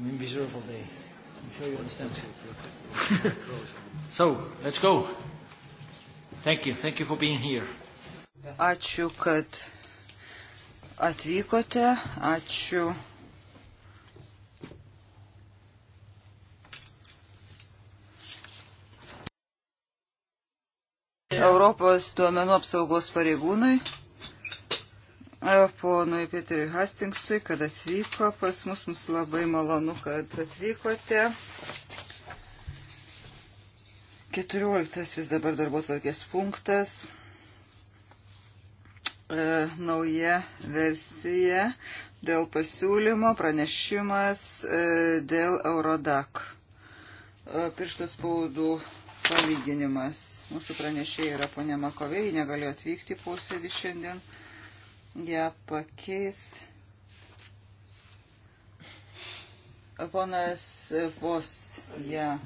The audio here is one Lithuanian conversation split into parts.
miserable day. I'm sure you understand. so, let's go. Thank you. Thank you for being here. Ačiū, kad atvykote. Ačiū. Europos duomenų apsaugos pareigūnui ponui Peteriui Hastingsui, kad atvyko pas mus. Mums labai malonu, kad atvykote. 14 dabar darbo tvarkės punktas. E, nauja versija dėl pasiūlymo pranešimas e, dėl Eurodak. E, pirštų spaudų palyginimas. Mūsų pranešėjai yra ponė Makovėjai, negalėjo atvykti posėdį šiandien. E, ją pakeis ponas vos ją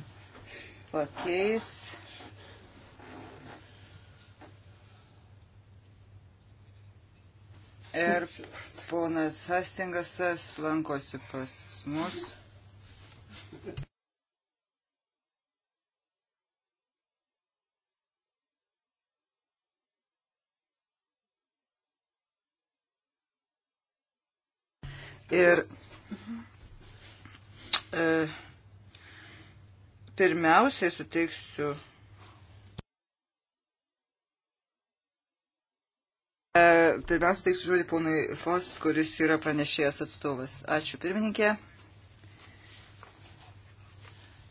pakeis. Ir ponas Hastingasas lankosi pas mus. Ir e, pirmiausiai suteiksiu e, Pirmiausia, teiksiu žodį ponui Fos, kuris yra pranešėjas atstovas. Ačiū pirmininkė.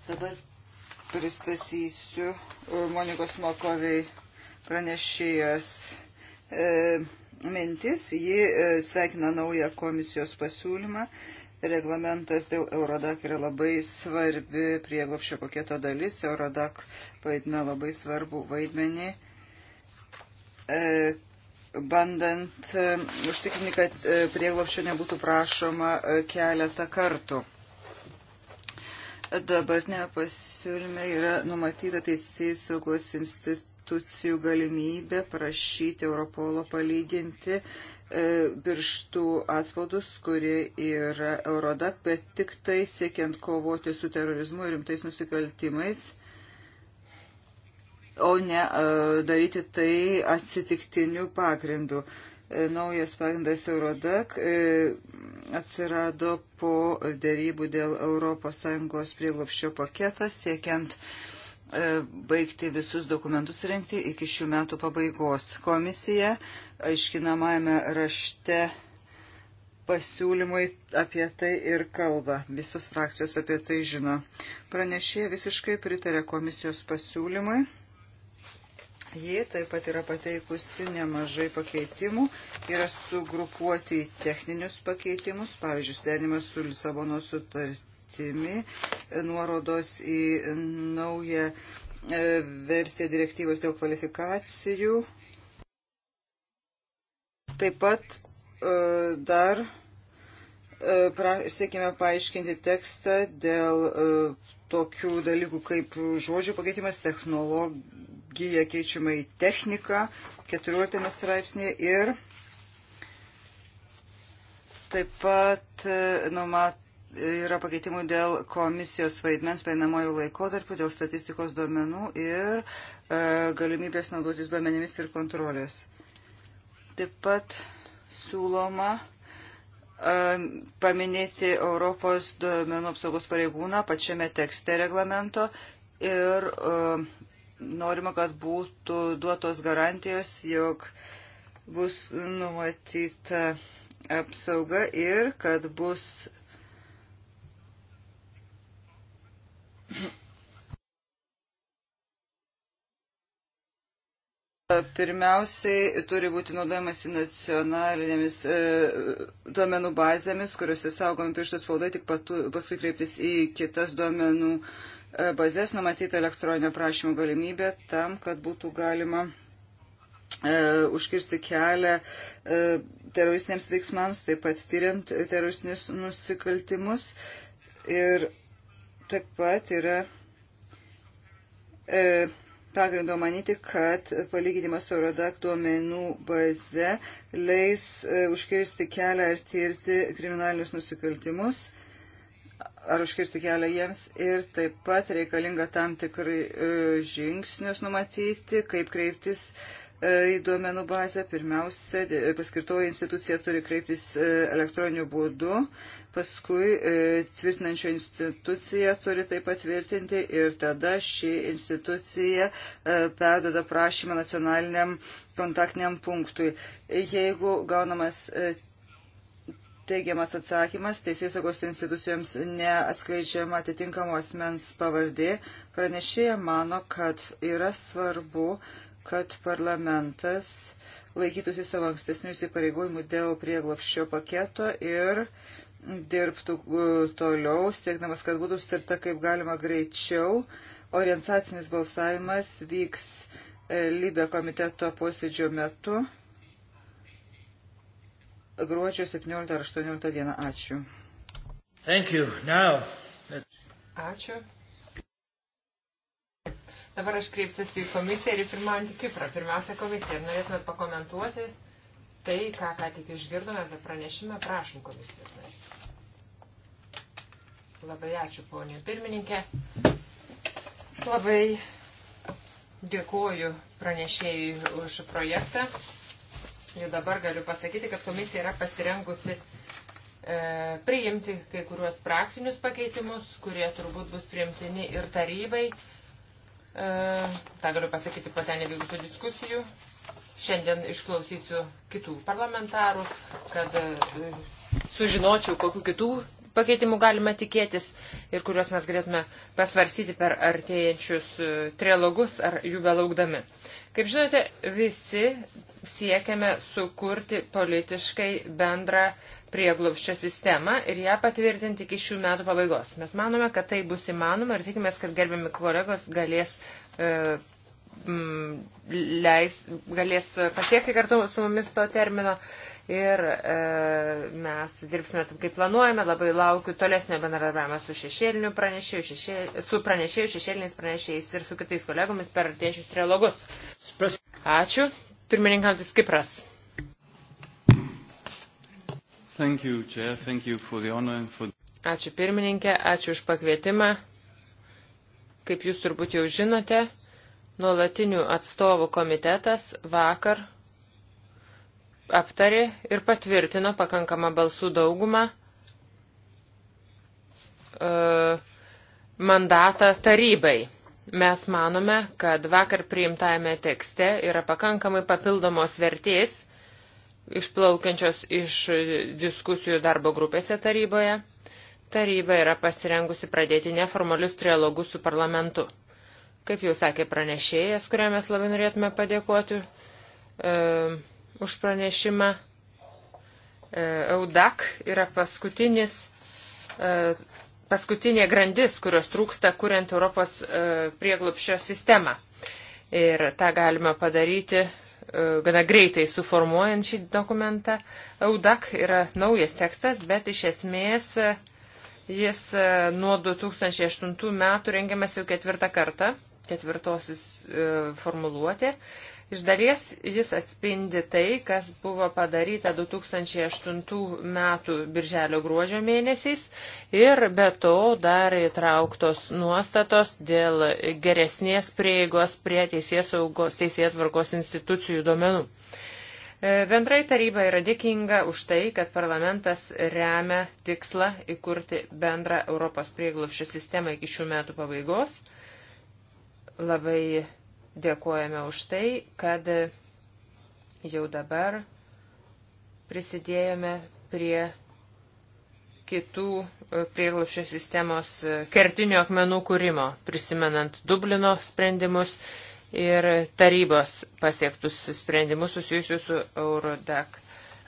Dabar pristatysiu e, Monikos Makoviai pranešėjas e, mintis. Ji e, sveikina naują komisijos pasiūlymą. Reglamentas dėl Eurodak yra labai svarbi prieglopščio paketo dalis. Eurodak vaidina labai svarbu vaidmenį, e, bandant e, užtikrinti, kad prieglopščio nebūtų prašoma keletą kartų dabartinėme pasiūlyme yra numatyta teisės saugos institu, institucijų galimybė prašyti Europolo palyginti pirštų e, atspaudus, kurie yra Eurodak, bet tik tai siekiant kovoti su terorizmu ir rimtais nusikaltimais, o ne e, daryti tai atsitiktinių pagrindų. E, naujas pagrindas Eurodak atsirado po dėrybų dėl ES prieglopščio paketo, siekiant uh, E, baigti visus dokumentus rengti iki šių metų pabaigos. Komisija aiškinamajame rašte pasiūlymui apie tai ir kalba. Visos frakcijos apie tai žino. Pranešė visiškai pritarė komisijos pasiūlymui. Ji taip pat yra pateikusi nemažai pakeitimų, yra sugrupuoti techninius pakeitimus, pavyzdžiui, sudėnimas su Lisabono sutartimi kryptimi, nuorodos į naują e, versiją direktyvos dėl kvalifikacijų. Taip pat e, dar e, siekime paaiškinti tekstą dėl tokių dalykų kaip žodžių pakeitimas, technologija keičiama į techniką, 14 straipsnėje ir taip pat numat yra pakeitimų dėl komisijos vaidmens painamojų laikotarpių, dėl statistikos duomenų ir e, galimybės naudotis duomenimis ir kontrolės. Taip pat siūloma e, paminėti Europos duomenų apsaugos pareigūną pačiame tekste reglamento ir e, norima, kad būtų duotos garantijos, jog bus numatyta apsauga ir kad bus Pirmiausiai turi būti naudojamasi nacionalinėmis e, duomenų bazėmis, kuriuose saugomi pirštų spaudai, tik patu, paskui kreiptis į kitas duomenų e, bazės, numatyti elektroninio prašymo galimybę tam, kad būtų galima e, užkirsti kelią e, teroristiniams veiksmams, taip pat tyriant teroristinius nusikaltimus. Ir Taip pat yra e, pagrindo manyti, kad palyginimas su Eurodac duomenų baze leis e, užkirsti kelią ir tirti kriminalinius nusikaltimus ar užkirsti kelią jiems ir taip pat reikalinga tam tikrai e, žingsnius numatyti, kaip kreiptis e, į duomenų bazę. Pirmiausia, e, paskirtoji institucija turi kreiptis e, elektroniniu būdu paskui e, tvirtinančio institucija turi tai patvirtinti ir tada ši institucija e, perdada prašymą nacionaliniam kontaktiniam punktui. Jeigu gaunamas e, teigiamas atsakymas, teisėsaugos institucijoms neatskleidžiama atitinkamo asmens pavardė, pranešėja mano, kad yra svarbu, kad parlamentas laikytųsi savo ankstesnių įsipareigojimų dėl prieglopščio paketo ir uh, dirbtų e, toliau, siekdamas, kad būtų sutarta kaip galima greičiau. Orientacinis balsavimas vyks e, Libė komiteto posėdžio metu gruodžio 17 ar 18 dieną. Ačiū. Thank you. Now. Ačiū. Dabar aš kreipsiuosi į komisiją ir į pirmąjį Kiprą. Pirmiausia, komisija, ar norėtumėt pakomentuoti tai, ką ką tik išgirdome apie pranešimą, prašom komisijos. Labai ačiū, ponė pirmininkė. Labai dėkoju pranešėjui už projektą. Jau dabar galiu pasakyti, kad komisija yra pasirengusi e, priimti kai kuriuos praktinius pakeitimus, kurie turbūt bus priimtini ir tarybai. E, tą galiu pasakyti po ten įvykusių diskusijų. Šiandien išklausysiu kitų parlamentarų, kad e, sužinočiau, kokiu kitų pakeitimų galime tikėtis ir kuriuos mes galėtume pasvarsyti per artėjančius e, trilogus ar jų belaukdami. Kaip žinote, visi siekiame sukurti politiškai bendrą prieglobščio sistemą ir ją patvirtinti iki šių metų pabaigos. Mes manome, kad tai bus įmanoma ir tikimės, kad gerbiami kolegos galės, e, m, leis, galės pasiekti kartu su mumis to termino ir e, mes dirbsime taip, kaip planuojame. Labai laukiu tolesnio bendradarbiavimo su šešėliniu pranešėju, šešė, su pranešėju, šešėliniais pranešėjais ir su kitais kolegomis per artėjančius trilogus. Ačiū. Pirmininkantis Kipras. Thank you, Chair. Thank you for the honor and for... Ačiū pirmininkė, ačiū už pakvietimą. Kaip jūs turbūt jau žinote, nuolatinių atstovų komitetas vakar aptarė ir patvirtino pakankamą balsų daugumą e, mandatą tarybai. Mes manome, kad vakar priimtajame tekste yra pakankamai papildomos vertės išplaukiančios iš diskusijų darbo grupėse taryboje. Taryba yra pasirengusi pradėti neformalius trialogus su parlamentu. Kaip jau sakė pranešėjas, kuriam mes labai norėtume padėkoti, e, už pranešimą. E, EUDAC yra paskutinis, e, paskutinė grandis, kurios trūksta, kuriant Europos e, prieglupščio sistemą. Ir tą galima padaryti gana greitai suformuojant šį dokumentą. EUDAC yra naujas tekstas, bet iš esmės jis nuo 2008 metų rengiamas jau ketvirtą kartą, ketvirtosius formuluotė. Iš dalies jis atspindi tai, kas buvo padaryta 2008 metų birželio gruožio mėnesiais ir be to dar įtrauktos nuostatos dėl geresnės prieigos prie teisės, saugos, teisės varkos institucijų duomenų. E, bendrai taryba yra dėkinga už tai, kad parlamentas remia tikslą įkurti bendrą Europos prieglupščio sistemą iki šių metų pabaigos. Labai Dėkojame už tai, kad jau dabar prisidėjome prie kitų e, prieglapščio sistemos e, kertinių akmenų kūrimo, prisimenant Dublino sprendimus ir tarybos pasiektus sprendimus susijusius su Eurodak.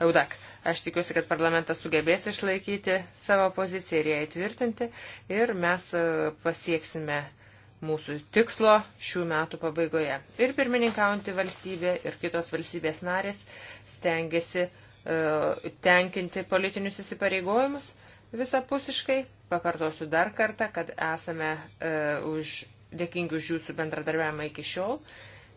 Eudak. Aš tikiuosi, kad parlamentas sugebės išlaikyti savo poziciją ir ją įtvirtinti ir mes e, pasieksime uh, mūsų tikslo šių metų pabaigoje. Ir pirmininkaujantį valstybę, ir kitos valstybės narės stengiasi uh, tenkinti politinius įsipareigojimus visapusiškai. Pakartosiu dar kartą, kad esame uh, už, dėkingi už jūsų bendradarbiavimą iki šiol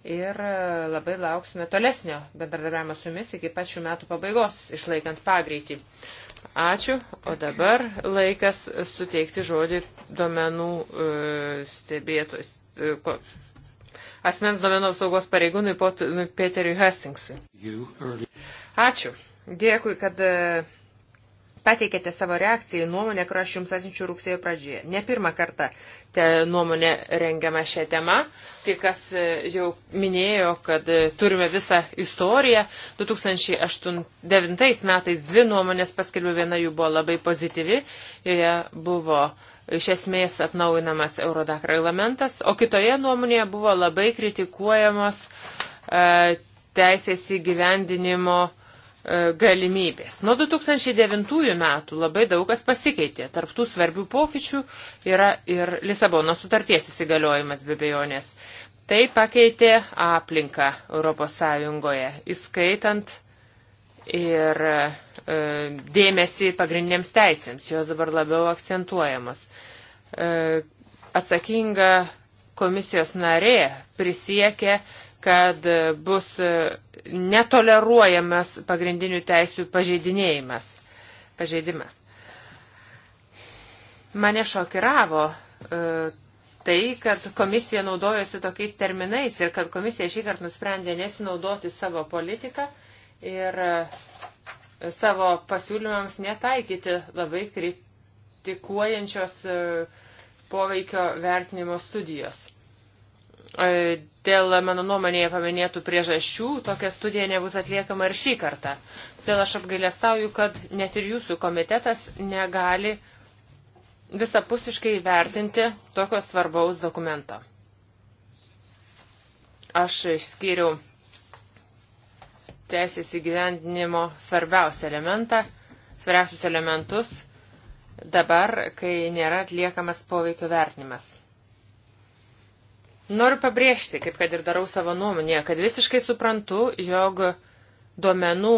ir uh, labai lauksime tolesnio bendradarbiavimo su jumis iki pat šių metų pabaigos, išlaikant pagreitį. Uh, Ačiū. O dabar laikas suteikti žodį duomenų e, stebėtojus. E, asmens duomenų apsaugos pareigūnui Peteriui Hastingsui. Ačiū. Dėkui, kad e, pateikėte savo reakciją į nuomonę, kurią aš jums atsiunčiu rugsėjo pradžioje. Ne pirmą kartą te nuomonė rengiama šią temą. Kai kas e, jau minėjo, kad e, turime visą istoriją. 2009 metais dvi nuomonės paskelbiu, viena jų buvo labai pozityvi, joje buvo iš esmės atnaujinamas Eurodak reglamentas, o kitoje nuomonėje buvo labai kritikuojamos e, teisės įgyvendinimo e, E, galimybės. Nuo 2009 metų labai daug kas pasikeitė. Tarptų svarbių pokyčių yra ir Lisabono sutarties įsigaliojimas be bejonės. Tai pakeitė aplinką ES, įskaitant ir e, dėmesį pagrindiniams teisėms, jos dabar labiau akcentuojamos. E, atsakinga komisijos narė prisiekė kad bus netoleruojamas pagrindinių teisių pažeidinėjimas, pažeidimas. Mane šokiravo e, tai, kad komisija naudojosi tokiais terminais ir kad komisija šį kartą nusprendė nesinaudoti savo politiką ir e, savo pasiūlymams netaikyti labai kritikuojančios e, poveikio vertinimo studijos. E, dėl mano nuomonėje paminėtų priežasčių tokia studija nebus atliekama ir šį kartą. Todėl aš apgailestauju, kad net ir jūsų komitetas negali visapusiškai įvertinti tokio svarbaus dokumento. Aš išskyriau teisės įgyvendinimo svarbiausią elementą, svarbiausius elementus dabar, kai nėra atliekamas poveikio vertinimas. Noriu pabrėžti, kaip kad ir darau savo nuomonėje, kad visiškai suprantu, jog duomenų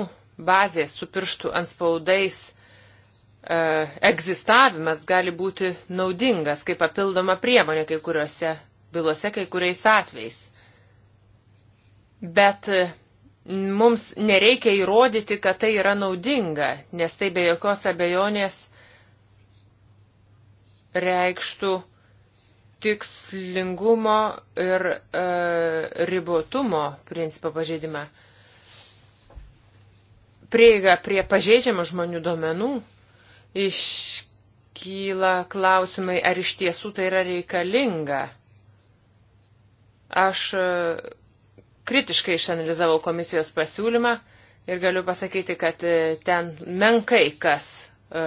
bazės su pirštų ant spaudais e, egzistavimas gali būti naudingas kaip papildoma priemonė kai kuriuose bylose, kai kuriais atvejais. Bet e, mums nereikia įrodyti, kad tai yra naudinga, nes tai be jokios abejonės reikštų, tikslingumo ir e, ribotumo principo pažeidimą. Prieiga prie pažeidžiamų žmonių duomenų iškyla klausimai, ar iš tiesų tai yra reikalinga. Aš e, kritiškai išanalizavau komisijos pasiūlymą ir galiu pasakyti, kad e, ten menkai kas e,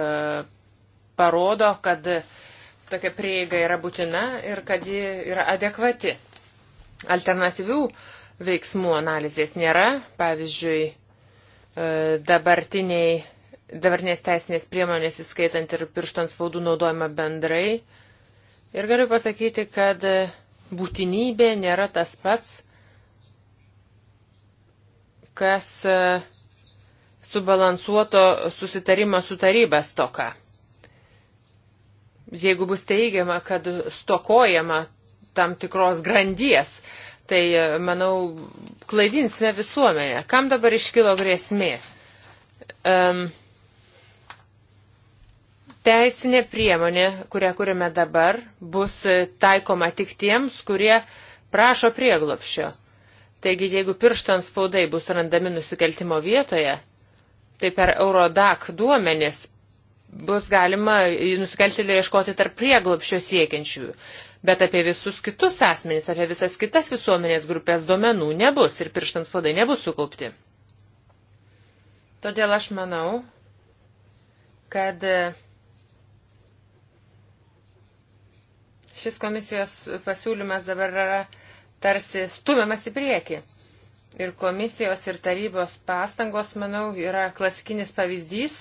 parodo, kad e, tokia prieiga yra būtina ir kad ji yra adekvati. Alternatyvių veiksmų analizės nėra, pavyzdžiui, e, dabartiniai, dabartinės teisinės priemonės, įskaitant ir pirštant spaudų naudojimą bendrai. Ir galiu pasakyti, kad būtinybė nėra tas pats, kas e, subalansuoto susitarimą su taryba stoka. Jeigu bus teigiama, kad stokojama tam tikros grandies, tai, manau, klaidinsime visuomenę. Kam dabar iškilo grėsmė? Um, teisinė priemonė, kurią kūrime dabar, bus taikoma tik tiems, kurie prašo prieglopšio. Taigi, jeigu pirštant spaudai bus randami nusikaltimo vietoje, tai per Eurodac duomenis bus galima nusikaltėlį ieškoti tarp prieglopšio siekiančiųjų. Bet apie visus kitus asmenys, apie visas kitas visuomenės grupės duomenų nebus ir pirštams podai nebus sukaupti. Todėl aš manau, kad e, šis komisijos pasiūlymas dabar yra tarsi stumiamas į priekį. Ir komisijos ir tarybos pastangos, manau, yra klasikinis pavyzdys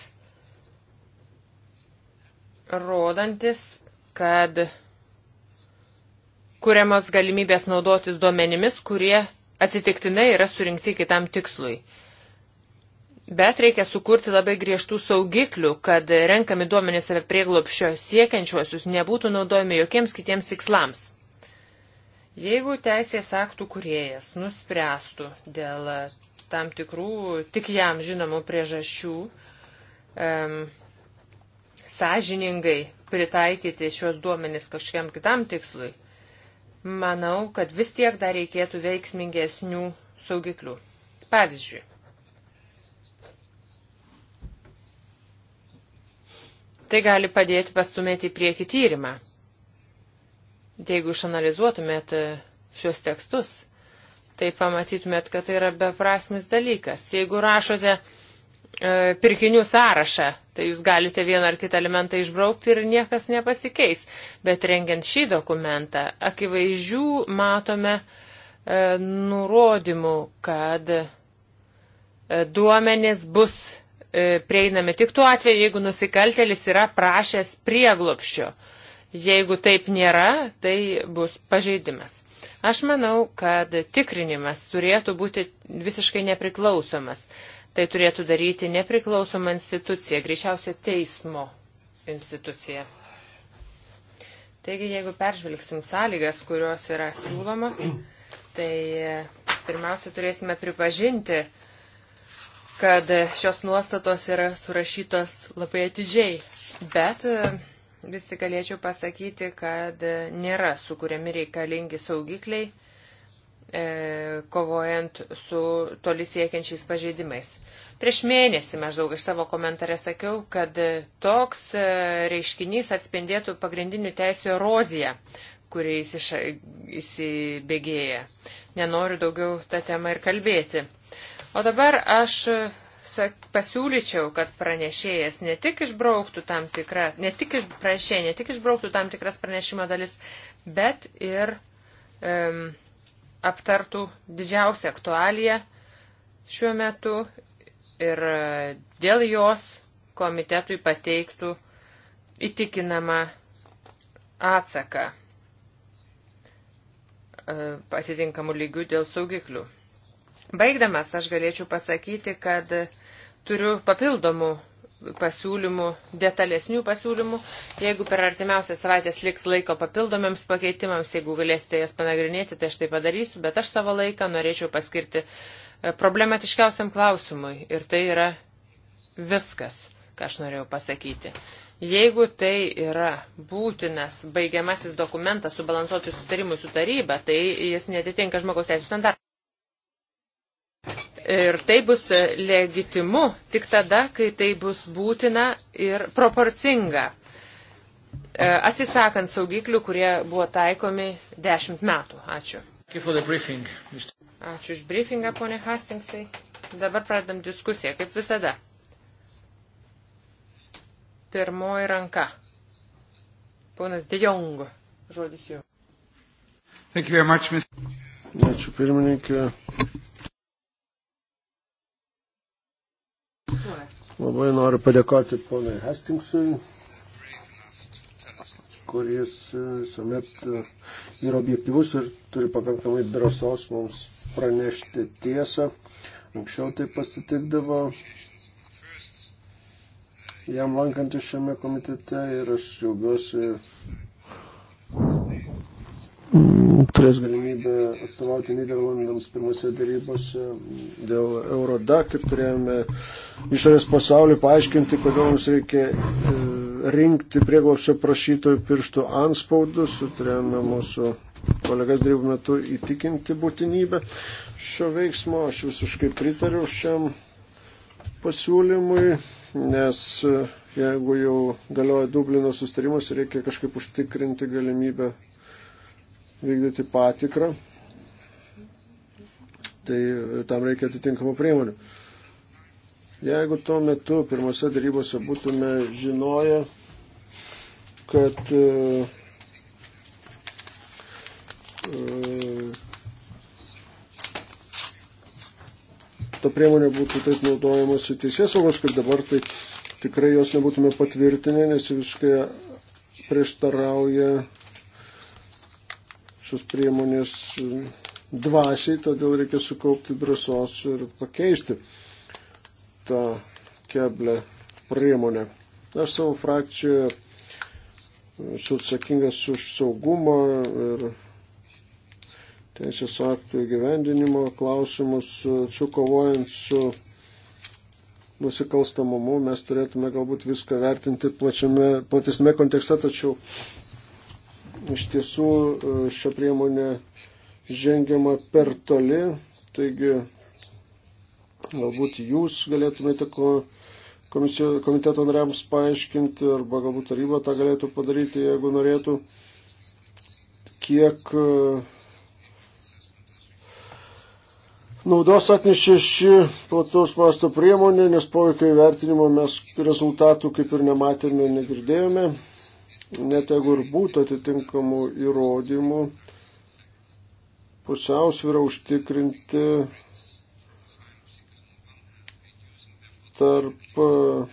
rodantis, kad kuriamos galimybės naudotis duomenimis, kurie atsitiktinai yra surinkti kitam tikslui. Bet reikia sukurti labai griežtų saugiklių, kad renkami duomenys apie prieglopščio siekiančiuosius nebūtų naudojami jokiems kitiems tikslams. Jeigu teisės aktų kuriejas nuspręstų dėl tam tikrų tik jam žinomų priežasčių um, sąžiningai pritaikyti šios duomenys kažkiam kitam tikslui, manau, kad vis tiek dar reikėtų veiksmingesnių saugiklių. Pavyzdžiui, tai gali padėti pastumėti į priekį tyrimą. Jeigu išanalizuotumėt e, šios tekstus, tai pamatytumėt, kad tai yra beprasmis dalykas. Jeigu rašote E, pirkinių sąrašą. Tai jūs galite vieną ar kitą elementą išbraukti ir niekas nepasikeis. Bet rengiant šį dokumentą, akivaizdžių matome e, nurodymų, kad e, duomenys bus e, prieinami tik tuo atveju, jeigu nusikaltelis yra prašęs prieglopščio. Jeigu taip nėra, tai bus pažeidimas. Aš manau, kad tikrinimas turėtų būti visiškai nepriklausomas. Tai turėtų daryti nepriklausoma institucija, greičiausiai teismo institucija. Taigi, jeigu peržvelgsim sąlygas, kurios yra siūlomos, tai e, pirmiausia turėsime pripažinti, kad šios nuostatos yra surašytos labai atidžiai. Bet e, vis tik galėčiau pasakyti, kad e, nėra sukūriami reikalingi saugikliai E, kovojant su toli siekiančiais pažeidimais. Prieš mėnesį maždaug iš savo komentarę sakiau, kad toks e, reiškinys atspindėtų pagrindinių teisų eroziją, kuri įsibėgėja. Nenoriu daugiau tą temą ir kalbėti. O dabar aš e, pasiūlyčiau, kad pranešėjas ne tik išbrauktų tam tikrą, ne tik iš, prašė, ne tik išbrauktų tam tikras pranešimo dalis, bet ir um, aptartų didžiausią aktualiją šiuo metu ir e, dėl jos komitetui pateiktų įtikinamą atsaką e, atitinkamų lygių dėl saugiklių. Baigdamas aš galėčiau pasakyti, kad turiu papildomų pasiūlymų, detalesnių pasiūlymų. Jeigu per artimiausią savaitę liks laiko papildomiams pakeitimams, jeigu galėsite jas panagrinėti, tai aš tai padarysiu, bet aš savo laiką norėčiau paskirti e, problematiškiausiam klausimui. Ir tai yra viskas, ką aš norėjau pasakyti. Jeigu tai yra būtinas baigiamasis dokumentas subalansuoti sutarimui su taryba, tai jis netitinka žmogaus teisų standartų. Ir tai bus legitimu tik tada, kai tai bus būtina ir proporcinga, e, atsisakant saugiklių, kurie buvo taikomi dešimt metų. Ačiū. Ačiū už briefingą, ponė Hastingsai. Dabar pradedam diskusiją, kaip visada. Pirmoji ranka. Ponas Dejong, žodis jau. Ačiū pirmininkė. Labai noriu padėkoti ponai Hastingsui, kuris e, visuomet e, yra objektivus ir turi pakankamai drąsos mums pranešti tiesą. Anksčiau tai pasitikdavo jam lankantį šiame komitete ir aš džiaugiuosi Mm, turės galimybę atstovauti Niderlandams pirmose darybose dėl Eurodak ir turėjome išorės pasaulį paaiškinti, kodėl mums reikia e, rinkti prieglopščio prašytojų pirštų anspaudus, turėjome mūsų kolegas darybų metu įtikinti būtinybę šio veiksmo, aš visiškai pritariu šiam pasiūlymui, nes e, jeigu jau galioja Dublino sustarimas, reikia kažkaip užtikrinti galimybę vykdyti patikrą, tai e, tam reikia atitinkamų priemonių. Jeigu tuo metu pirmose darybose būtume žinoję, kad uh, uh, ta priemonė būtų taip naudojamas į teisės saugos, kaip dabar, tai tikrai jos nebūtume patvirtinę, nes visiškai prieštarauja šios priemonės dvasiai, todėl reikia sukaupti drąsos ir pakeisti tą keblę priemonę. Aš savo frakcijoje esu atsakingas už saugumą ir teisės aktų įgyvendinimo klausimus, čia kovojant su nusikalstamumu, mes turėtume galbūt viską vertinti plačiame, platesnėme kontekste, tačiau Iš tiesų e, šią priemonę žengiama per toli, taigi galbūt jūs galėtumėte ko komisijo, komiteto nariams paaiškinti, arba galbūt taryba tą galėtų padaryti, jeigu norėtų, kiek e, naudos atnešė ši plataus pasto priemonė, nes poveikio įvertinimo mes rezultatų kaip ir nematėme, negirdėjome net jeigu ir būtų atitinkamų įrodymų, pusiausvyrą užtikrinti tarp uh,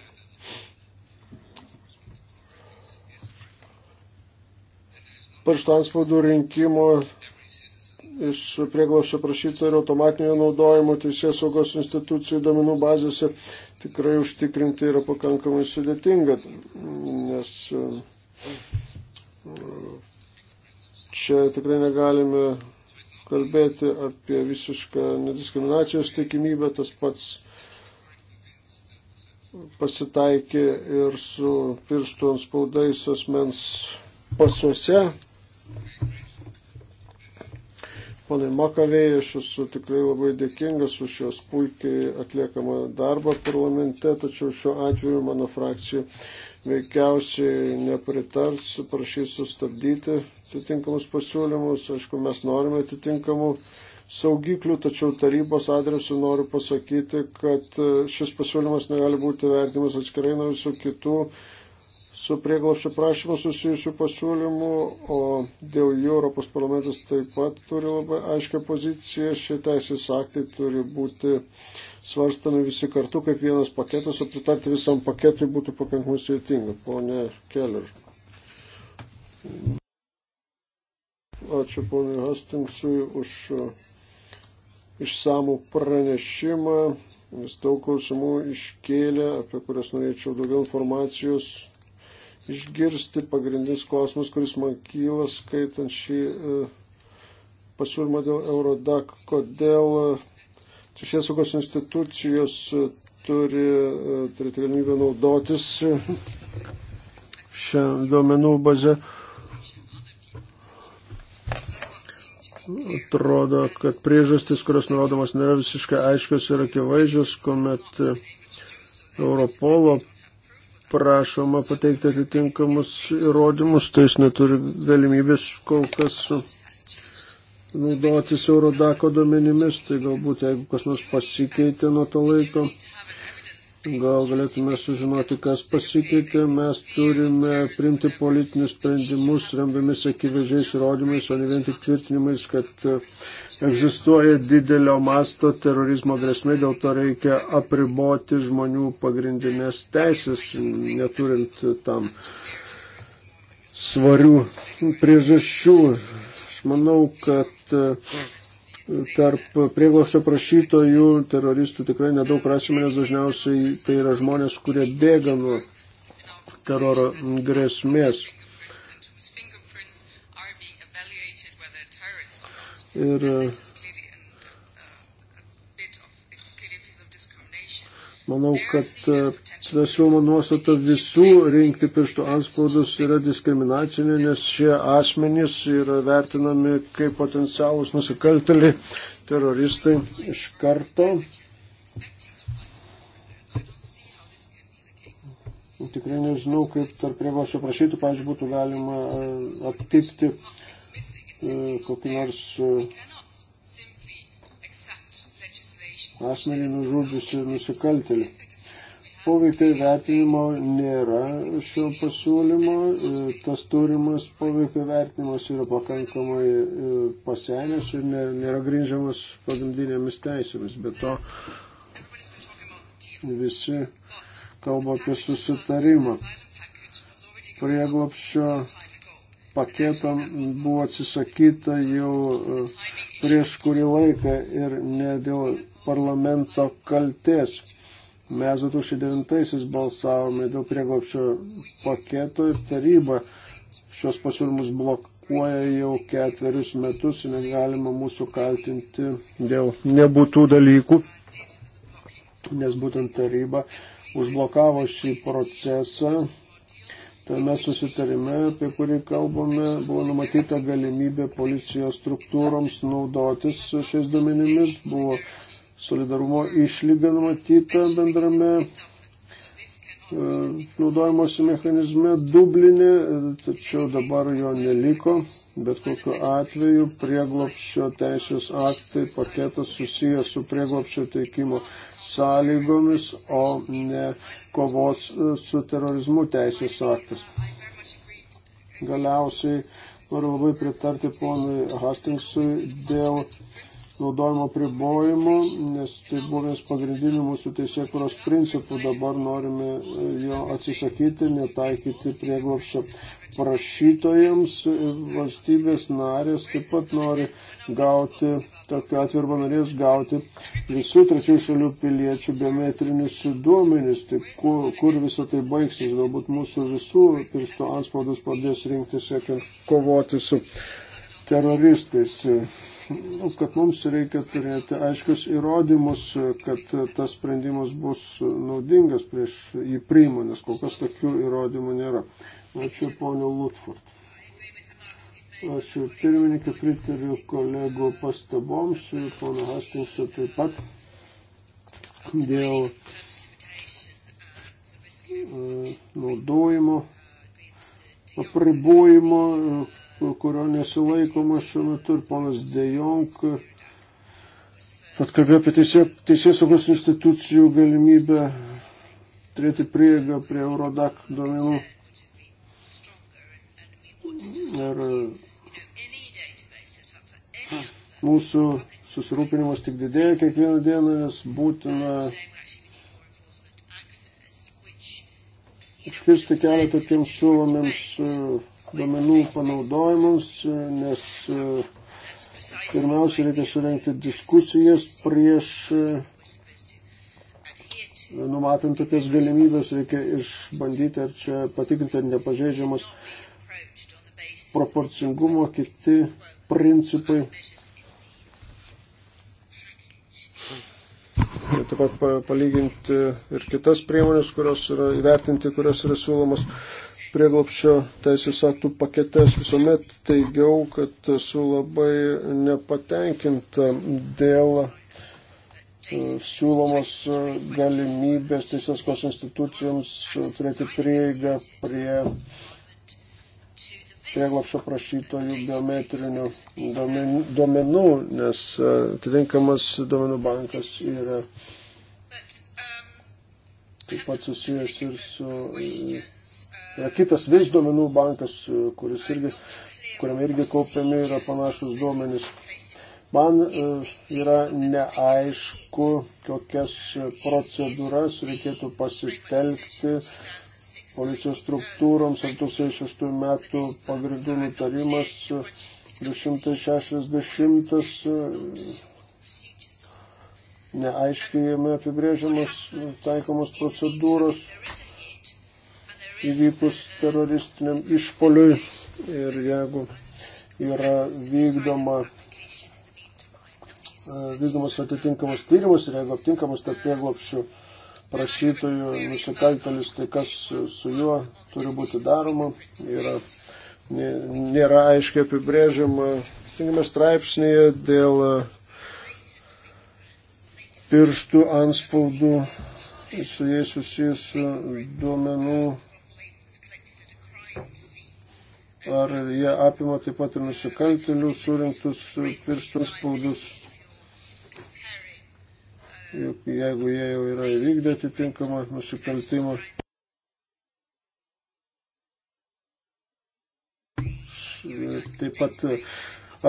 pirštų anspaudų rinkimo iš prieglaušio prašyto ir automatinio naudojimo teisės saugos institucijų domenų bazėse tikrai užtikrinti yra pakankamai sudėtinga, nes uh, Čia tikrai negalime kalbėti apie visišką nediskriminacijos tikimybę, tas pats pasitaikė ir su pirštų ant spaudais asmens pasuose. Pane Makavėjai, aš esu tikrai labai dėkingas už jos puikiai atliekamą darbą parlamente, tačiau šiuo atveju mano frakcija veikiausiai nepritars, prašys sustabdyti atitinkamus pasiūlymus. Aišku, mes norime atitinkamų saugiklių, tačiau tarybos adresu noriu pasakyti, kad šis pasiūlymas negali būti vertimas atskirai nuo visų kitų su prieglapšio prašymu susijusių pasiūlymų, o dėl jų Europos parlamentas taip pat turi labai aiškę poziciją. Šie teisės aktai turi būti svarstami visi kartu kaip vienas paketas, o pritarti visam paketui būtų pakankamai sudėtinga. Pone Keller. Ačiū ponui Hastingsui už išsamų pranešimą. Jis daug klausimų iškėlė, apie kurias norėčiau daugiau informacijos išgirsti pagrindinius klausimus, kuris man kyla skaitant šį e, pasiūlymą dėl Eurodak, kodėl e, Teisės saugos institucijos e, turi turėti galimybę naudotis šią duomenų bazę. Atrodo, kad priežastis, kurios nurodomas, nėra visiškai aiškios ir akivaizdžios, kuomet Europolo prašoma pateikti atitinkamus įrodymus, tai jis neturi galimybės kol kas naudotis Eurodako domenimis, tai galbūt jeigu kas nors pasikeitė nuo to laiko, Gal galėtume sužinoti, kas pasikeitė. Mes turime priimti politinius sprendimus, remdamis akivaizdžiais įrodymais, o ne vien tik tvirtinimais, kad e, egzistuoja didelio masto terorizmo grėsmė, dėl to reikia apriboti žmonių pagrindinės teisės, neturint tam svarių priežasčių. Aš manau, kad e, tarp prieglaušio prašytojų teroristų tikrai nedaug rasime, nes dažniausiai tai yra žmonės, kurie bėga nuo teroro grėsmės. Ir manau, kad ta siūloma nuostata visų rinkti pirštų anspaudus yra diskriminacinė, nes šie asmenys yra vertinami kaip potencialus nusikalteliai, teroristai iš karto. Tikrai nežinau, kaip tarp prievalsio prašytų, pavyzdžiui, būtų galima e, aptikti e, kokį nors e, asmenį nužudžiusi nusikaltelį poveikio vertinimo nėra šio pasiūlymo. E, tas turimas poveikio vertinimas yra pakankamai e, pasenęs ir nėra grindžiamas pagrindinėmis teisėmis. Be to visi kalba apie susitarimą. Prieglopščio paketam buvo atsisakyta jau e, prieš kurį laiką ir ne dėl parlamento kalties. Mes 2009-aisiais balsavome dėl prieglopščio paketo ir taryba šios pasiūlymus blokuoja jau ketverius metus ir negalima mūsų kaltinti dėl nebūtų dalykų, nes būtent taryba užblokavo šį procesą. Tame susitarime, apie kurį kalbame, buvo numatyta galimybė policijos struktūroms naudotis šiais duomenimis, buvo solidarumo išlyga numatyta bendrame e, naudojimosi mechanizme Dublinė, tačiau dabar jo neliko, bet kokiu atveju prieglopščio teisės aktai paketas susijęs su prieglopščio teikimo sąlygomis, o ne kovos e, su terorizmu teisės aktas. Galiausiai noriu labai pritarti ponui Hastingsui dėl naudojimo pribojimų, nes tai buvo vienas pagrindinių mūsų teisėkuros principų. Dabar norime e, jo atsisakyti, netaikyti prieglopščio prašytojams. Valstybės narės taip pat nori gauti, tokiu atveju arba norės gauti visų trečių šalių piliečių biometrinius duomenys. Tai kur, kur visą tai baigsis, galbūt mūsų visų piršto anspaudus padės rinkti, siekiant kovoti su teroristais kad mums reikia turėti aiškius įrodymus, kad tas sprendimas bus naudingas prieš jį priimą, nes kol kas tokių įrodymų nėra. Ačiū ponio Lutford. Aš pirmininkai pritariu kolegų pastaboms, pono Hastingsų taip pat dėl e, naudojimo, apribojimo, kurio nesilaikoma šiuo metu ir ponas Dejong, kad kalbėjo apie teisės saugos institucijų galimybę turėti prieigą prie Eurodak duomenų. Ir hm, mūsų susirūpinimas tik didėja kiekvieną dieną, nes būtina užkirsti kelią tokiems siūlomiems duomenų panaudojimus, nes e, pirmiausia reikia surenkti diskusijas prieš e, numatant tokias galimybės, reikia išbandyti, ar čia patikrinti, ar nepažeidžiamas proporcingumo kiti principai. Ir taip pat palyginti ir kitas priemonės, kurios yra įvertinti, kurios yra siūlomos prieglopščio teisės aktų pakete aš visuomet teigiau, kad esu labai nepatenkinta dėl e, siūlomos e, galimybės teisės kos institucijoms e, turėti prieigą prie prieglopšio prašytojų biometrinių duomenų, nes atitinkamas duomenų bankas yra um, taip pat susijęs ir su yra e, kitas vis duomenų bankas, e, kuris irgi, kuriame irgi kaupiami yra panašus duomenys. Man e, yra neaišku, kokias procedūras reikėtų pasitelkti policijos struktūroms 2006 metų pagrindų nutarimas 260 neaiškiai jame apibrėžiamas taikomos procedūros įvykus teroristiniam išpoliui ir jeigu yra vykdoma e, vykdomas atitinkamas tyrimas ir jeigu aptinkamas tarp prieglopščių prašytojų nusikaltelis, tai kas su juo turi būti daroma, yra, nėra aiškiai apibrėžiama. Tingime straipsnėje dėl pirštų anspaudų su jais susijusių duomenų Ar jie apima taip pat ir nusikaltelių surinktus pirštus spaudus? Juk jeigu jie jau yra įvykdę atitinkamą nusikaltimą. Taip pat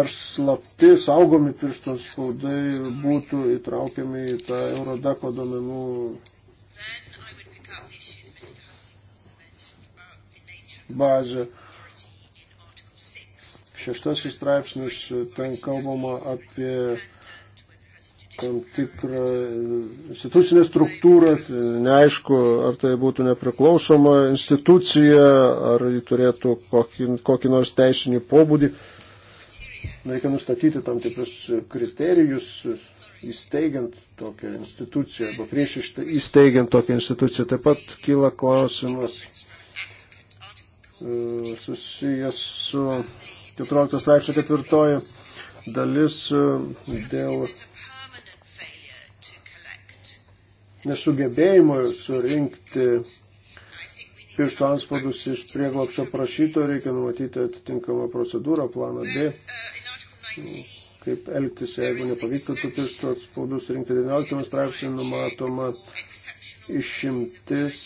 ar slapti saugomi pirštų spaudai būtų įtraukiami į tą Eurodako domenų bazę. Šeštasis straipsnis, ten kalbama apie tam tikrą institucinę struktūrą, tai neaišku, ar tai būtų nepriklausoma institucija, ar ji turėtų kokį, kokį nors teisinį pobūdį. Reikia nustatyti tam tikrus kriterijus, įsteigiant tokią instituciją arba prieš įsteigiant tokią instituciją. Taip pat kyla klausimas E, susijęs su 14 straipsnio ketvirtoji dalis e, dėl nesugebėjimo surinkti pirštų anspaudus iš prieglopšio prašyto, reikia numatyti atitinkamą procedūrą, planą B, kaip elgtis, jeigu nepavyktų tų pirštų atspaudus rinkti 19 straipsnį numatoma išimtis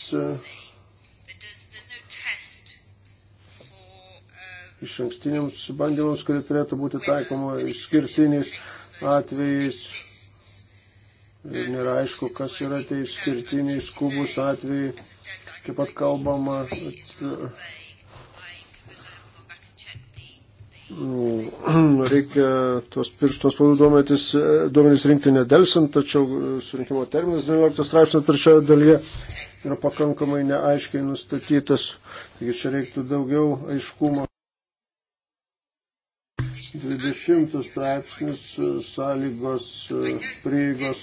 iš ankstiniams bandymams, kurie turėtų būti taikoma išskirtiniais atvejais. Ir nėra aišku, kas yra tie išskirtiniai skubus atvejai. Taip pat kalbama reikia tos pirštos spaudų duomenys, duomenys rinkti nedelsant, tačiau surinkimo terminas 19 straipsnio trečiojo dalyje yra pakankamai neaiškiai nustatytas, taigi čia reiktų daugiau aiškumo. 20 straipsnis e, sąlygos e, prieigos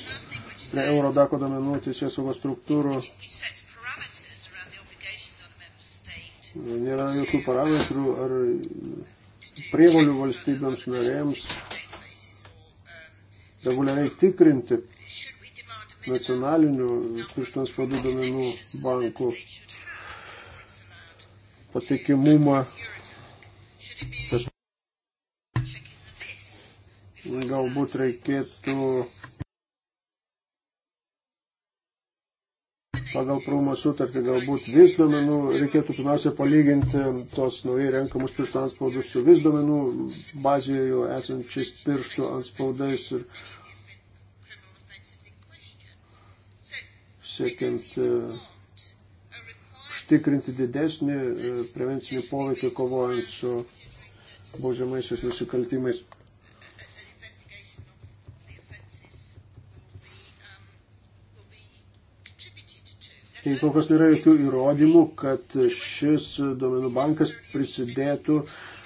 prie Eurodako domenų teisės saugos struktūrų. Nėra jokių parametrų ar prievolių valstybėms narėms reguliariai tikrinti nacionalinių pirštams padų domenų bankų patikimumą galbūt reikėtų pagal prūmo sutartį galbūt vis duomenų, reikėtų pirmiausia palyginti tos naujai renkamus pirštų anspaudus su vis duomenų bazėje jau esančiais pirštų anspaudais ir siekiant e, užtikrinti didesnį e, prevencinį poveikį kovojant su baudžiamaisiais nusikaltimais. Tai kol kas nėra jokių įrodymų, kad šis duomenų bankas prisidėtų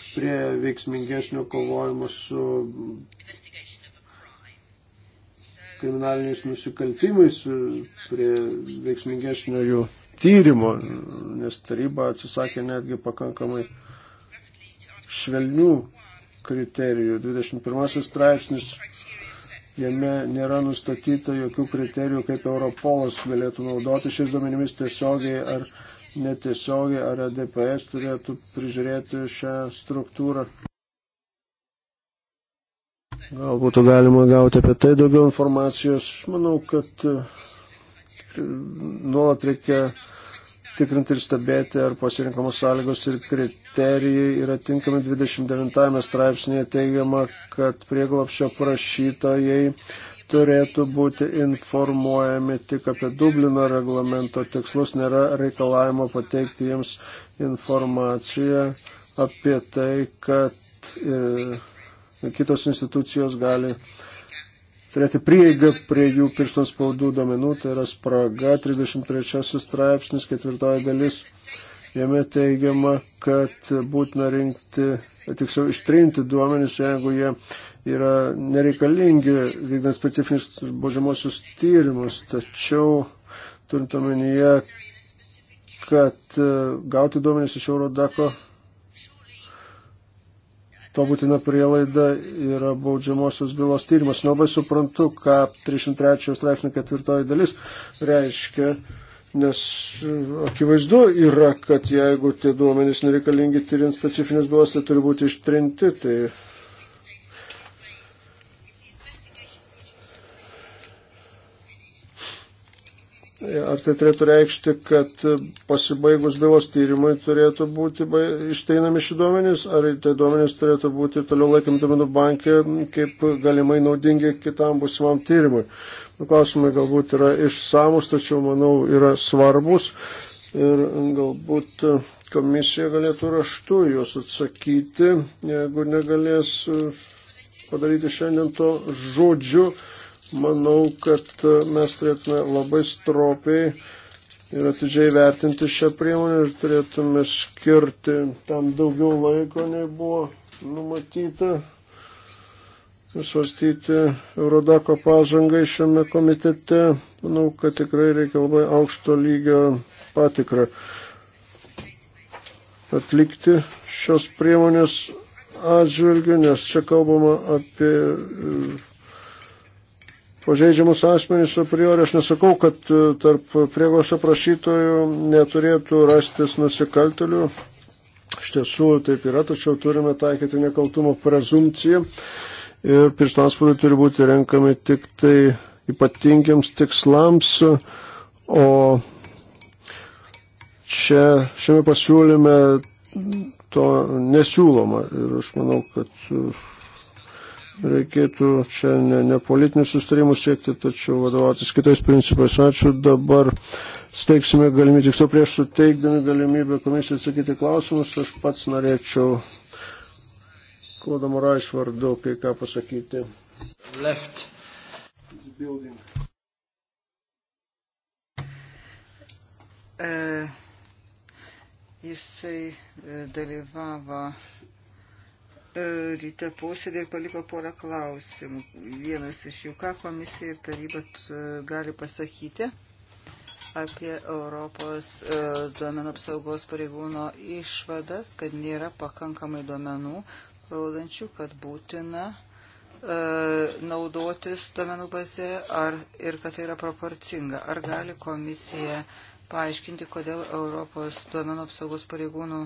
prie veiksmingesnio kovojimo su kriminaliniais nusikaltimais, prie veiksmingesnio jų tyrimo, nes taryba atsisakė netgi pakankamai švelnių kriterijų. 21 straipsnis jame nėra nustatyta jokių kriterijų, kaip Europolas galėtų naudoti šiais duomenimis tiesiogiai ar netiesiogiai, ar e DPS turėtų prižiūrėti šią struktūrą. Gal būtų galima gauti apie tai daugiau informacijos. Aš manau, kad e, nuolat reikia tikrinti ir stebėti, ar pasirinkamos sąlygos ir kriterijai yra tinkami 29 straipsnėje teigiama, kad prieglapšio prašytojai turėtų būti informuojami tik apie Dublino reglamento tikslus, nėra reikalavimo pateikti jiems informaciją apie tai, kad e, kitos institucijos gali uh, turėti prieigą prie jų pirštos spaudų domenų, tai yra spraga 33 straipsnis, ketvirtoji dalis. Jame teigiama, kad būtina rinkti, tiksliau ištrinti duomenis, jeigu jie yra nereikalingi vykdant specifinius baudžiamosius tyrimus, tačiau turint omenyje, kad e, gauti duomenis iš Eurodako to būtina prielaida yra baudžiamosios bylos tyrimas. Nelabai suprantu, ką 303 straipsnio ketvirtoji dalis reiškia, nes e, akivaizdu yra, kad jeigu tie duomenys nereikalingi tyrint specifinės bylos, tai turi būti ištrinti. Tai Ar tai turėtų reikšti, kad pasibaigus bylos tyrimui turėtų būti išteinami šį duomenys, ar tai duomenys turėtų būti toliau laikim duomenų bankė, kaip galimai naudingi kitam būsimam tyrimui. Nu, klausimai galbūt yra išsamus, tačiau manau yra svarbus ir galbūt komisija galėtų raštu juos atsakyti, jeigu negalės e, padaryti šiandien to žodžiu manau, kad e, mes turėtume labai stropiai ir atidžiai vertinti šią priemonę ir turėtume skirti tam daugiau laiko, nei buvo numatyta svarstyti Eurodako pažangai šiame komitete. Manau, kad tikrai reikia labai aukšto lygio patikrą atlikti šios priemonės atžvilgių, nes čia kalbama apie pažeidžiamus asmenys su priori. Aš nesakau, kad e, tarp priegos aprašytojų neturėtų rastis nusikaltelių. Iš tiesų taip yra, tačiau turime taikyti nekaltumo prezumciją ir pirštanspaudai turi būti renkami tik tai ypatingiams tikslams, o čia šiame pasiūlyme to nesiūloma ir aš manau, kad reikėtų čia ne, ne politinius sustarimus siekti, tačiau vadovautis kitais principais. Ačiū. Dabar steiksime galimybę, tiksliau prieš suteikdami galimybę komisijai atsakyti klausimus, aš pats norėčiau Klodo Morais vardu kai ką pasakyti. Left. Building. Uh, jisai e, dalyvavo ryte posėdį ir paliko porą klausimų. Vienas iš jų, ką komisija ir taryba gali pasakyti apie Europos e, duomenų apsaugos pareigūno išvadas, kad nėra pakankamai duomenų, rodančių, kad būtina e, naudotis duomenų bazė ar, ir kad tai yra proporcinga. Ar gali komisija paaiškinti, kodėl Europos duomenų apsaugos pareigūnų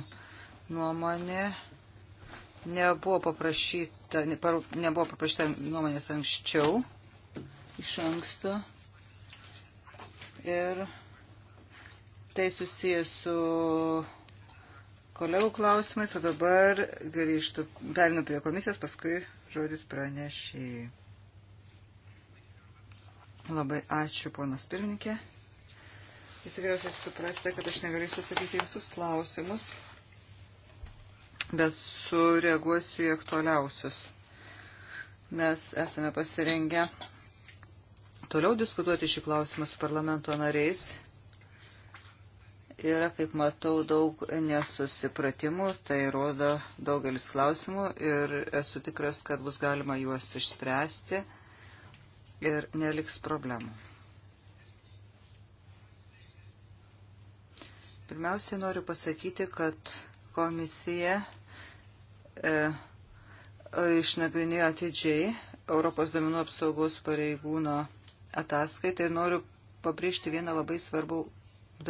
nuomonė Nebuvo paprašyta, nebuvo paprašyta nuomonės anksčiau, iš anksto. Ir tai susijęs su kolegų klausimais, o dabar grįžtų, perinu prie komisijos, paskui žodis pranešėjai. Labai ačiū, ponas pirmininkė. Jūs tikriausiai suprasite, kad aš negalėsiu atsakyti visus klausimus bet sureaguosiu į aktualiausius. Mes esame pasirengę toliau diskutuoti šį klausimą su parlamento nariais. Yra, kaip matau, daug nesusipratimų, tai rodo daugelis klausimų ir esu tikras, kad bus galima juos išspręsti ir neliks problemų. Pirmiausiai noriu pasakyti, kad Komisija e, išnagrinėjo atidžiai Europos duomenų apsaugos pareigūno ataskaitą ir noriu pabrėžti vieną labai svarbų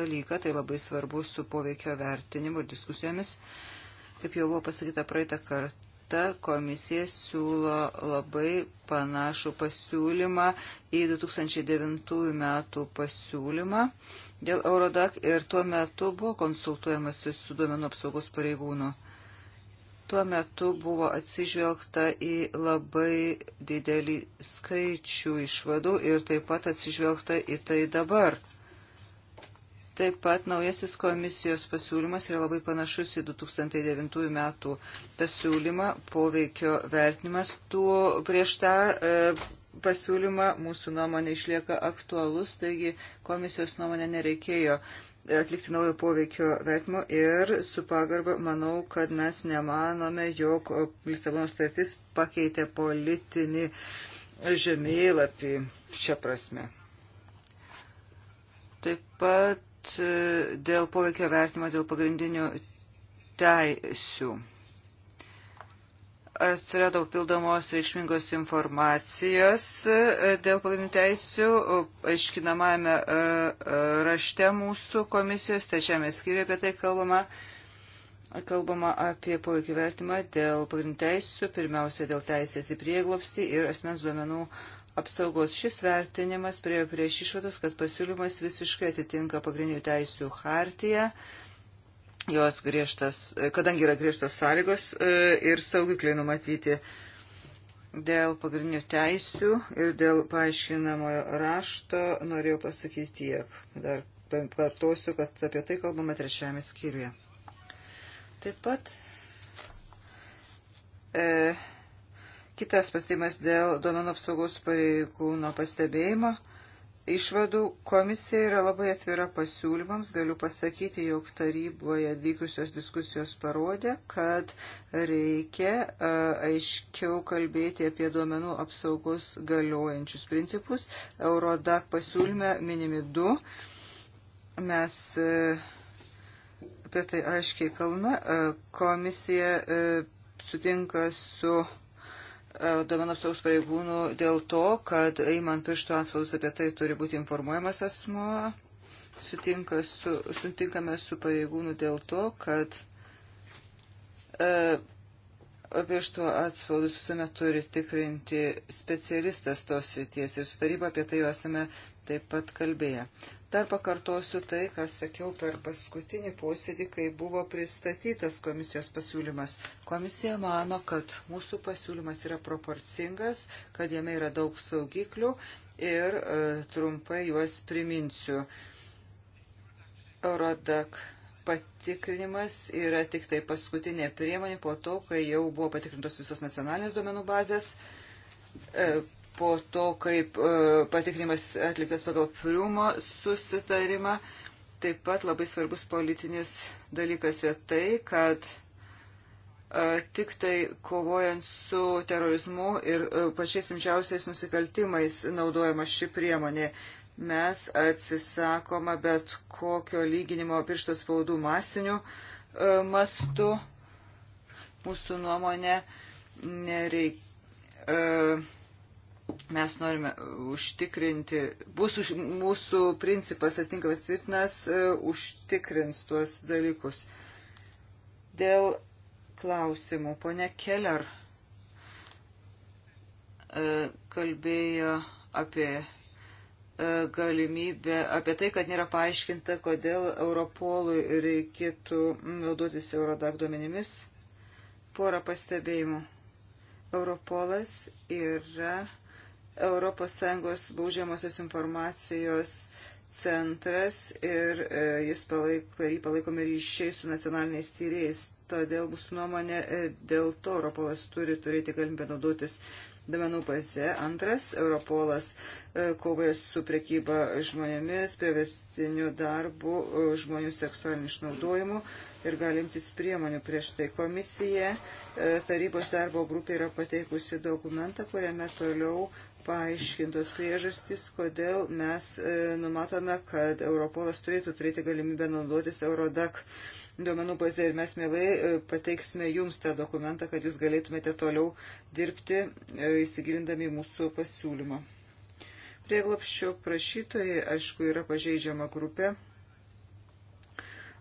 dalyką, tai labai svarbu su poveikio vertinimu ir diskusijomis. Kaip jau buvo pasakyta praeitą kartą, kartą komisija siūlo labai panašų pasiūlymą į 2009 metų pasiūlymą dėl Eurodak ir tuo metu buvo konsultuojamasi su duomenų apsaugos pareigūnu. Tuo metu buvo atsižvelgta į labai didelį skaičių išvadų ir taip pat atsižvelgta į tai dabar. Taip pat naujasis komisijos pasiūlymas yra labai panašus į 2009 metų pasiūlymą, poveikio vertinimas. Tuo prieš tą e, pasiūlymą mūsų nuomonė išlieka aktualus, taigi komisijos nuomonė nereikėjo atlikti naujo poveikio vertimo ir su pagarba manau, kad mes nemanome, jog Lisabono sutartis pakeitė politinį žemėlapį šią prasme. Taip pat E, dėl poveikio vertimo dėl pagrindinių teisių atsirado papildomos reikšmingos informacijos e, dėl pagrindinių teisių aiškinamame e, rašte mūsų komisijos, trečiame skyriuje apie tai kalbama. Kalbama apie poveikį vertimą dėl pagrindinių teisių, pirmiausia dėl teisės į prieglopstį ir asmens duomenų apsaugos. Šis vertinimas priejo prieš išvados, kad pasiūlymas visiškai atitinka pagrindinių teisių hartiją, jos griežtas, kadangi yra griežtos sąlygos e, ir saugikliai numatyti dėl pagrindinių teisių ir dėl paaiškinamojo rašto norėjau pasakyti tiek. Dar kartosiu, kad apie tai kalbame trečiame skyriuje. Taip pat e, Kitas pastebimas dėl duomenų apsaugos pareigūno pastebėjimo. Išvadų komisija yra labai atvira pasiūlymams. Galiu pasakyti, jog taryboje atvykusios diskusijos parodė, kad reikia aiškiau kalbėti apie duomenų apsaugos galiojančius principus. Eurodak pasiūlyme minimi du. Mes apie tai aiškiai kalbame. Komisija sutinka su E, duomenų apsaugos pareigūnų dėl to, kad įmant pirštų atspaudus apie tai turi būti informuojamas asmuo. Sutinka su, sutinkame su pareigūnu dėl to, kad e, pirštų atspaudus visuomet turi tikrinti specialistas tos srities ir su taryba apie tai esame taip pat kalbėję. Dar pakartosiu tai, ką sakiau per paskutinį posėdį, kai buvo pristatytas komisijos pasiūlymas. Komisija mano, kad mūsų pasiūlymas yra proporcingas, kad jame yra daug saugiklių ir e, trumpai juos priminsiu. Eurodak patikrinimas yra tik tai paskutinė priemonė po to, kai jau buvo patikrintos visos nacionalinės duomenų bazės. E, po to, kaip e, patikrinimas atliktas pagal priumo susitarimą. Taip pat labai svarbus politinis dalykas yra tai, kad e, tik tai kovojant su terorizmu ir e, pačiais rimčiausiais nusikaltimais naudojama ši priemonė. Mes atsisakoma bet kokio lyginimo piršto spaudų masinių mastų. Mūsų nuomonė nereikia Mes norime užtikrinti, bus už, mūsų principas atinkamas tvirtinas, e, užtikrins tuos dalykus. Dėl klausimų, ponia Keller e, kalbėjo apie e, galimybę, apie tai, kad nėra paaiškinta, kodėl Europolui reikėtų naudotis Eurodag duomenimis. Porą pastebėjimų. Europolas yra ES baudžiamosios informacijos centras ir e, jis palaik, per jį palaikome ryšiai su nacionaliniais tyrėjais. Todėl bus nuomonė, e, dėl to Europolas turi turėti galimybę naudotis domenų baze. Antras, Europolas e, kovoja su priekyba žmonėmis, priverstiniu darbu, žmonių seksualiniu išnaudojimu ir galimtis priemonių prieš tai. Komisija tarybos darbo grupė yra pateikusi dokumentą, kuriame toliau paaiškintos priežastys, kodėl mes e, numatome, kad Europolas turėtų turėti galimybę naudotis Eurodak duomenų bazė ir mes mielai e, pateiksime jums tą dokumentą, kad jūs galėtumėte toliau dirbti e, įsigilindami mūsų pasiūlymą. Prieglopščio prašytojai, aišku, yra pažeidžiama grupė.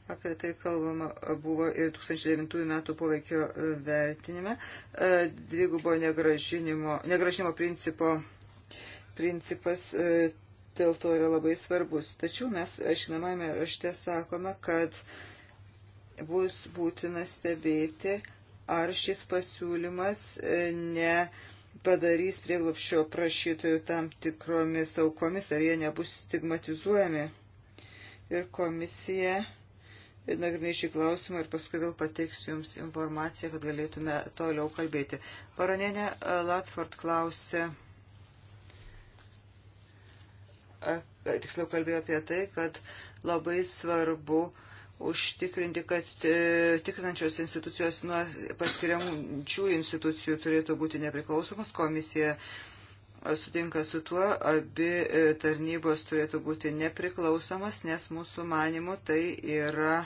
Apie tai kalbama buvo ir 2009 metų poveikio vertinime. Dvigubo negražinimo, negražinimo principo principas e, dėl to yra labai svarbus. Tačiau mes aiškinamame rašte sakome, kad bus būtina stebėti, ar šis pasiūlymas e, ne padarys prieglopščio prašytojų tam tikromis aukomis, ar jie nebus stigmatizuojami. Ir komisija nagrinai šį klausimą ir paskui vėl pateiksiu Jums informaciją, kad galėtume toliau kalbėti. Paranenė Latford klausė tiksliau kalbėjo apie tai, kad labai svarbu užtikrinti, kad e, tikrinančios institucijos nuo paskiriamčių institucijų turėtų būti nepriklausomos. Komisija sutinka su tuo, abi e, tarnybos turėtų būti nepriklausomas, nes mūsų manimu tai yra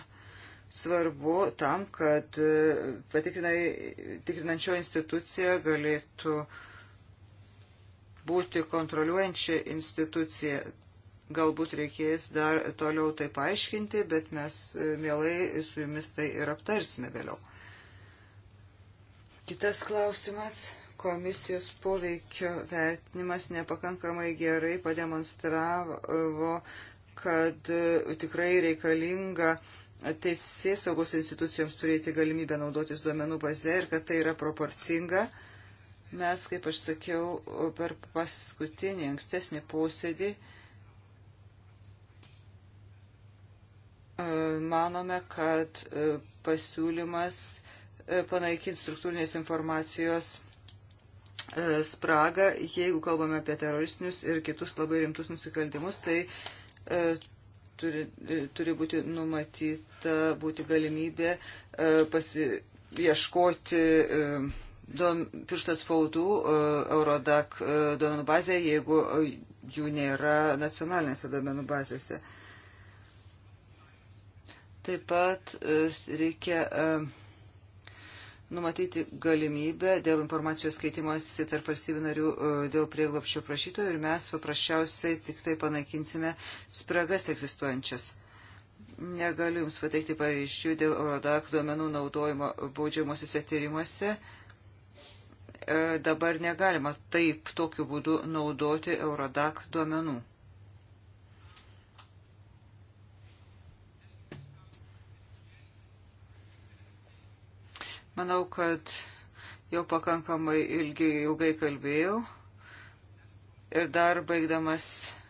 svarbu tam, kad e, patikrinančio institucija galėtų uh, būti kontroliuojančia institucija. Galbūt reikės dar toliau tai paaiškinti, bet mes e, mielai su jumis tai ir aptarsime vėliau. Kitas klausimas komisijos poveikio vertinimas nepakankamai gerai pademonstravo, kad e, tikrai reikalinga teisės saugos institucijoms turėti galimybę naudotis duomenų baze ir kad tai yra proporcinga. Mes, kaip aš sakiau, per paskutinį ankstesnį posėdį e, manome, kad e, pasiūlymas e, panaikinti struktūrinės informacijos spragą, jeigu kalbame apie teroristinius ir kitus labai rimtus nusikaltimus, tai turi, turi būti numatyta būti galimybė pasiieškoti pirštas spaudų e, Eurodac e, duomenų bazėje, jeigu e, jų nėra nacionalinėse duomenų bazėse. Taip pat reikia numatyti galimybę dėl informacijos keitimosi tarp valstybių narių dėl prieglopščio prašytojų ir mes paprasčiausiai tik tai panaikinsime spragas egzistuojančias. Negaliu Jums pateikti pavyzdžių dėl Eurodac duomenų naudojimo baudžiamosiuose tyrimuose, E, dabar negalima taip tokiu būdu naudoti Eurodac duomenų. Manau, kad jau pakankamai ilgi, ilgai kalbėjau ir dar baigdamas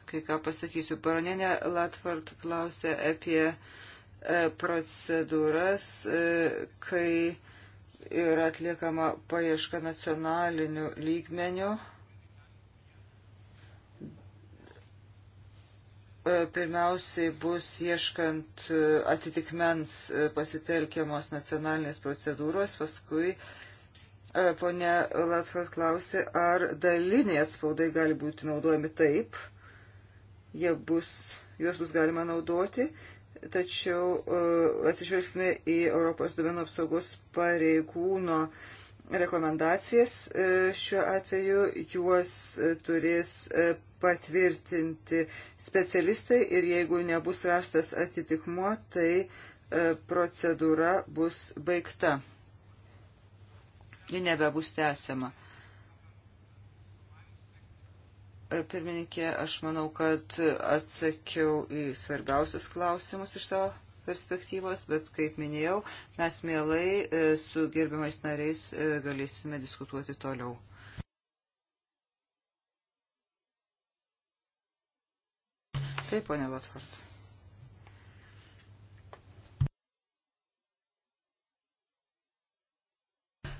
kai ką pasakysiu. Baroninė Latvart klausė apie e, procedūras, e, kai yra atliekama paieška nacionaliniu lygmeniu. E, pirmiausiai bus ieškant e, atitikmens e, pasitelkiamos nacionalinės procedūros, paskui ponia Latford klausė, ar daliniai atspaudai gali būti naudojami taip, jie bus, juos bus galima naudoti tačiau e, atsižvelgsime į Europos duomenų apsaugos pareigūno rekomendacijas. E, šiuo atveju juos e, turės patvirtinti specialistai ir jeigu nebus rastas atitikmuo, tai procedūra bus baigta. Ji nebebus tęsiama. pirmininkė, aš manau, kad atsakiau į svarbiausius klausimus iš savo perspektyvos, bet kaip minėjau, mes mielai e, su gerbiamais nariais e, galėsime diskutuoti toliau. Taip, ponė Latvart.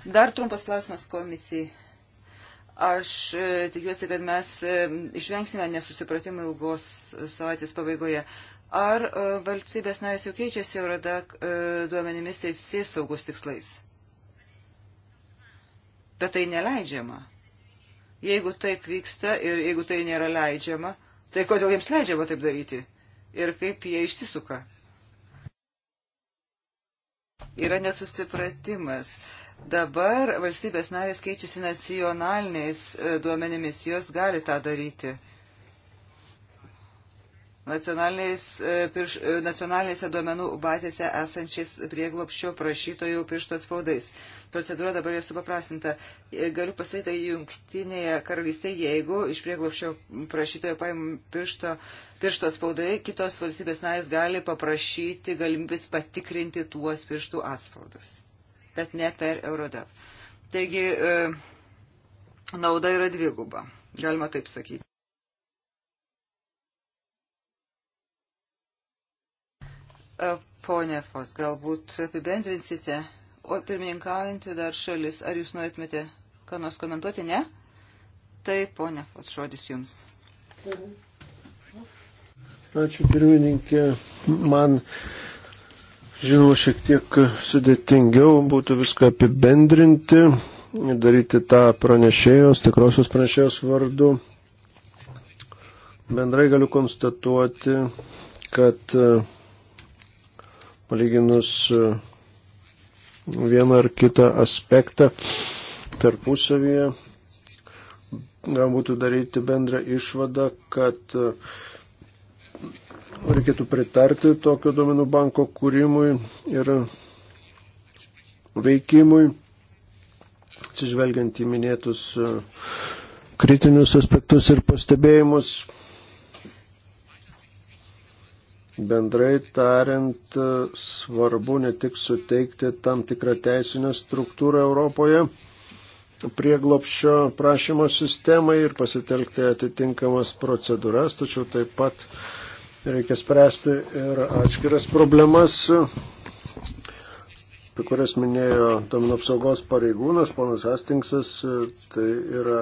Dar trumpas klausimas komisijai. Aš e, tikiuosi, kad mes e, išvengsime nesusipratimų ilgos savaitės pabaigoje. Ar e, valstybės narės jau keičiasi Eurodak duomenimis teisės saugos tikslais? Bet tai neleidžiama. Jeigu taip vyksta ir jeigu tai nėra leidžiama, tai kodėl jiems leidžiama taip daryti? Ir kaip jie išsisuka? Yra nesusipratimas. Uh, Dabar valstybės narės keičiasi nacionaliniais e, duomenimis, jos gali tą daryti. Nacionaliniais, e, pirš, e, nacionalinėse duomenų bazėse esančiais prieglopščio prašytojų piršto spaudais. Procedūra dabar jau supaprastinta. Galiu pasakyti, tai jungtinėje karalystėje, jeigu iš prieglopščio prašytojo paim piršto, piršto spaudai, kitos valstybės narės gali paprašyti galimybės patikrinti tuos pirštų atspaudus bet ne per Eurodep. Taigi, e, nauda yra dviguba, galima taip sakyti. E, pone Fos, galbūt apibendrinsite, o pirmininkaujantį dar šalis, ar jūs norėtumėte ką nors komentuoti, ne? Tai, ponė Fos, žodis jums. Ačiū pirmininkė, man Žinoma, šiek tiek sudėtingiau būtų viską apibendrinti, daryti tą pranešėjos, tikrosios pranešėjos vardu. Bendrai galiu konstatuoti, kad e, palyginus e, vieną ar kitą aspektą tarpusavyje, galima būtų daryti bendrą išvadą, kad e, reikėtų pritarti tokio duomenų banko kūrimui ir veikimui, atsižvelgiant į minėtus e, kritinius aspektus ir pastebėjimus. Bendrai tariant, e, svarbu ne tik suteikti tam tikrą teisinę struktūrą Europoje, prieglopščio prašymo sistemai ir pasitelkti atitinkamas procedūras, tačiau taip pat Reikia spręsti ir atskiras problemas, apie kurias minėjo domino apsaugos pareigūnas, ponas Astingsas, tai yra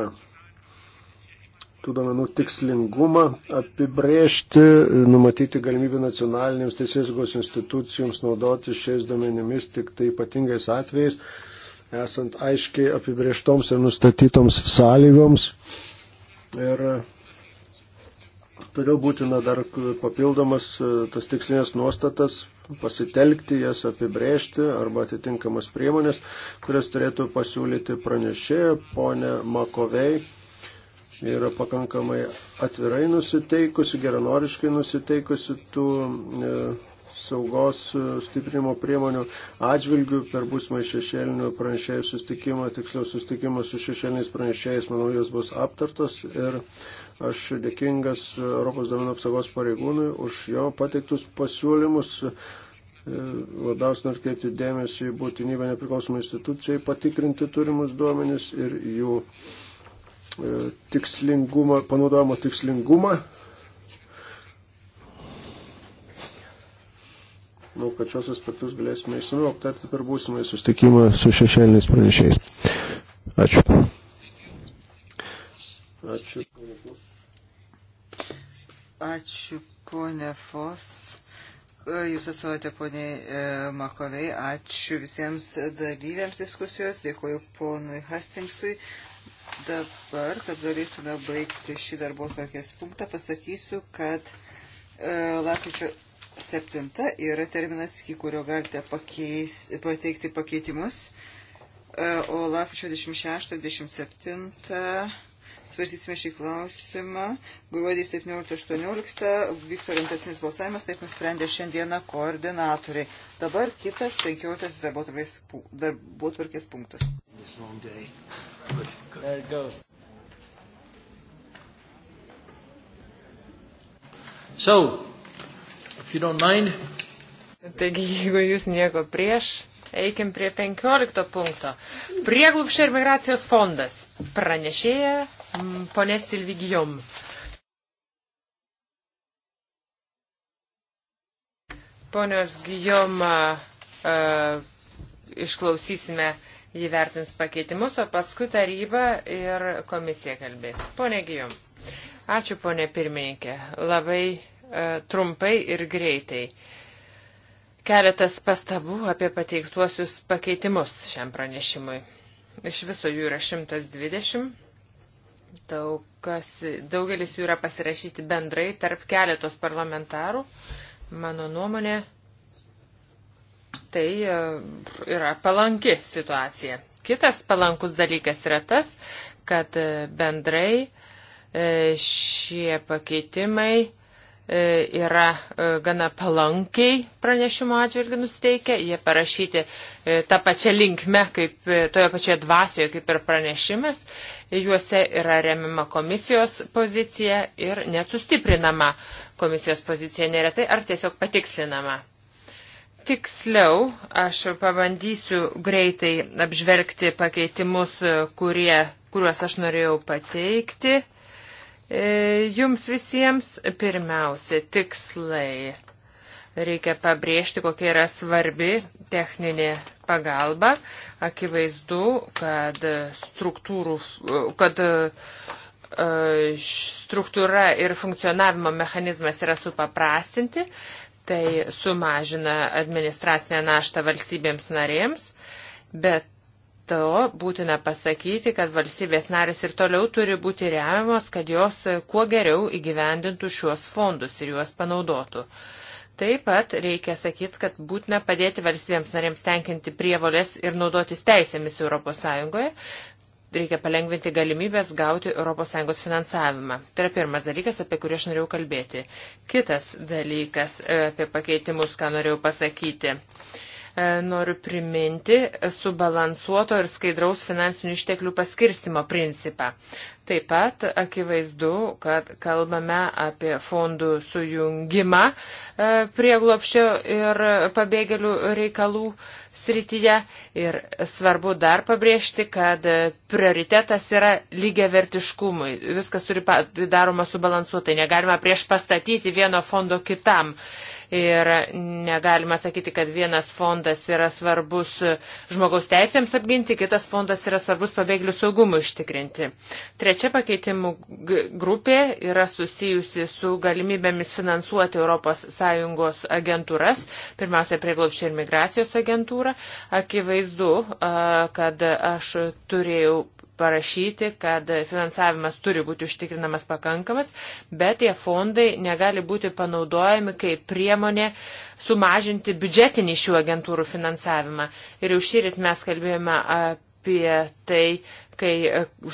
tų domenų tikslingumą apibrėžti, numatyti galimybę nacionalinėms teisėsaugos institucijoms naudoti šiais domenimis tik tai ypatingais atvejais, esant aiškiai apibrėžtoms ir nustatytoms sąlygoms. Ir Todėl būtina dar papildomas e, tas tikslinės nuostatas pasitelkti jas apibrėžti arba atitinkamas priemonės, kurias turėtų pasiūlyti pranešėja ponė Makovei. Yra pakankamai atvirai nusiteikusi, geranoriškai nusiteikusi tų e, saugos e, stiprinimo priemonių atžvilgių per būsimą šešėlinių pranešėjų sustikimą, tiksliau sustikimą su šešėliniais pranešėjais, manau, jos bus aptartos ir e, Aš dėkingas Europos duomenų apsaugos pareigūnui už jo pateiktus pasiūlymus. E, labiausiai noriu kreipti dėmesį į būtinybę nepriklausomai institucijai patikrinti turimus duomenis ir jų e, tikslingumą, panaudojimo tikslingumą. Manau, kad šios aspektus galėsime išsamiau aptarti per būsimą susitikimą su šešėliniais pranešėjais. Ačiū. Ačiū. Ačiū, ponė Fos. Jūs atsuojate, ponė e, Makovei. Ačiū visiems dalyviams diskusijos. Dėkuoju ponui Hastingsui. Dabar, kad galėtume baigti šį darbo tvarkės punktą, pasakysiu, kad e, lapkričio 7 yra terminas, iki kurio galite pakeis, pateikti pakeitimus, e, o lapkričio 26-27 Svarstysime šį klausimą. Gruodį 17.18 vyks orientacinis balsavimas, taip nusprendė šiandieną koordinatoriai. Dabar kitas 15 darbotvarkės punktas. Good, good. There it goes. So, if you don't mind. Taigi, jeigu jūs nieko prieš, eikim prie 15 punkto. Prieglupščio ir migracijos fondas. Pranešėja Mm, Pone Silvigijom. Ponios Gijoma uh, išklausysime įvertins pakeitimus, o paskui taryba ir komisija kalbės. Pone Gijom, ačiū ponė pirmininkė, labai e, trumpai ir greitai. Keletas pastabų apie pateiktuosius pakeitimus šiam pranešimui. Iš viso jų yra 120. Daug kas, daugelis jų yra pasirašyti bendrai tarp keletos parlamentarų. Mano nuomonė, tai e, yra palanki situacija. Kitas palankus dalykas yra tas, kad e, bendrai e, šie pakeitimai E, yra e, gana palankiai pranešimo atžvilgių nusteikę, jie parašyti e, tą pačią linkmę, kaip toje pačioje dvasioje, kaip ir pranešimas, juose yra remima komisijos pozicija ir net sustiprinama komisijos pozicija neretai ar tiesiog patikslinama. Tiksliau, aš pabandysiu greitai apžvelgti pakeitimus, kurie, kuriuos aš norėjau pateikti. E, jums visiems pirmiausia tikslai. Reikia pabrėžti, kokia yra svarbi techninė pagalba. Akivaizdu, kad, kad e, struktūra ir funkcionavimo mechanizmas yra supaprastinti, tai sumažina administracinę naštą valstybėms narėms, bet to būtina pasakyti, kad valstybės narės ir toliau turi būti remiamos, kad jos kuo geriau įgyvendintų šiuos fondus ir juos panaudotų. Taip pat reikia sakyti, kad būtina padėti valstybėms narėms tenkinti prievolės ir naudotis teisėmis ES. Reikia palengvinti galimybės gauti ES finansavimą. Tai yra pirmas dalykas, apie kurį aš norėjau kalbėti. Kitas dalykas e, apie pakeitimus, ką norėjau pasakyti. Uh, E, noriu priminti subalansuoto ir skaidraus finansinių išteklių paskirstimo principą. Taip pat akivaizdu, kad kalbame apie fondų sujungimą e, prieglopščio ir pabėgėlių reikalų srityje. Ir svarbu dar pabrėžti, kad prioritetas yra lygiavertiškumui. Viskas turi daroma subalansuotai, negalima prieš pastatyti vieno fondo kitam ir negalima sakyti, kad vienas fondas yra svarbus žmogaus teisėms apginti, kitas fondas yra svarbus pabėgėlių saugumui ištikrinti. Trečia pakeitimų grupė yra susijusi su galimybėmis finansuoti ES agentūras, pirmiausia, prieglaušio ir migracijos agentūrą. Akivaizdu, kad aš turėjau parašyti, kad finansavimas turi būti užtikrinamas pakankamas, bet tie fondai negali būti panaudojami kaip priemonė sumažinti biudžetinį šių agentūrų finansavimą. Ir jau šįryt mes kalbėjome apie tai, kai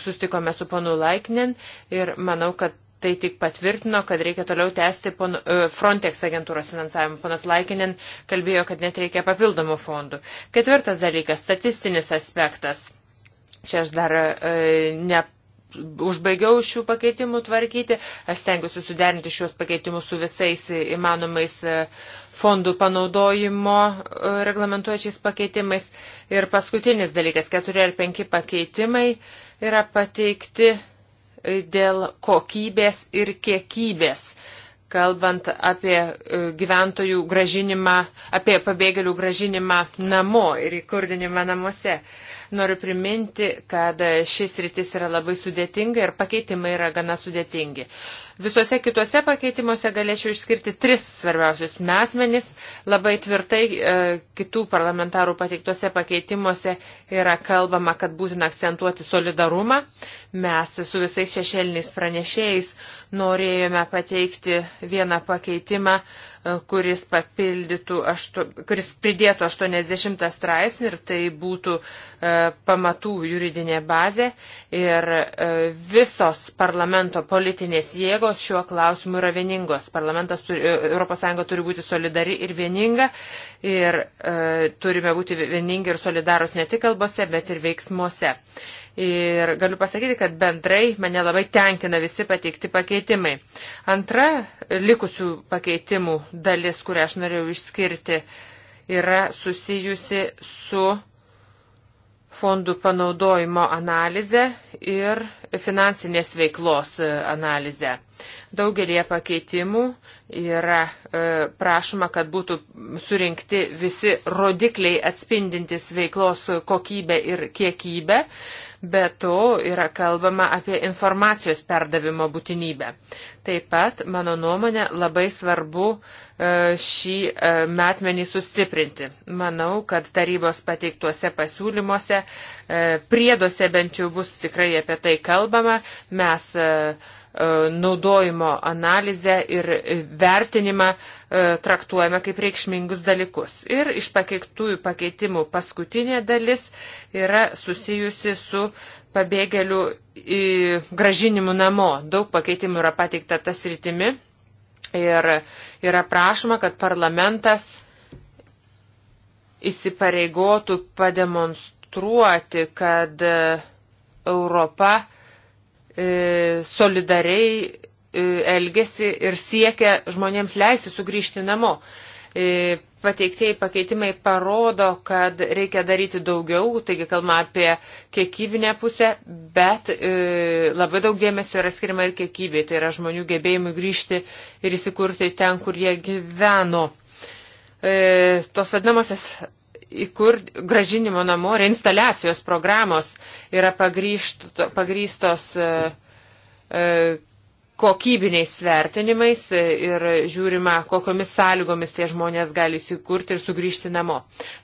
sustikome su ponu Laiknin ir manau, kad tai tik patvirtino, kad reikia toliau tęsti pon, e, Frontex agentūros finansavimą. Ponas Laikinin kalbėjo, kad net reikia papildomų fondų. Ketvirtas dalykas - statistinis aspektas. Čia aš dar e, ne. Užbaigiau šių pakeitimų tvarkyti, aš stengiuosi suderinti šios pakeitimus su visais įmanomais e, fondų panaudojimo e, reglamentuojančiais pakeitimais. Ir paskutinis dalykas, keturi ar penki pakeitimai yra pateikti e, dėl kokybės ir kiekybės, kalbant apie gyventojų gražinimą, apie pabėgėlių gražinimą namo ir įkurdinimą namuose. Noriu priminti, kad šis rytis yra labai sudėtinga ir pakeitimai yra gana sudėtingi. Visose kitose pakeitimuose galėčiau išskirti tris svarbiausius metmenis. Labai tvirtai e, kitų parlamentarų pateiktuose pakeitimuose yra kalbama, kad būtina akcentuoti solidarumą. Mes su visais šešėliniais pranešėjais norėjome pateikti vieną pakeitimą, e, kuris, aštu, kuris pridėtų 80 straipsnį ir tai būtų e, pamatų juridinė bazė. Ir e, visos parlamento politinės jėgos jėgos šiuo klausimu yra vieningos. Parlamentas, turi, ES turi būti solidari ir vieninga ir e, turime būti vieningi ir solidarus ne tik kalbose, bet ir veiksmuose. Ir galiu pasakyti, kad bendrai mane labai tenkina visi pateikti pakeitimai. Antra likusių pakeitimų dalis, kurią aš norėjau išskirti, yra susijusi su fondų panaudojimo analizę ir finansinės veiklos e, analizę. Daugelie pakeitimų yra e, prašoma, kad būtų surinkti visi rodikliai atspindintis veiklos kokybę ir kiekybę, bet to yra kalbama apie informacijos perdavimo būtinybę. Taip pat, mano nuomonė, labai svarbu e, šį metmenį sustiprinti. Manau, kad tarybos pateiktuose pasiūlymuose, prieduose bent jau bus tikrai apie tai kalbama kalbama, mes e, e, naudojimo analizę ir vertinimą e, traktuojame kaip reikšmingus dalykus. Ir iš pakeiktųjų pakeitimų paskutinė dalis yra susijusi su pabėgėlių gražinimu namo. Daug pakeitimų yra pateikta tas rytimi ir yra prašoma, kad parlamentas įsipareigotų pademonstruoti, kad Europa E, solidariai e, elgesi ir siekia žmonėms leisti sugrįžti namo. E, pateiktieji pakeitimai parodo, kad reikia daryti daugiau, taigi kalbama apie kiekybinę pusę, bet e, labai daug dėmesio yra skirima ir kiekybė, tai yra žmonių gebėjimui grįžti ir įsikurti ten, kur jie gyveno. E, tos vadinamosios įkur gražinimo namo reinstaliacijos programos yra pagrįžto, pagrįstos e, e, kokybiniais svertinimais ir žiūrima, kokiomis sąlygomis tie žmonės gali įsikurti ir sugrįžti namo.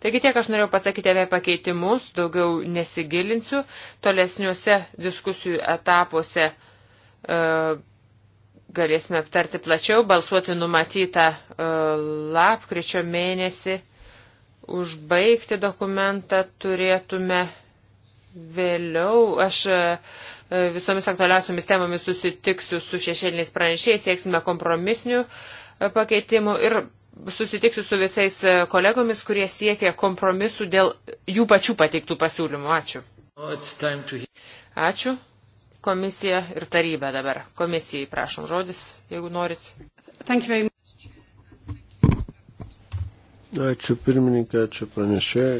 Taigi tiek aš norėjau pasakyti apie pakeitimus, daugiau nesigilinsiu. Tolesniuose diskusijų etapuose e, galėsime aptarti plačiau, balsuoti numatytą e, lapkričio mėnesį užbaigti dokumentą turėtume vėliau. Aš e, e, visomis aktualiausiamis temomis susitiksiu su šešėliniais pranešėjais, sieksime kompromisnių e, pakeitimų ir susitiksiu su visais kolegomis, kurie siekia kompromisų dėl jų pačių pateiktų pasiūlymų. Ačiū. Ačiū. Komisija ir taryba dabar. Komisijai prašom žodis, jeigu norit. Ačiū pirmininkai, ačiū pranešėjai.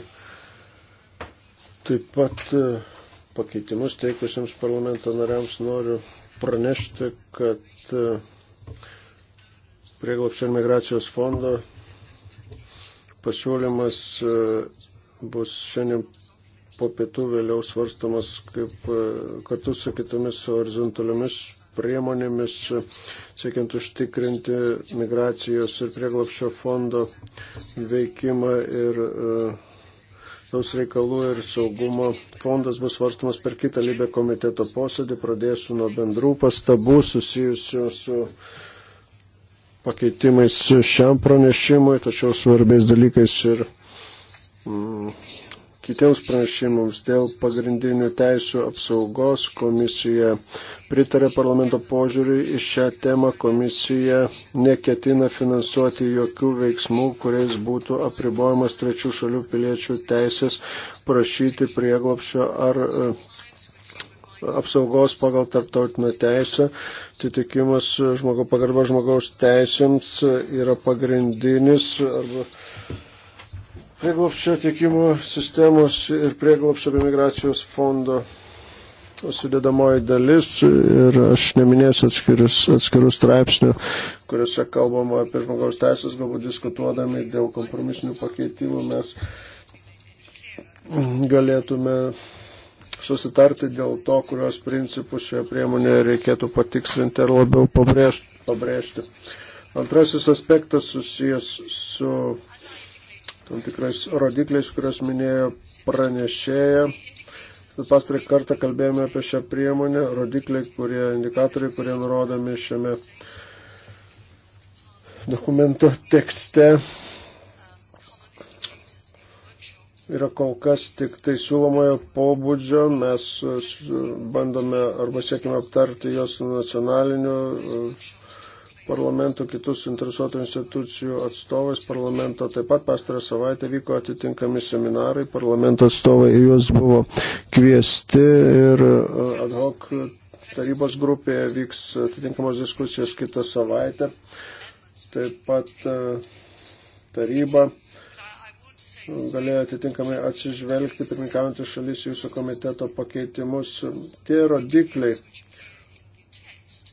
Taip pat e, pakeitimus teikusiems parlamento nariams noriu pranešti, kad e, prieglopščio ir migracijos fondo pasiūlymas e, bus šiandien po pietų vėliau svarstamas kaip kartu su kitomis horizontaliomis priemonėmis, siekiant užtikrinti migracijos ir prieglapščio fondo veikimą ir Taus e, reikalų ir saugumo fondas bus svarstamas per kitą lybę komiteto posėdį. Pradėsiu nuo bendrų pastabų susijusių su pakeitimais šiam pranešimui, tačiau svarbiais dalykais ir mm, kitiems pranešimams dėl pagrindinių teisų apsaugos. Komisija pritarė parlamento požiūriui į šią temą. Komisija neketina finansuoti jokių veiksmų, kuriais būtų apribojamas trečių šalių piliečių teisės prašyti prieglopšio ar e, apsaugos pagal tarptautinę teisę, atitikimas žmogaus pagarba žmogaus teisėms yra pagrindinis arba prieglopščio teikimo sistemos ir prieglopščio bei migracijos fondo sudėdamoji dalis ir aš neminėsiu atskirus, atskirus straipsnių, kuriuose kalbama apie žmogaus teisės, galbūt diskutuodami dėl kompromisinių pakeitimų mes galėtume susitarti dėl to, kurios principus šioje priemonėje reikėtų patikslinti ar labiau pabrėžti. pabrėžti. Antrasis aspektas susijęs su tam tikrais rodikliais, kuriuos minėjo pranešėja. Pastarį kartą kalbėjome apie šią priemonę, rodikliai, kurie, indikatoriai, kurie nurodomi šiame dokumento tekste yra kol kas tik tai siūlomojo pobūdžio, mes bandome arba siekime aptarti jos nacionaliniu parlamento kitus interesuotų institucijų atstovais. Parlamento taip pat pastarą savaitę vyko atitinkami seminarai, parlamento atstovai ir juos buvo kviesti ir e, ad hoc tarybos grupėje vyks atitinkamos diskusijos kitą savaitę. Taip pat e, taryba galėjo atitinkamai atsižvelgti, pirmininkaujantys šalis jūsų komiteto pakeitimus. Tie rodikliai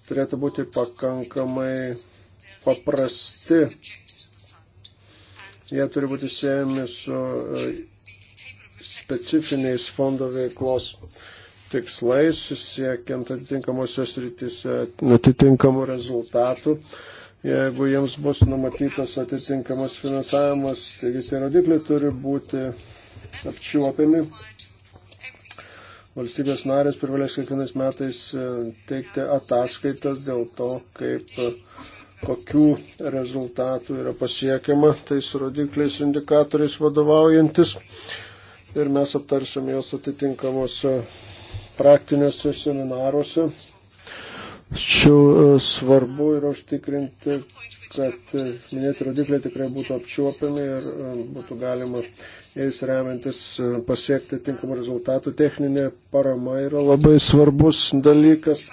turėtų būti pakankamai paprasti. Jie turi būti siejami su e, specifiniais fondo veiklos tikslais, siekiant atitinkamose srityse atitinkamų rezultatų. Jeigu jiems bus numatytas atitinkamas finansavimas, taigi tie rodikliai turi būti apčiuopiami valstybės narės privalės kiekvienais metais e, teikti ataskaitas dėl to, kaip e, kokių rezultatų yra pasiekiama tais rodikliais, indikatoriais vadovaujantis. Ir mes aptarsim juos atitinkamuose praktiniuose seminaruose. Tačiau e, svarbu yra užtikrinti, kad minėti rodikliai tikrai būtų apčiuopiami ir būtų galima uh, jais remiantis e, pasiekti tinkamų rezultatų. Techninė parama yra labai svarbus dalykas.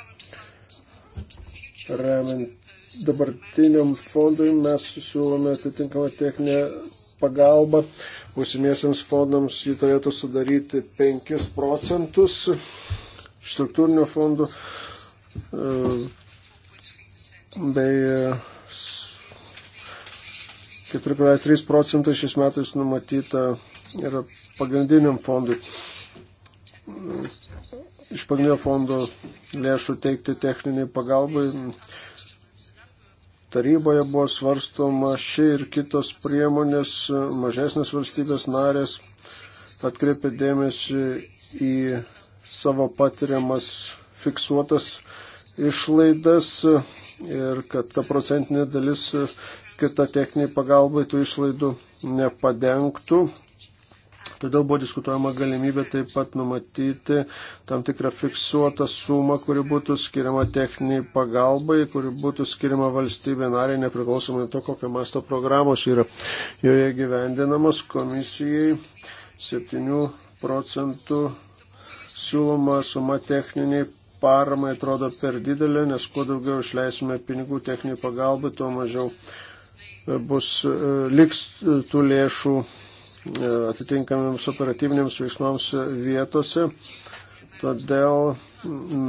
Remiant dabartiniam fondui mes siūlome atitinkamą techninę pagalbą. Būsimiesiams fondams jį turėtų sudaryti 5 procentus struktūrinių fondų e, bei 4,3 procentai šiais metais numatyta yra pagrindiniam fondui. Iš pagrindinio fondo lėšų teikti techniniai pagalbai. Taryboje buvo svarstoma ši ir kitos priemonės, mažesnės valstybės narės atkreipė dėmesį į savo patiriamas fiksuotas išlaidas ir kad ta procentinė dalis skirta techniniai pagalbai tų išlaidų nepadengtų. Todėl buvo diskutuojama galimybė taip pat numatyti tam tikrą fiksuotą sumą, kuri būtų skiriama techniniai pagalbai, kuri būtų skiriama valstybė nariai, nepriklausomai to, kokio masto programos yra joje gyvendinamos komisijai 7 procentų siūloma suma techniniai paramai atrodo per didelė, nes kuo daugiau išleisime pinigų techniniai pagalbai, tuo mažiau e, bus e, liks e, tų lėšų atitinkamiems operatyviniams veiksmams vietose. Todėl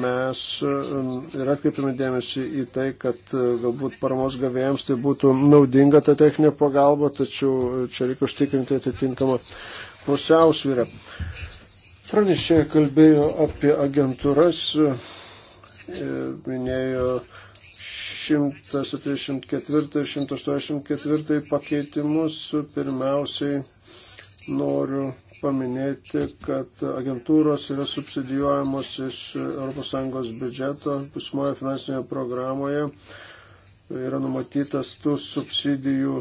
mes ir atkreipiame dėmesį į tai, kad galbūt paramos gavėjams tai būtų naudinga ta techninė pagalba, tačiau čia reikia užtikrinti atitinkamą pusiausvyrę. Pranešėja kalbėjo apie agentūras, e, minėjo 174 ir 184 pakeitimus. Pirmiausiai noriu paminėti, kad agentūros yra subsidijuojamos iš ES biudžeto pusmoje finansinėje programoje. Yra numatytas tų subsidijų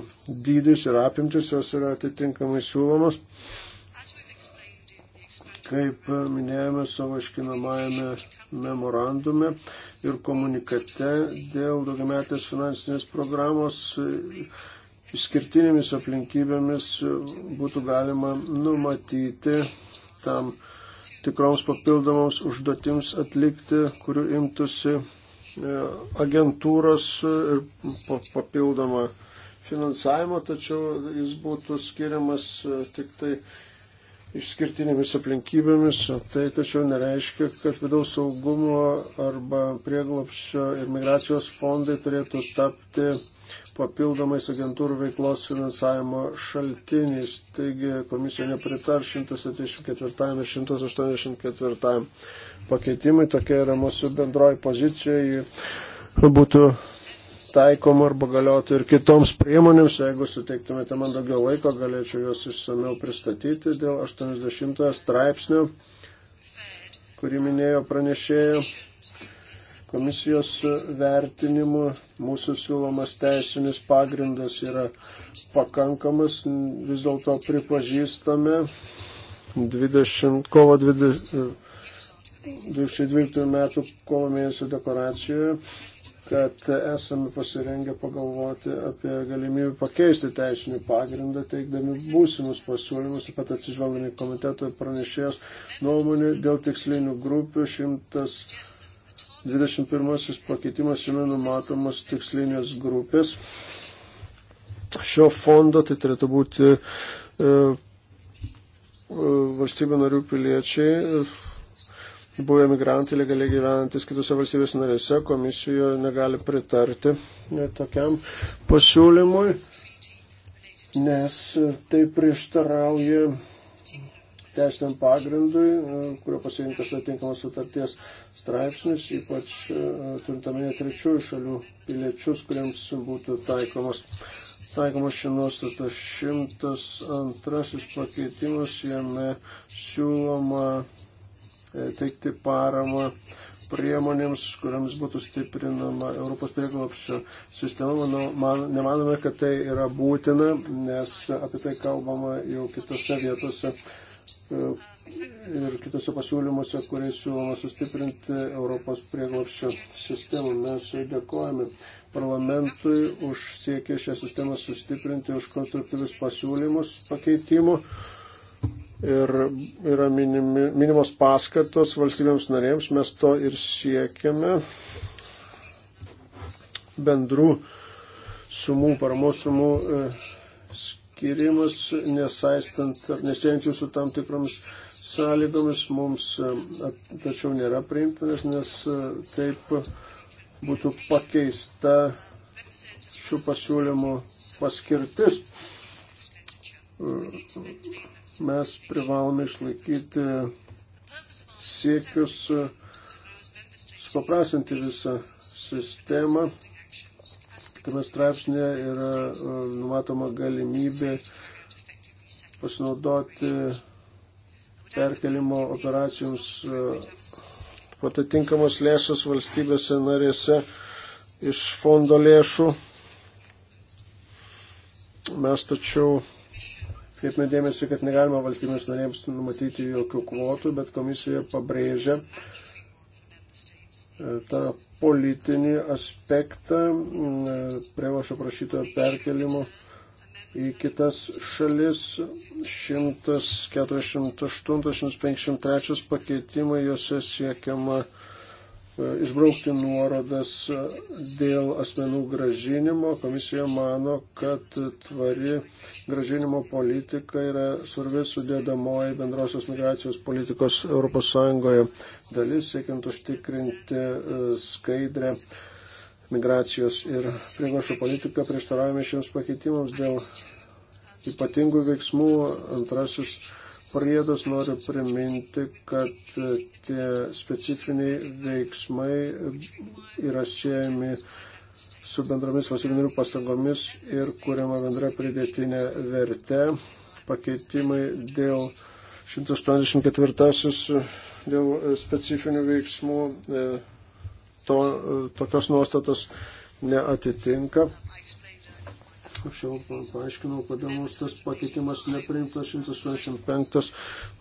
dydis ir apimtis, jos yra atitinkamai siūlomos. Kaip minėjome savo iškinamajame memorandume ir komunikate dėl daugiametės finansinės programos išskirtinėmis aplinkybėmis būtų galima numatyti tam tikroms papildomoms užduotims atlikti, kurių imtųsi e, agentūros ir papildomą finansavimą, tačiau jis būtų skiriamas e, tik tai išskirtinėmis aplinkybėmis, tai tačiau nereiškia, kad vidaus saugumo arba prieglopščio ir migracijos fondai turėtų tapti papildomais agentūrų veiklos finansavimo šaltiniais. Taigi komisija nepritar 174 ir 184 pakeitimai, tokia yra mūsų bendroji pozicija, būtų taikomų arba galiotų ir kitoms priemonėms. Jeigu suteiktumėte man daugiau laiko, galėčiau juos išsameu pristatyti dėl 80 straipsnio, kurį minėjo pranešėjo. Komisijos vertinimu mūsų siūlomas teisinis pagrindas yra pakankamas, vis dėlto pripažįstame 20, kovo 20, 2012 metų kovo mėnesio deklaracijoje kad esame pasirengę pagalvoti apie galimybę pakeisti teisinį pagrindą, teikdami būsimus pasiūlymus, taip pat atsižvelgdami komiteto pranešėjos nuomonį dėl tikslinių grupių 121 pakeitimas jame numatomos tikslinės grupės. Šio fondo tai turėtų būti e, e valstybių narių piliečiai, buvę migrantai legaliai gyvenantis kitose valstybės narėse, komisijoje negali pritarti tokiam pasiūlymui, nes tai prieštarauja teisiniam pagrindui, kurio pasirinktas atitinkamas sutarties straipsnis, ypač e, turintaminė trečiųjų šalių piliečius, kuriems būtų taikomas, taikomas ši nuostata. 102 pakeitimas, jame siūloma teikti paramą priemonėms, kuriams būtų stiprinama Europos prieglopščio sistema. Manau, man, nemanome, kad tai yra būtina, nes apie tai kalbama jau kitose vietose e, ir kitose pasiūlymuose, kuriais siūloma sustiprinti Europos prieglopščio sistemą. Mes dėkojame parlamentui už siekį šią sistemą sustiprinti, už konstruktyvius pasiūlymus pakeitimų ir yra minimi, minimos paskatos valstybėms narėms, mes to ir siekiame bendrų sumų, paramos sumų e, skirimas, nesaistant ar nesėjant jūsų tam tikroms sąlygomis, mums e, tačiau nėra priimtinas, nes e, taip būtų pakeista šių pasiūlymų paskirtis mes privalome išlaikyti siekius e, supaprasinti visą sistemą. Tame straipsnėje yra e, numatoma galimybė pasinaudoti perkelimo operacijoms e, patatinkamos lėšos valstybėse narėse iš fondo lėšų. Mes tačiau Kreipime dėmesį, kad negalima valstybės narėms numatyti jokių kvotų, bet komisija pabrėžia e, tą politinį aspektą prievašo prašytojo perkelimo į kitas šalis 148-153 pakeitimai, juose siekiama E, išbraukti nuorodas e, dėl asmenų gražinimo. Komisija mano, kad tvari gražinimo politika yra svarbi sudėdamoji bendrosios migracijos politikos ES dalis, siekiant užtikrinti e, skaidrę migracijos ir prieglašų politiką. Prieštaravime šiems pakeitimams dėl ypatingų veiksmų. Antrasis priedus, noriu priminti, kad tie specifiniai veiksmai yra siejami su bendromis valstybinių pastangomis ir kuriama bendra pridėtinė vertė. Pakeitimai dėl 184 dėl specifinių veiksmų e, to, tokios nuostatos neatitinka anksčiau paaiškinau, kodėl mums tas pakeitimas nepriimtas 185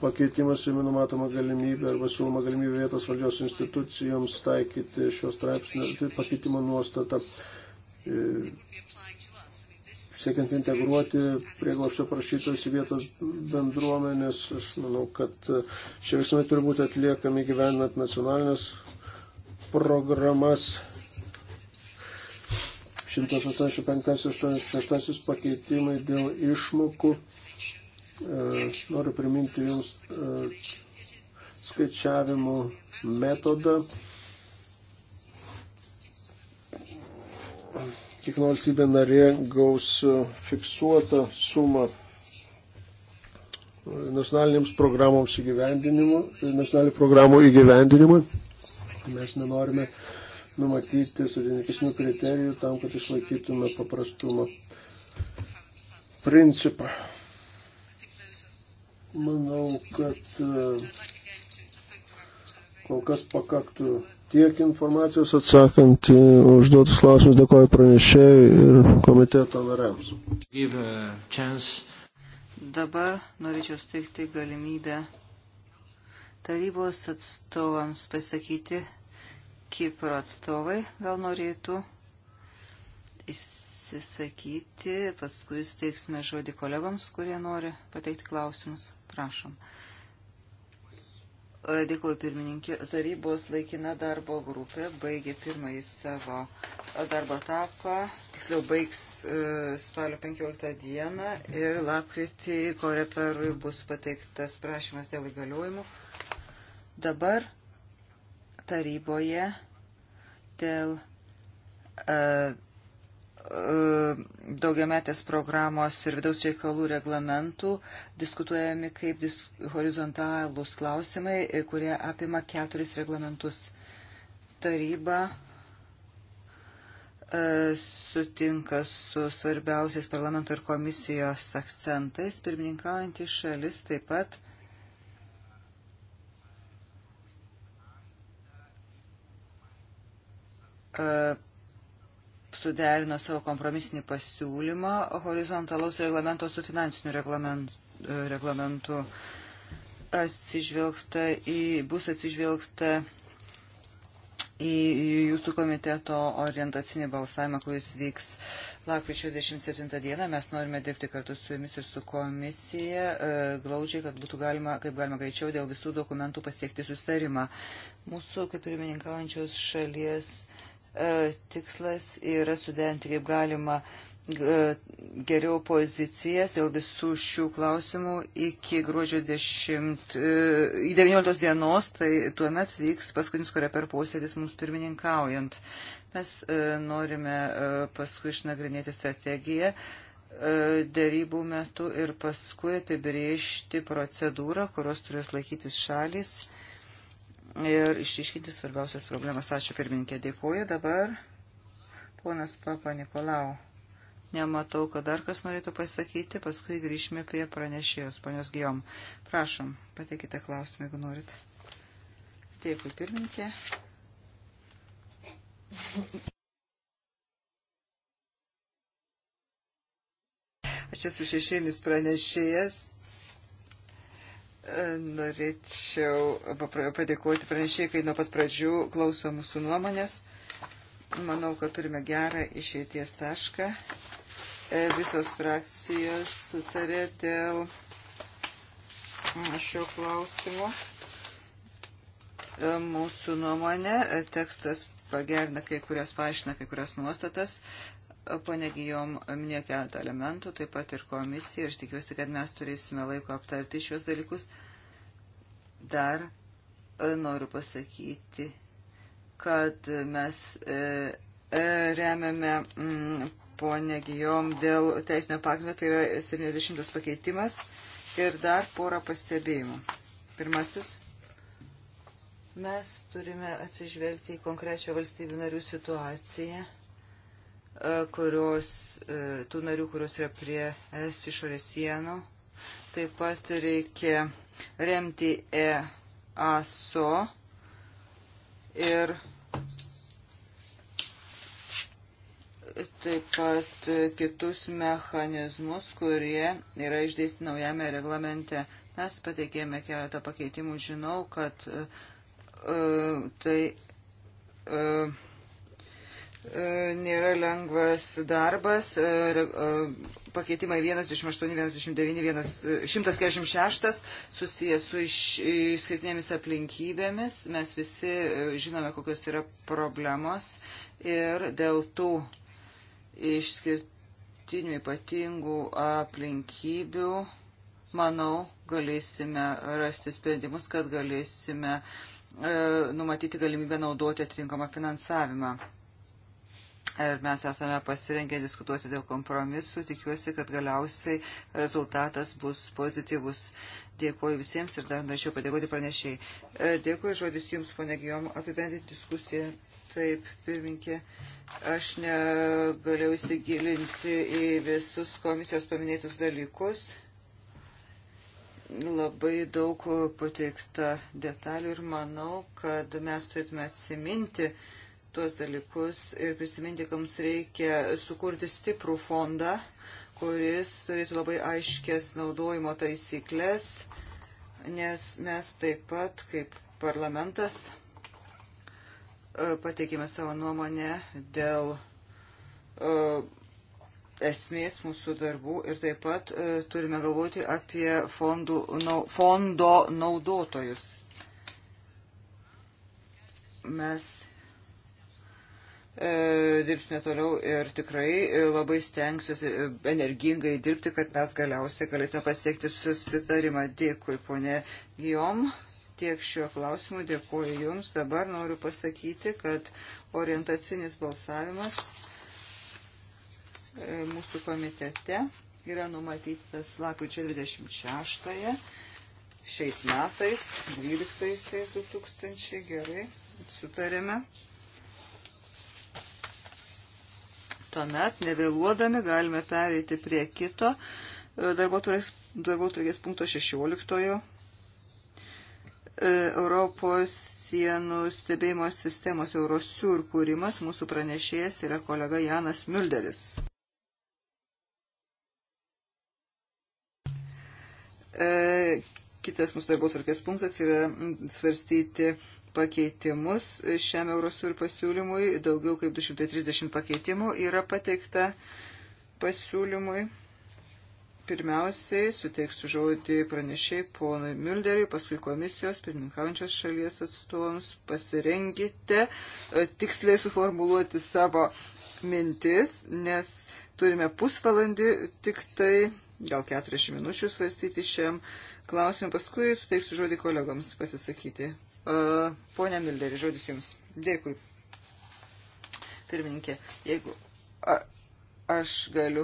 pakeitimas, jame numatoma galimybė arba siūloma galimybė vietos valdžios institucijoms taikyti šios straipsnio tai pakeitimo nuostatą. E, siekiant integruoti prieglapščio prašytojus į vietos bendruomenės, aš manau, kad šie veiksmai turi būti atliekami gyvenant nacionalinės programas 185-186 pakeitimai dėl išmokų. E, noriu priminti Jums e, skaičiavimo metodą. Kiekviena valstybė narė gaus fiksuotą sumą nacionalinėms programoms įgyvendinimu, nacionalinių programų įgyvendinimui. Mes nenorime uh, numatyti sudėtingesnių kriterijų tam, kad išlaikytume paprastumo principą. Manau, kad e, kol kas pakaktų tiek informacijos atsakant į užduotus klausimus. Dėkoju pranešėjai ir komiteto nariams. Uh, Dabar norėčiau steigti galimybę tarybos atstovams pasakyti Kipro atstovai gal norėtų išsisakyti, paskui steiksime žodį kolegoms, kurie nori pateikti klausimus. Prašom. Dėkuoju pirmininkė. Tarybos laikina darbo grupė baigė pirmąjį savo darbo etapą, tiksliau baigs e, spalio 15 dieną ir lapkritį koreperui bus pateiktas prašymas dėl įgaliojimų. Dabar taryboje dėl e, e, daugiametės programos ir vidaus reikalų reglamentų diskutuojami kaip dis horizontalūs klausimai, e, kurie apima keturis reglamentus. Taryba e, sutinka su svarbiausiais parlamento ir komisijos akcentais. Pirmininkaujantys šalis taip pat E, suderino savo kompromisinį pasiūlymą horizontalaus reglamento su finansiniu reglamentu. E, reglamentu. Atsižvelgta į, bus atsižvelgta į jūsų komiteto orientacinį balsavimą, kuris vyks lakryčio 27 dieną. Mes norime dirbti kartu su jumis ir su komisija e, glaudžiai, kad būtų galima, kaip galima greičiau, dėl visų dokumentų pasiekti sustarimą. Mūsų, kaip pirmininkaujančios šalies, E, tikslas yra sudenti kaip galima e, geriau pozicijas dėl visų šių klausimų iki gruodžio 10, 19 e, dienos, tai tuomet vyks paskutinis koreper posėdis mums pirmininkaujant. Mes norime paskui išnagrinėti strategiją dėrybų metu ir paskui apibriežti procedūrą, kurios turės laikytis šalis ir išiškinti svarbiausias problemas. Ačiū pirmininkė, dėkuoju. Dabar ponas Papa Nikolau. Nematau, kad dar kas norėtų pasakyti, paskui grįžime prie pranešėjos, ponios Gijom. Prašom, pateikite klausimą, jeigu norit. Dėkui, pirmininkė. Aš esu šešėlis pranešėjas Norėčiau padėkoti pranešėjai, kai nuo pat pradžių klauso mūsų nuomonės. Manau, kad turime gerą išeities tašką. E, visos frakcijos sutarė dėl šio klausimo. E, mūsų nuomonė, e, tekstas pagerina kai kurias, paaiškina kai kurias nuostatas. Pane Gijom minėjo keletą elementų, taip pat ir komisija, ir aš tikiuosi, kad mes turėsime laiko aptarti šios dalykus. Dar e, noriu pasakyti, kad mes e, e, remiame mm, ponę Gijom dėl teisinio pagrindo, tai yra 70 pakeitimas ir dar porą pastebėjimų. Pirmasis. Mes turime atsižvelgti į konkrečią valstybių narių situaciją E, kurios, e, tų narių, kurios yra prie es išorės sienų. Taip pat reikia remti EASO ir taip pat kitus mechanizmus, kurie yra išdėsti naujame reglamente. Mes pateikėme keletą pakeitimų, žinau, kad uh, tai uh, E, nėra lengvas darbas. E, e, pakeitimai 128, 129, 146 susijęs su išskirtinėmis aplinkybėmis. Mes visi žinome, kokios yra problemos ir dėl tų išskirtinių ypatingų aplinkybių, manau, galėsime rasti sprendimus, kad galėsime numatyti galimybę naudoti atitinkamą finansavimą. Ir e, mes esame pasirengę diskutuoti dėl kompromisų. Tikiuosi, kad galiausiai rezultatas bus pozityvus. Dėkuoju visiems ir dar norėčiau padėkoti pranešiai. E, dėkuoju žodis Jums, ponė Gijom, apibendinti diskusiją. Taip, pirminkė, aš negalėjau įsigilinti į visus komisijos paminėtus dalykus. Labai daug pateikta detalių ir manau, kad mes turėtume atsiminti, uh, tuos dalykus ir prisiminti, kad mums reikia sukurti stiprų fondą, kuris turėtų labai aiškės naudojimo taisyklės, nes mes taip pat kaip parlamentas e, pateikime savo nuomonę dėl e, esmės mūsų darbų ir taip pat e, turime galvoti apie fondų, fondo naudotojus. Mes E, dirbsime toliau ir tikrai e, labai stengsiuosi e, energingai dirbti, kad mes galiausiai galėtume pasiekti susitarimą. Dėkui, ponė Gijom. Tiek šiuo klausimu dėkuoju Jums. Dabar noriu pasakyti, kad orientacinis balsavimas mūsų komitete yra numatytas lapkričio 26-ąją šiais metais, 12-aisiais 2000, gerai, sutarėme. Tuomet, nevėluodami, galime pereiti prie kito e, darbo turės punkto 16. E, Europos sienų stebėjimo sistemos Eurosiur kūrimas mūsų pranešėjas yra kolega Janas Mülderis. E, kitas mūsų darbo tvarkės punktas yra svarstyti pakeitimus šiam Eurosur pasiūlymui. Daugiau kaip 230 pakeitimų yra pateikta pasiūlymui. Pirmiausiai suteiksiu žodį pranešiai ponui Mülderiui, paskui komisijos pirmininkaujančios šalies atstovams. Pasirengite e, tiksliai suformuluoti savo mintis, nes turime pusvalandį tik tai, gal 40 minučių svarstyti šiam klausimui. Paskui suteiksiu žodį kolegoms pasisakyti. E, Pone Milderi, žodis Jums. Dėkui. Pirmininkė, jeigu a, aš galiu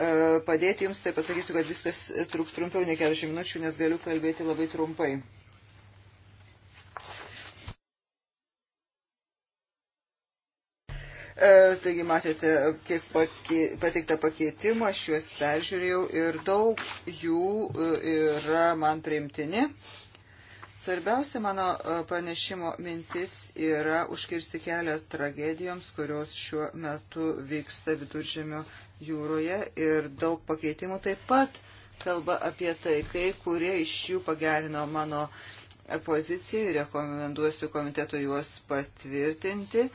e, padėti Jums, tai pasakysiu, kad viskas truks trumpiau nei 40 minučių, nes galiu kalbėti labai trumpai. E, taigi matėte, kiek pateikta pakeitimo, aš juos peržiūrėjau ir daug jų yra man priimtini. Svarbiausia mano e, pranešimo mintis yra užkirsti kelią tragedijoms, kurios šiuo metu vyksta viduržėmio jūroje ir daug pakeitimų taip pat kalba apie tai, kai kurie iš jų pagerino mano e, poziciją ir rekomenduosiu komitetu juos patvirtinti.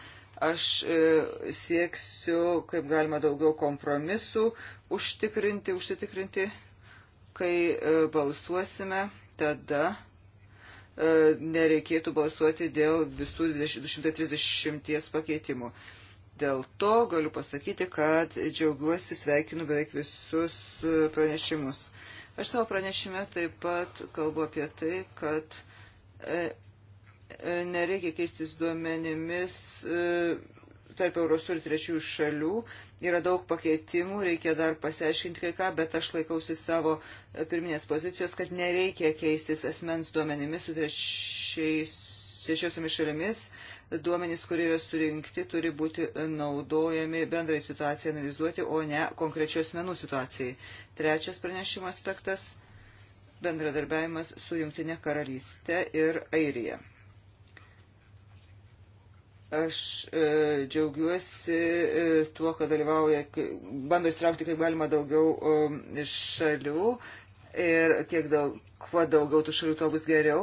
Aš e, sieksiu, kaip galima daugiau kompromisų užtikrinti, užsitikrinti, kai balsuosime, tada E, nereikėtų balsuoti dėl visų 230 pakeitimų. Dėl to galiu pasakyti, kad džiaugiuosi, sveikinu beveik visus e, pranešimus. Aš savo pranešime taip pat kalbu apie tai, kad e, nereikia keistis duomenimis tarp Eurosur ir trečiųjų šalių. Yra daug pakeitimų, reikia dar pasiaiškinti kai ką, bet aš laikausi savo e, pirminės pozicijos, kad nereikia keistis asmens duomenimis su trečiosiomis šalimis. Duomenys, kurie yra surinkti, turi būti naudojami bendrai situacijai analizuoti, o ne konkrečių asmenų situacijai. Trečias pranešimo aspektas - bendradarbiavimas su Junktinė karalystė ir Airija. Aš e, džiaugiuosi e, tuo, kad dalyvauja, bando įstraukti kaip galima daugiau e, šalių ir kiek daug, kuo daugiau tų šalių, tuo bus geriau.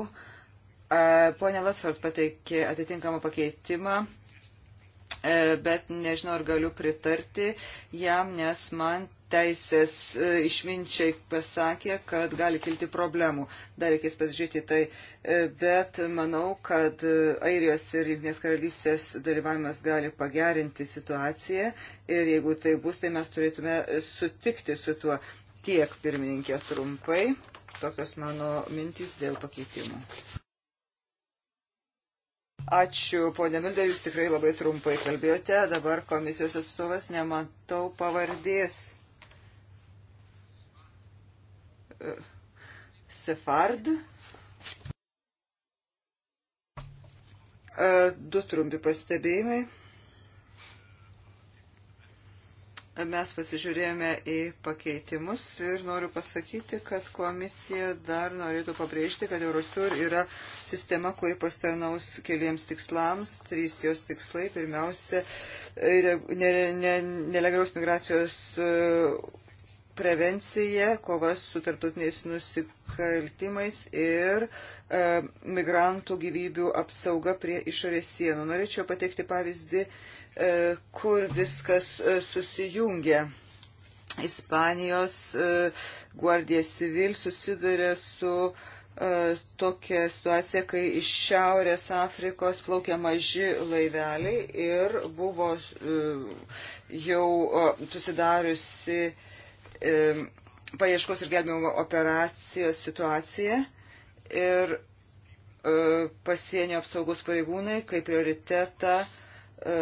E, Pone Latsford pateikė atitinkamą pakeitimą, e, bet nežinau, ar galiu pritarti jam, nes man teisės e, išminčiai pasakė, kad gali kilti problemų. Dar reikės pasižiūrėti tai, e, bet manau, kad e, Airijos ir Junktinės karalystės dalyvavimas gali pagerinti situaciją ir jeigu tai bus, tai mes turėtume sutikti su tuo tiek pirmininkė trumpai. Tokios mano mintys dėl pakeitimų. Ačiū, ponė Milder, jūs tikrai labai trumpai kalbėjote. Dabar komisijos atstovas nematau pavardės. Sefard. E, du trumpi pastebėjimai. E, mes pasižiūrėjome į pakeitimus ir noriu pasakyti, kad komisija dar norėtų pabrėžti, kad Eurosur yra sistema, kuri pastarnaus keliems tikslams. Trys jos tikslai. Pirmiausia, nelegaliaus migracijos e, prevencija, kovas su tarptautiniais nusikaltimais ir e, migrantų gyvybių apsauga prie išorės sienų. Norėčiau pateikti pavyzdį, e, kur viskas e, susijungia. Ispanijos e, Guardia Civil susiduria su e, tokia situacija, kai iš Šiaurės Afrikos plaukia maži laiveliai ir buvo e, jau susidariusi e, paieškos ir gelbėjimo operacijos situaciją ir e, pasienio apsaugos pareigūnai kaip prioritetą e,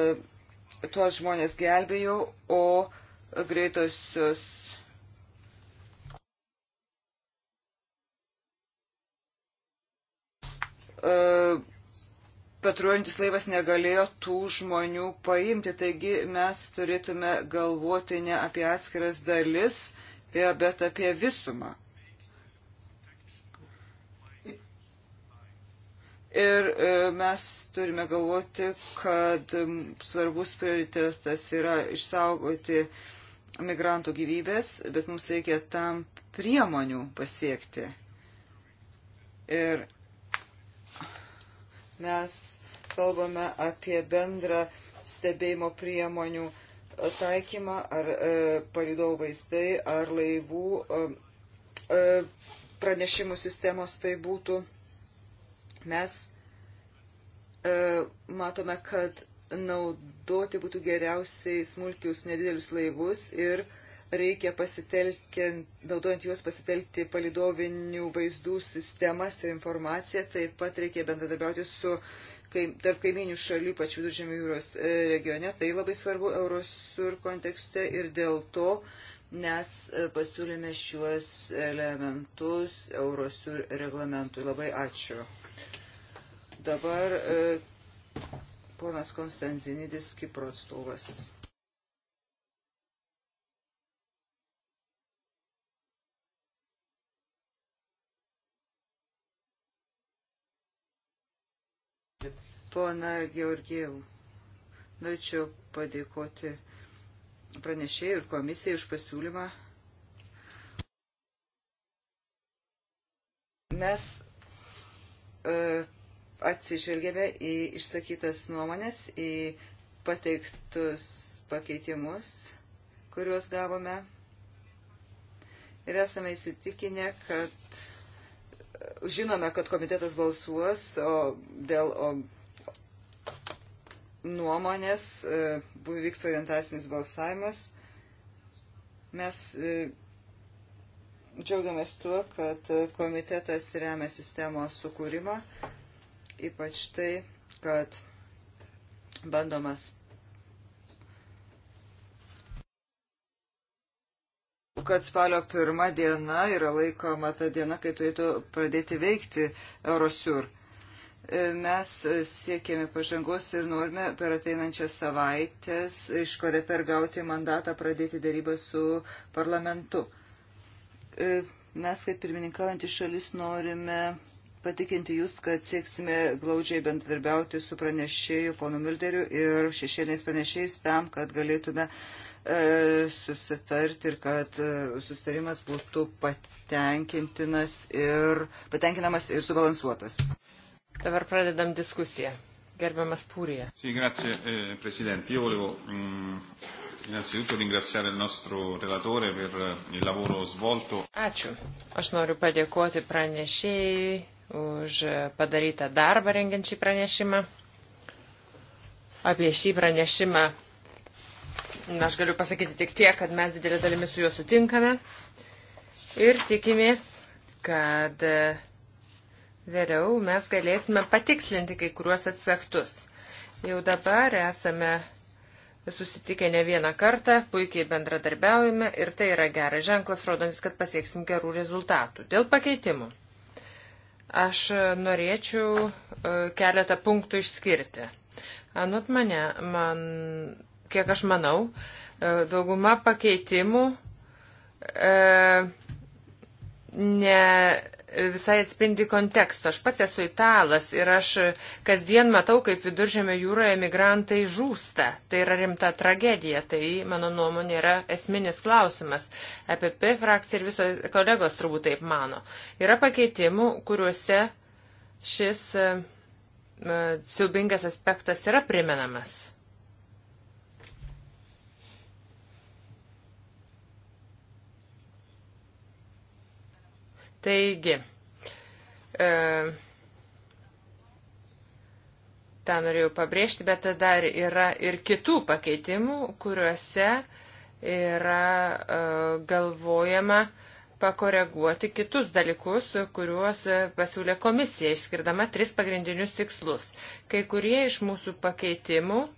tuos žmonės gelbėjau, o greitosios e, patruojantis laivas negalėjo tų žmonių paimti. Taigi mes turėtume galvoti ne apie atskiras dalis, e, bet apie visumą. Ir e, mes turime galvoti, kad svarbus prioritetas yra išsaugoti migrantų gyvybės, bet mums reikia tam priemonių pasiekti. Ir Mes kalbame apie bendrą stebėjimo priemonių e, taikymą, ar e, palidovų vaizdai, ar laivų e, e, pranešimų sistemos tai būtų. Mes e, matome, kad naudoti būtų geriausiai smulkius nedidelius laivus ir e, reikia pasitelkiant, naudojant juos pasitelkti palidovinių vaizdų sistemas ir informaciją, taip pat reikia bendradarbiauti su kaim, tarp kaiminių šalių, ypač viduržėmio jūros e, regione. Tai labai svarbu Eurosur kontekste ir dėl to mes e, pasiūlėme šiuos elementus Eurosur reglamentui. Labai ačiū. Dabar e, ponas Konstantinidis Kipro atstovas. Pona Georgievų, norėčiau padėkoti pranešėjai ir komisijai už pasiūlymą. Mes e, atsižvelgėme į išsakytas nuomonės, į pateiktus pakeitimus, kuriuos gavome. Ir esame įsitikinę, kad e, žinome, kad komitetas balsuos o, dėl o, nuomonės, e, buvo vyks orientacinis balsavimas. Mes e, džiaugiamės tuo, kad komitetas remia sistemos sukūrimą, ypač tai, kad bandomas kad spalio pirma diena yra laikoma ta diena, kai turėtų pradėti veikti Eurosiur. E, mes siekėme pažangos ir norime per ateinančias savaitės iš Koreper gauti mandatą pradėti darybą su parlamentu. E, mes kaip pirmininkaujantys šalis norime patikinti Jūs, kad sieksime glaudžiai bendradarbiauti su pranešėju ponu Milderiu ir šešėliniais pranešėjais tam, kad galėtume e, susitarti ir kad e, susitarimas būtų patenkintinas ir patenkinamas ir subalansuotas. Dabar pradedam diskusiją. Gerbiamas Pūrija. Sì, grazie, eh, Presidente. Io volevo mm, innanzitutto ringraziare il nostro relatore per il lavoro svolto. Ačiū. Aš noriu padėkoti pranešėjai už padarytą darbą rengiant šį pranešimą. Apie šį pranešimą na, aš galiu pasakyti tik tiek, kad mes didelė dalimi su juo sutinkame ir tikimės, kad eh, Vėliau mes galėsime patikslinti kai kuriuos aspektus. Jau dabar esame susitikę ne vieną kartą, puikiai bendradarbiaujame ir tai yra geras ženklas, rodantis, kad pasieksim gerų rezultatų. Dėl pakeitimų. Aš norėčiau e, keletą punktų išskirti. Anot mane, man, kiek aš manau, e, dauguma pakeitimų e, ne visai atspindi kontekstą. Aš pats esu italas ir aš kasdien matau, kaip viduržėme jūroje migrantai žūsta. Tai yra rimta tragedija. Tai, mano nuomonė, yra esminis klausimas. EPP frakcija ir visos kolegos turbūt taip mano. Yra pakeitimų, kuriuose šis e, siubingas aspektas yra primenamas. Taigi, e, tą norėjau pabrėžti, bet dar yra ir kitų pakeitimų, kuriuose yra e, galvojama pakoreguoti kitus dalykus, kuriuos pasiūlė komisija, išskirdama tris pagrindinius tikslus. Kai kurie iš mūsų pakeitimų e,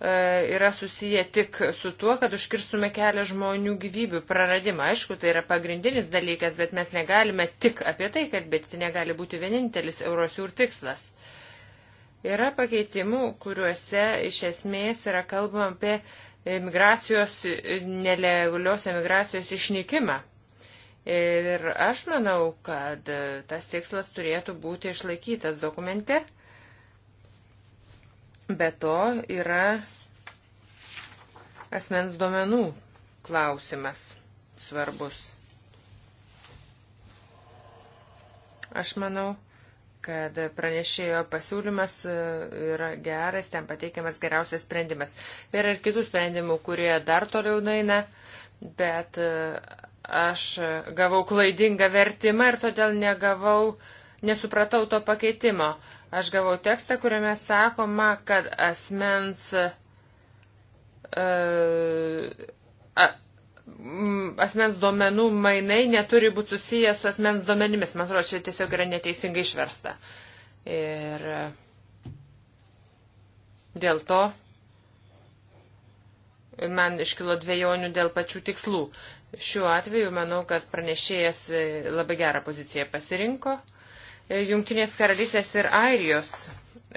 E, yra susiję tik su tuo, kad užkirstume kelią žmonių gyvybių praradimą. Aišku, tai yra pagrindinis dalykas, bet mes negalime tik apie tai kalbėti, tai negali būti vienintelis Eurosiūr tikslas. Yra pakeitimų, kuriuose iš esmės yra kalbama apie migracijos, nelegalios migracijos išnykimą. Ir aš manau, kad tas tikslas turėtų būti išlaikytas dokumente Be to yra asmens duomenų klausimas svarbus. Aš manau, kad pranešėjo pasiūlymas e, yra geras, ten pateikiamas geriausias sprendimas. Yra ir kitų sprendimų, kurie dar toliau naina, bet e, aš gavau klaidingą vertimą ir todėl negavau, nesupratau to pakeitimo. Aš gavau tekstą, kuriame sakoma, kad asmens, uh, a, asmens duomenų mainai neturi būti susijęs su asmens duomenimis. Man atrodo, čia tiesiog yra neteisingai išversta. Ir e, dėl to man iškilo dviejonių dėl pačių tikslų. Šiuo atveju manau, kad pranešėjas e, labai gerą poziciją pasirinko. Uh, E, Junktinės karalystės ir Airijos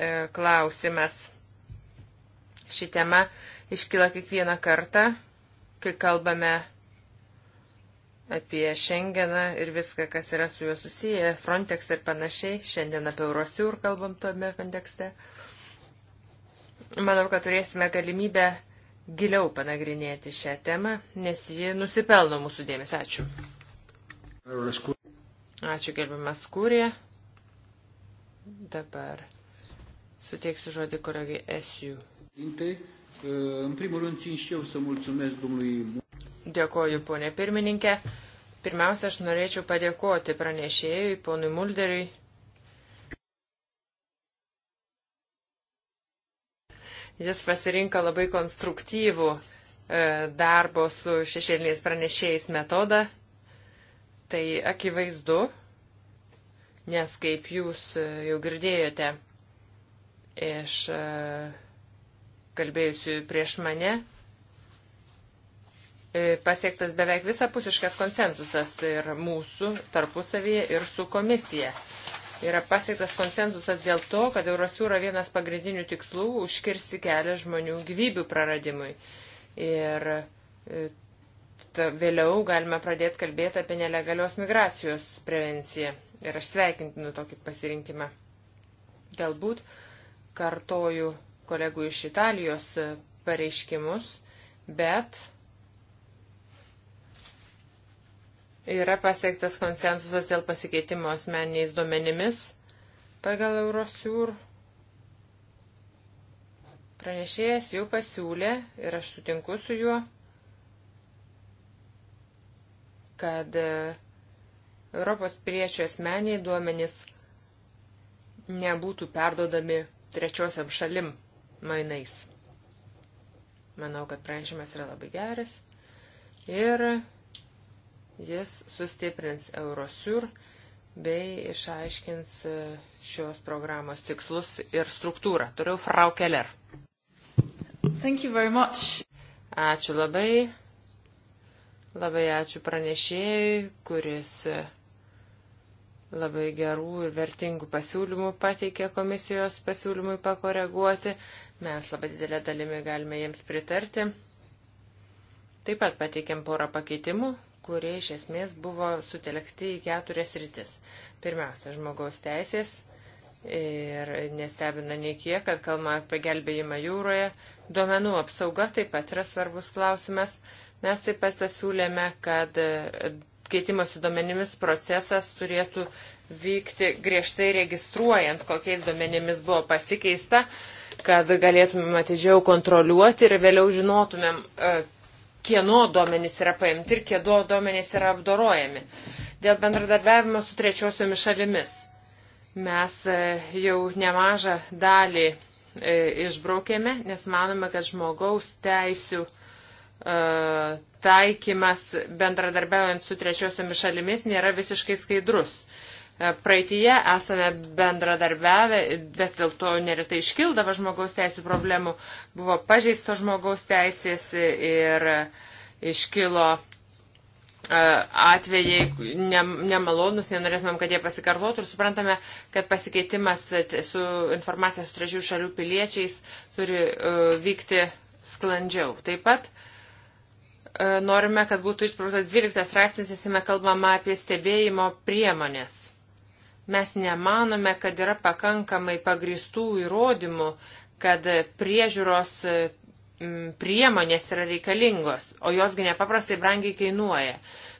e, klausimas. Ši tema iškyla kiekvieną kartą, kai kalbame apie Šengeną ir viską, kas yra su juo susiję, Frontex ir panašiai. Šiandien apie Eurosiur kalbam tome kontekste. Manau, kad turėsime galimybę giliau panagrinėti šią temą, nes ji nusipelno mūsų dėmesio. Ačiū. Ačiū gerbiamas kūrė. Dabar suteiksiu žodį kolegai Esiu. Dėkoju, ponė pirmininkė. Pirmiausia, aš norėčiau padėkoti pranešėjui, ponui Mulderiui. Jis pasirinko labai konstruktyvų e, darbo su šešėliniais pranešėjais metodą. Tai akivaizdu, Nes kaip jūs e, jau girdėjote iš e, kalbėjusių prieš mane, e, pasiektas beveik visapusiškas konsensusas ir mūsų tarpusavyje ir su komisija. Yra pasiektas konsensusas dėl to, kad Eurosūra vienas pagrindinių tikslų užkirsti kelią žmonių gyvybių praradimui. Ir ta, vėliau galime pradėti kalbėti apie nelegalios migracijos prevenciją ir aš sveikintinu tokį pasirinkimą. Galbūt kartoju kolegų iš Italijos e, pareiškimus, bet yra pasiektas konsensusas dėl pasikeitimo asmeniniais duomenimis pagal Eurosiūr. Pranešėjas jau pasiūlė ir aš sutinku su juo, kad uh, Europos piliečių asmeniai duomenys nebūtų perdodami trečiosiam šalim mainais. Manau, kad pranešimas yra labai geras ir jis sustiprins Eurosur bei išaiškins e, šios programos tikslus ir struktūrą. Turiu Frau Keller. Thank you very much. Ačiū labai. Labai ačiū pranešėjui, kuris e, Labai gerų ir vertingų pasiūlymų pateikė komisijos pasiūlymui pakoreguoti. Mes labai didelę dalimi galime jiems pritarti. Taip pat pateikėm porą pakeitimų, kurie iš esmės buvo sutelkti į keturias rytis. Pirmiausia, žmogaus teisės, Ir nestebina nei kiek, kad kalba apie gelbėjimą jūroje. Duomenų apsauga taip pat yra svarbus klausimas. Mes taip pat pasiūlėme, kad keitimosi duomenimis procesas turėtų vykti griežtai registruojant, kokiais duomenimis buvo pasikeista, kad galėtumėm atidžiau kontroliuoti ir vėliau žinotumėm, e, kieno duomenys yra paimti ir kieno duomenys yra apdorojami. Dėl bendradarbiavimo su trečiosiomis šalimis mes e, jau nemažą dalį e, išbraukėme, nes manome, kad žmogaus teisų E, taikymas bendradarbiaujant su trečiosiomis šalimis nėra visiškai skaidrus. E, praeitie esame bendradarbiavę, bet dėl to neretai iškildavo žmogaus teisų problemų, buvo pažeisto žmogaus teisės ir iškilo e, atvejai ne, nemalonus, nenorėtumėm, kad jie pasikartotų ir suprantame, kad pasikeitimas su informacija su trečių šalių piliečiais turi uh, vykti sklandžiau. Taip pat uh, E, norime, kad būtų išbrauktas 12 straipsnis, esame kalbama apie stebėjimo priemonės. Mes nemanome, kad yra pakankamai pagristų įrodymų, kad priežiūros e, priemonės yra reikalingos, o josgi nepaprastai brangiai kainuoja.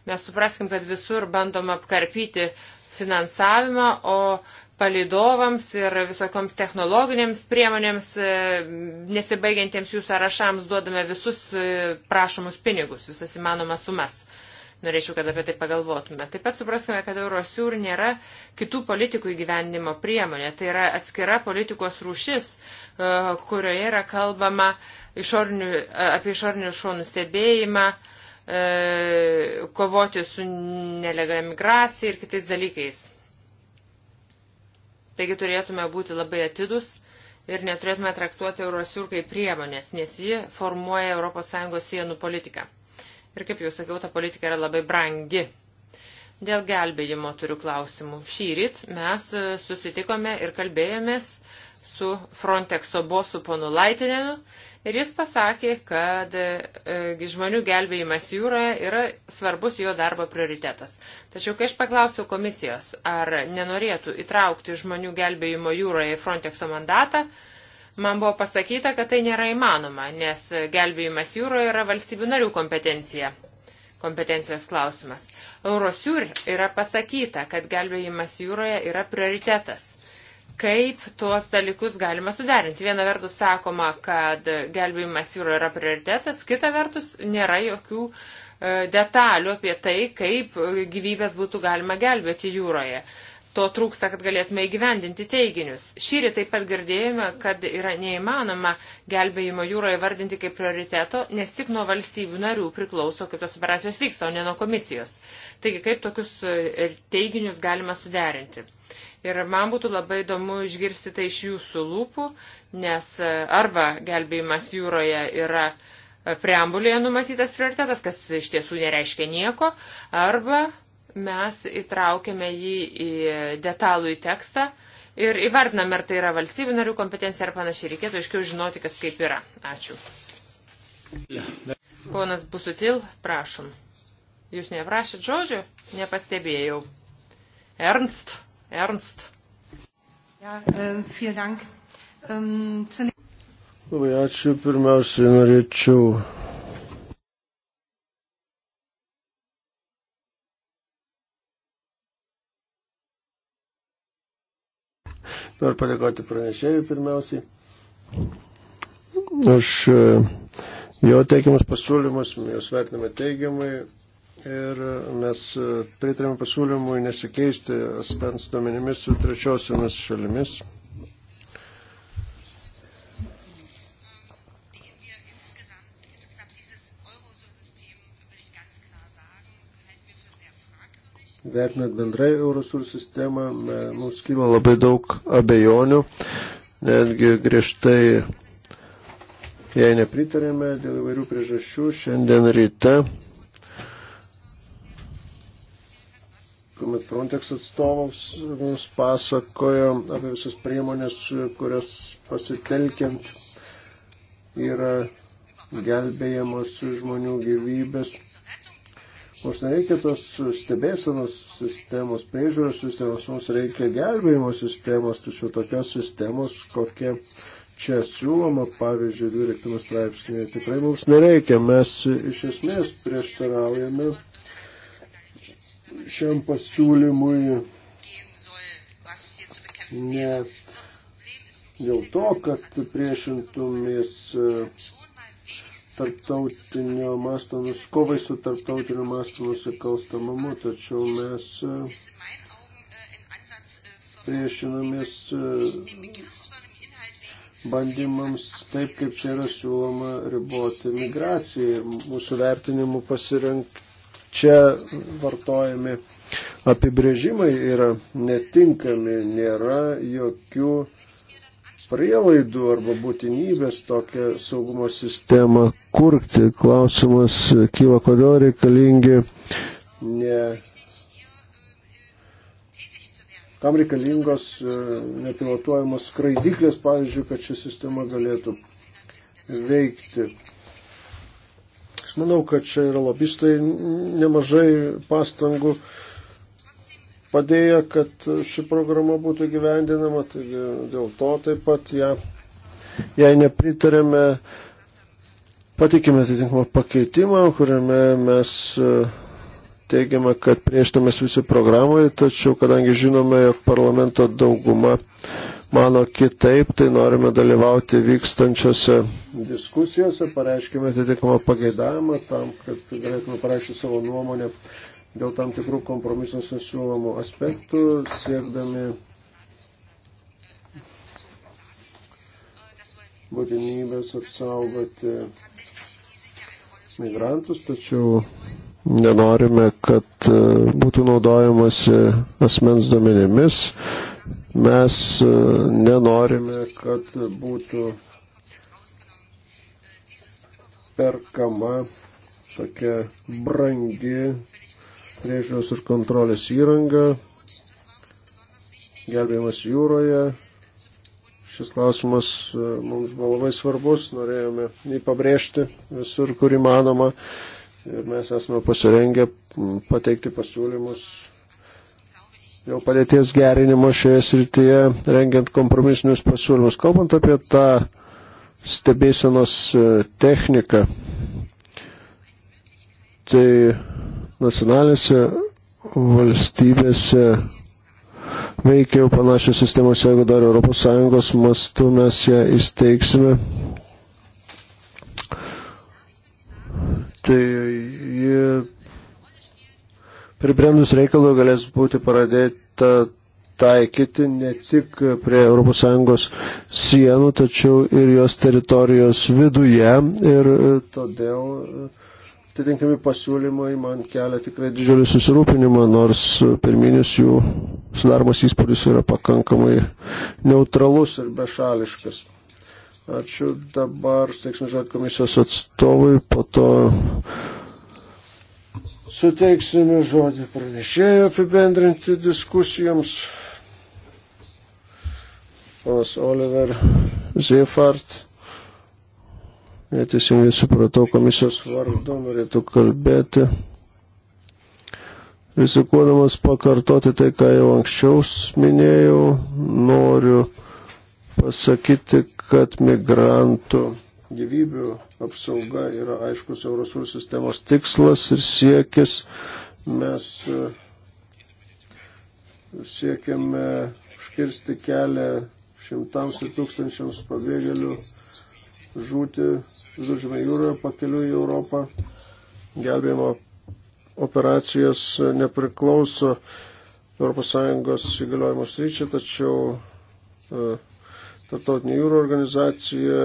Mes supraskim, kad visur bandom apkarpyti finansavimą, o palidovams ir visokioms technologinėms priemonėms, e, nesibaigiantiems jų sąrašams duodame visus e, prašomus pinigus, visas įmanomas sumas. Norėčiau, kad apie tai pagalvotume. Taip pat supraskime, kad Eurosiūr nėra kitų politikų įgyvendimo priemonė. Tai yra atskira politikos rūšis, e, kurioje yra kalbama išorinių, apie išorinių šonų stebėjimą, kovoti su nelegalia migracija ir kitais dalykais. Taigi turėtume būti labai atidus ir neturėtume traktuoti Eurosiur kaip priemonės, nes ji formuoja ES sienų politiką. Ir kaip jau sakiau, ta politika yra labai brangi. Dėl gelbėjimo turiu klausimų. Šį ryt mes e, susitikome ir kalbėjomės su Frontexo bosu ponu Laitinenu ir jis pasakė, kad e, žmonių gelbėjimas jūroje yra svarbus jo darbo prioritetas. Tačiau, kai aš paklausiau komisijos, ar nenorėtų įtraukti žmonių gelbėjimo jūroje į Frontexo mandatą, man buvo pasakyta, kad tai nėra įmanoma, nes gelbėjimas jūroje yra valstybių narių kompetencija kompetencijos klausimas. Eurosiur yra pasakyta, kad gelbėjimas jūroje yra prioritetas kaip tuos dalykus galima suderinti. Viena vertus sakoma, kad gelbėjimas jūroje yra prioritetas, kita vertus nėra jokių e, detalių apie tai, kaip gyvybės būtų galima gelbėti jūroje. To trūksta, kad galėtume įgyvendinti teiginius. Šyrį taip pat girdėjome, kad yra neįmanoma gelbėjimo jūroje vardinti kaip prioriteto, nes tik nuo valstybių narių priklauso, kaip tos operacijos vyksta, o ne nuo komisijos. Taigi, kaip tokius e, teiginius galima suderinti. Ir man būtų labai įdomu išgirsti tai iš jūsų lūpų, nes e, arba gelbėjimas jūroje yra e, preambulėje numatytas prioritetas, kas iš tiesų nereiškia nieko, arba mes įtraukėme jį į detalų į tekstą ir įvardinam, ar tai yra valstybių narių kompetencija ar panašiai. Reikėtų aiškiau žinoti, kas kaip yra. Ačiū. Ponas Busutil, prašom. Jūs neprašėt žodžio? Nepastebėjau. Ernst. Ernst. Ja, uh, dank. Um, Labai ačiū. Pirmiausiai norėčiau Noriu padėkoti pranešėjui pirmiausiai už e, jo teikiamus pasiūlymus, mes vertiname teigiamai ir mes pritarėm pasiūlymui nesikeisti asmens duomenimis su trečiosiomis šalimis. Vertinant bendrai Eurosur sistemą, mums kyla labai daug abejonių, netgi griežtai jai nepritarėme dėl įvairių priežasčių šiandien ryte. kuomet Frontex atstovams mums pasakojo apie visas priemonės, kurias pasitelkiant yra gelbėjamos žmonių gyvybės. Mums nereikia tos stebėsenos sistemos, priežiūros sistemos, mums reikia gelbėjimo sistemos, tačiau tokios sistemos, kokia čia siūloma, pavyzdžiui, 12 straipsnėje, tikrai mums nereikia. Mes iš esmės prieštaraujame šiam pasiūlymui ne dėl to, kad priešintumės e, tarptautinio masto, kovai su tarptautinio masto nusikalstamamu, tačiau mes e, priešinamės e, bandymams taip, kaip čia yra siūloma riboti migraciją ir mūsų vertinimų pasirenk, čia vartojami apibrėžimai yra netinkami, nėra jokių prielaidų arba būtinybės tokią saugumo sistemą kurti. Klausimas kyla, kodėl reikalingi ne. Kam reikalingos e, nepilotuojamos skraidyklės, pavyzdžiui, kad ši sistema galėtų veikti. Manau, kad čia yra lobistai nemažai pastangų padėjo, kad ši programa būtų gyvendinama, taigi dėl to taip pat ją, jai nepritarėme, patikime atitinkamą pakeitimą, kuriame mes e, teigiame, kad prieštamės visi programai, tačiau kadangi žinome, jog parlamento dauguma mano kitaip, tai norime dalyvauti vykstančiose diskusijose, pareiškime atitinkamą pageidavimą tam, kad galėtume pareikšti savo nuomonę dėl tam tikrų kompromisuose siūlomų aspektų, siekdami būtinybės apsaugoti migrantus, tačiau nenorime, kad e, būtų naudojamasi asmens duomenimis Mes e, nenorime, kad būtų perkama tokia brangi priežiūros ir kontrolės įranga, gelbėjimas jūroje. Šis klausimas e, mums buvo labai svarbus, norėjome jį pabrėžti visur, kur įmanoma. Ir mes esame pasirengę pateikti pasiūlymus dėl padėties gerinimo šioje srityje, rengiant kompromisinius pasiūlymus. Kalbant apie tą stebėsenos e, techniką, tai nacionalinėse valstybėse veikia jau panašios sistemos, jeigu dar ES mastu mes ją įsteigsime. Tai ji pribrendus reikalų galės būti pradėta taikyti ne tik prie ES sienų, tačiau ir jos teritorijos viduje. Ir e, todėl e, atitinkami pasiūlymai man kelia tikrai didžiulį susirūpinimą, nors e, pirminis jų sudaromas įspūdis yra pakankamai neutralus ir bešališkas. Ačiū. Dabar steiksime žodį komisijos atstovui, po to Suteiksime žodį pranešėjo apibendrinti diskusijoms. Panas Oliver Zefart. Neteisingai supratau, komisijos vardu norėtų kalbėti. Rizikuodamas pakartoti tai, ką jau anksčiau minėjau, noriu pasakyti, kad migrantų gyvybių apsauga yra aiškus Eurosur sistemos tikslas ir siekis. Mes e, siekiame užkirsti kelią šimtams ir tūkstančiams pabėgėlių žūti žudžiame jūroje pakeliu į Europą. Gelbėjimo operacijos nepriklauso ES įgaliojimo sryčiai, tačiau e, Tartautinė jūro organizacija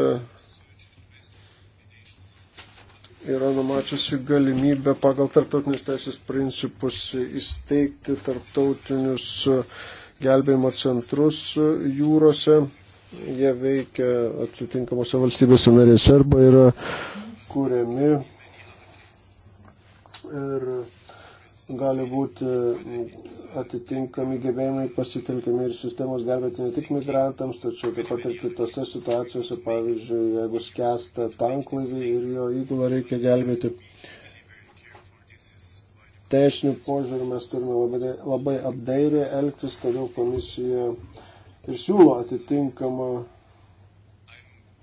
yra numačiusi galimybę pagal tarptautinius teisės principus įsteigti tarptautinius gelbėjimo centrus jūrose. Jie veikia atitinkamose valstybėse narėse arba yra kūrėmi. Ir gali būti atitinkami gebėjimai pasitelkiami ir sistemos gelbėti ne tik migrantams, tačiau taip pat ir kitose situacijose, pavyzdžiui, jeigu skęsta tanklaivį ir jo įgulą reikia gelbėti. Teisinių požiūrį mes turime labai, labai apdairiai elgtis, todėl komisija ir siūlo atitinkamą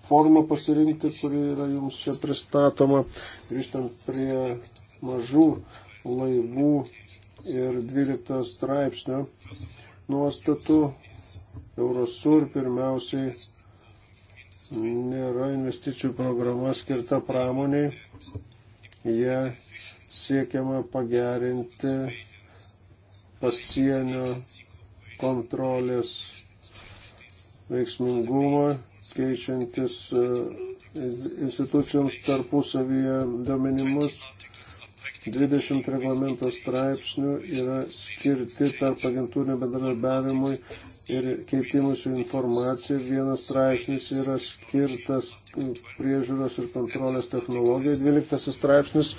formą pasirinkti, kuri yra jums čia pristatoma, grįžtant prie mažų laivų ir 12 straipsnio nuostatų Eurosur pirmiausiai nėra investicijų programa skirta pramoniai. Jie siekiama pagerinti pasienio kontrolės veiksmingumą, keičiantis e, institucijoms tarpusavyje domenimus 20 reglamento straipsnių yra skirti tarp agentūrinio bendradarbiavimui ir keitimusių informaciją. Vienas straipsnis yra skirtas priežiūros ir kontrolės technologijai. 12 straipsnis.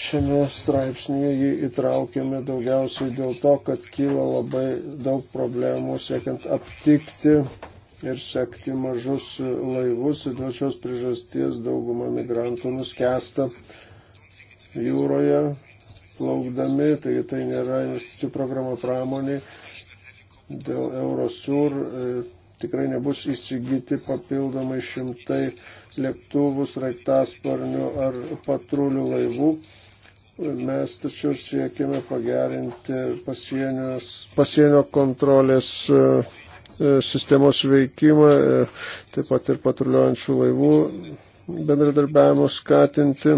Šiame straipsnėje jį įtraukėme daugiausiai dėl to, kad kyla labai daug problemų siekiant aptikti ir sekti mažus laivus. Ir dėl šios priežasties dauguma migrantų nuskesta jūroje plaukdami, tai tai nėra investicijų programa pramoniai. Dėl Eurosur e, tikrai nebus įsigyti papildomai šimtai lėktuvų, raiktasparnių ar patrulių laivų. Mes tačiau siekime pagerinti pasienio kontrolės e, e, sistemos veikimą, taip pat ir patruliuojančių laivų bendradarbiavimo skatinti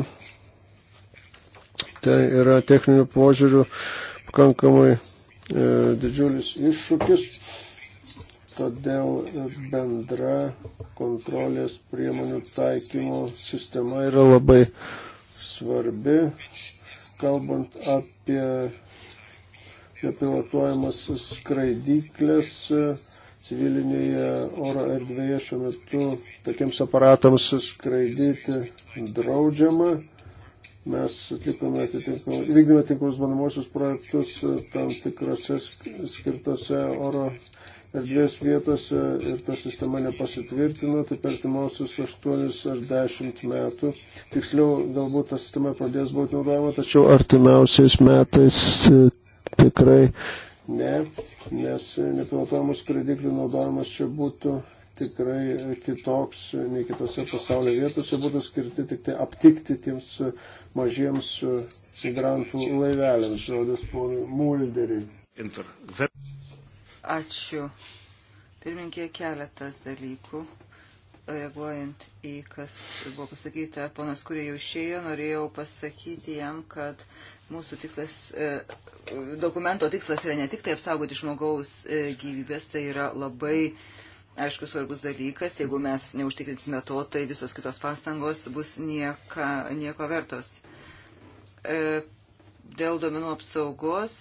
tai yra techninių požiūrių pakankamai e, didžiulis iššūkis. Todėl bendra kontrolės priemonių taikymo sistema yra labai svarbi. Kalbant apie nepilotuojamas skraidyklės, civilinėje oro erdvėje šiuo metu tokiems aparatams skraidyti draudžiama. Mes atlikome atitinkamus, įvykdėme tinkamus bandomosius projektus e, tam tikrose skirtose oro erdvės vietose ir ta sistema nepasitvirtino, tai per timiausius 8 ar 10 metų. Tiksliau, galbūt ta sistema pradės būti naudojama, tačiau artimiausiais metais e, tikrai ne, nes nepilotuojamas skraidiklių naudojimas čia būtų tikrai kitoks nei kitose pasaulio vietose, būtų skirti tik tai aptikti tiems mažiems migrantų laiveliams. Žodis ponui Mulderiui. Ačiū. Pirminkė keletas dalykų. Reaguojant į, kas buvo pasakyta, ponas, kurie jau išėjo, norėjau pasakyti jam, kad mūsų tikslas, e, dokumento tikslas yra ne tik tai apsaugoti žmogaus e, gyvybės, tai yra labai uh, aišku, svarbus dalykas. Jeigu mes neužtikrinsime to, tai visos kitos pastangos bus nieka, nieko vertos. E, dėl domenų apsaugos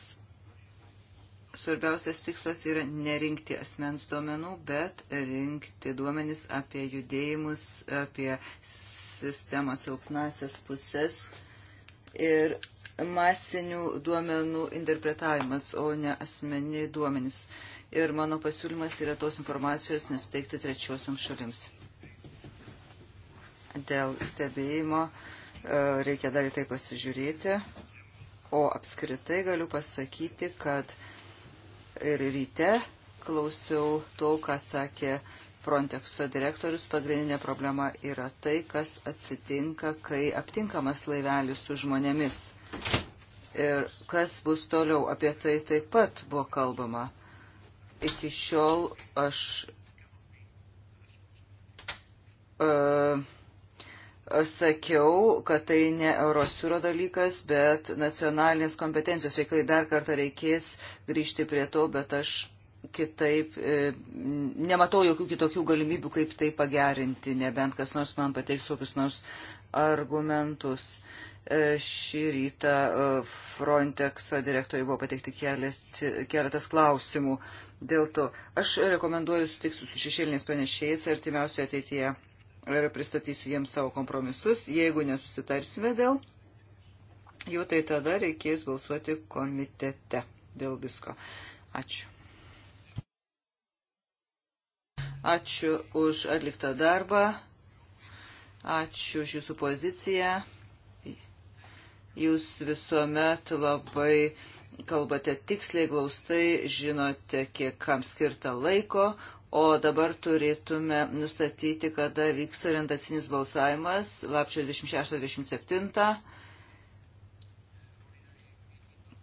svarbiausias tikslas yra nerinkti asmens duomenų, bet rinkti duomenys apie judėjimus, apie sistemos silpnasias pusės ir masinių duomenų interpretavimas, o ne asmeniai duomenys. E, ir mano pasiūlymas yra tos informacijos nesuteikti trečiosioms šalims. Dėl stebėjimo e, reikia dar į tai pasižiūrėti, o apskritai galiu pasakyti, kad ir ryte klausiau to, ką sakė Frontexo direktorius. Pagrindinė problema yra tai, kas atsitinka, kai aptinkamas laivelis su žmonėmis. Ir kas bus toliau, apie tai taip pat buvo kalbama. Iki šiol aš uh, sakiau, kad tai ne Eurosiūro dalykas, bet nacionalinės kompetencijos reikalai dar kartą reikės grįžti prie to, bet aš kitaip, e, nematau jokių kitokių galimybių, kaip tai pagerinti, nebent kas nors man pateiks kokius nors argumentus. E, šį rytą e, Frontexo direktoriai buvo pateikti keletas klausimų. E, dėl to. Aš rekomenduoju sutiksiu su šešėliniais pranešėjais artimiausioje ateityje ir pristatysiu jiems savo kompromisus. Jeigu nesusitarsime dėl jų, tai tada reikės balsuoti komitete dėl visko. Ačiū. Ačiū už atliktą darbą. Ačiū už jūsų poziciją. Jūs visuomet labai kalbate tiksliai, glaustai, žinote, kiek kam skirta laiko, o dabar turėtume nustatyti, kada vyks orientacinis balsavimas, lapčio 26-27.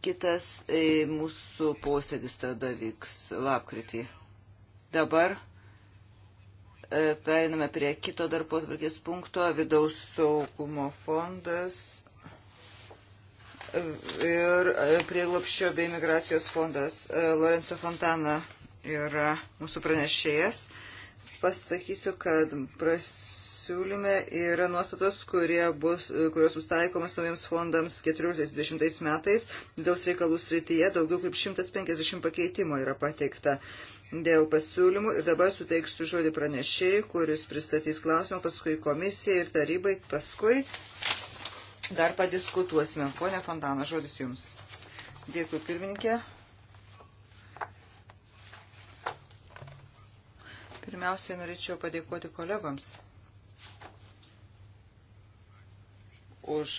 Kitas e, mūsų posėdis tada vyks lapkritį. Dabar e, periname prie kito darbo tvarkės punkto, vidaus saugumo fondas ir e, prieglopščio bei migracijos fondas. E, Lorenzo Fontana yra mūsų pranešėjas. Pasakysiu, kad prasiūlyme yra nuostatos, bus, e, kurios bus taikomas naujiems fondams 14-20 metais. Vidaus reikalų srityje daugiau kaip 150 pakeitimo yra pateikta dėl pasiūlymų ir dabar suteiksiu žodį pranešėjai, kuris pristatys klausimą, paskui komisijai ir tarybai, paskui dar padiskutuosime. Pone Fontana, žodis Jums. Dėkui, pirmininkė. Pirmiausiai norėčiau padėkoti kolegoms už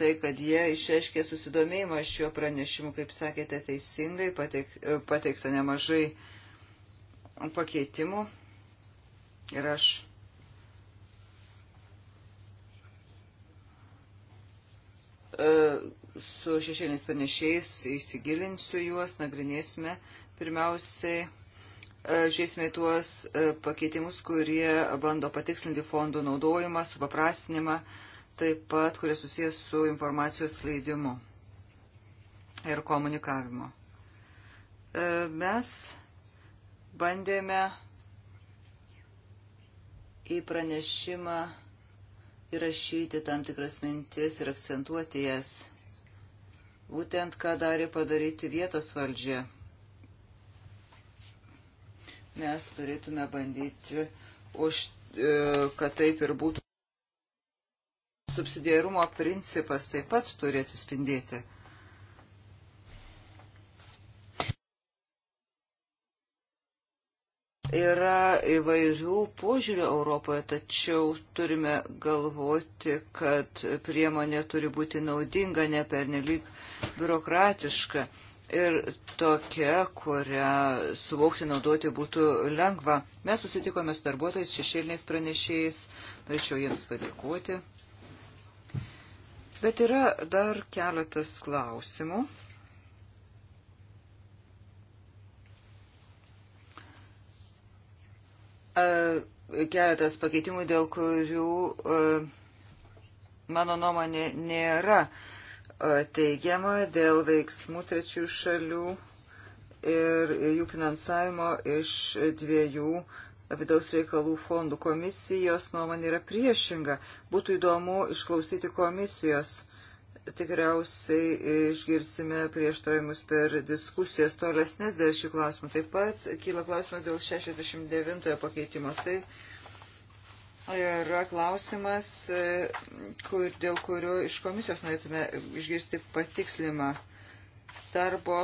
tai, kad jie išreiškė susidomėjimą šiuo pranešimu, kaip sakėte, teisingai, pateik, pateikta nemažai pakeitimų. Ir aš E, su šešėliniais panešiais įsigilinsiu juos, nagrinėsime. Pirmiausiai e, žiūrėsime tuos e, pakeitimus, kurie bando patikslinti fondų naudojimą, supaprastinimą, taip pat, kurie susijęs su informacijos skleidimu ir komunikavimu. Mes bandėme į pranešimą įrašyti tam tikras mintis ir akcentuoti jas. Būtent ką darė padaryti vietos valdžia. Mes turėtume bandyti, už, e, kad taip ir būtų. Subsidiarumo principas taip pat turi atsispindėti. Yra įvairių požiūrių Europoje, tačiau turime galvoti, kad priemonė turi būti naudinga, ne pernelyg biurokratiška ir tokia, kurią suvokti naudoti būtų lengva. Mes susitikome su darbuotojais, šešėliniais pranešėjais, norėčiau jiems padėkoti. Bet yra dar keletas klausimų. keletas pakeitimų, dėl kurių mano nuomonė nėra teigiama dėl veiksmų trečių šalių ir jų finansavimo iš dviejų vidaus reikalų fondų. Komisijos nuomonė yra priešinga. Būtų įdomu išklausyti komisijos tikriausiai išgirsime prieštaravimus per diskusijas tolesnės dėl šių klausimų. Taip pat kyla klausimas dėl 69 pakeitimo. Tai yra klausimas, kur, dėl kurio iš komisijos norėtume išgirsti patikslimą darbo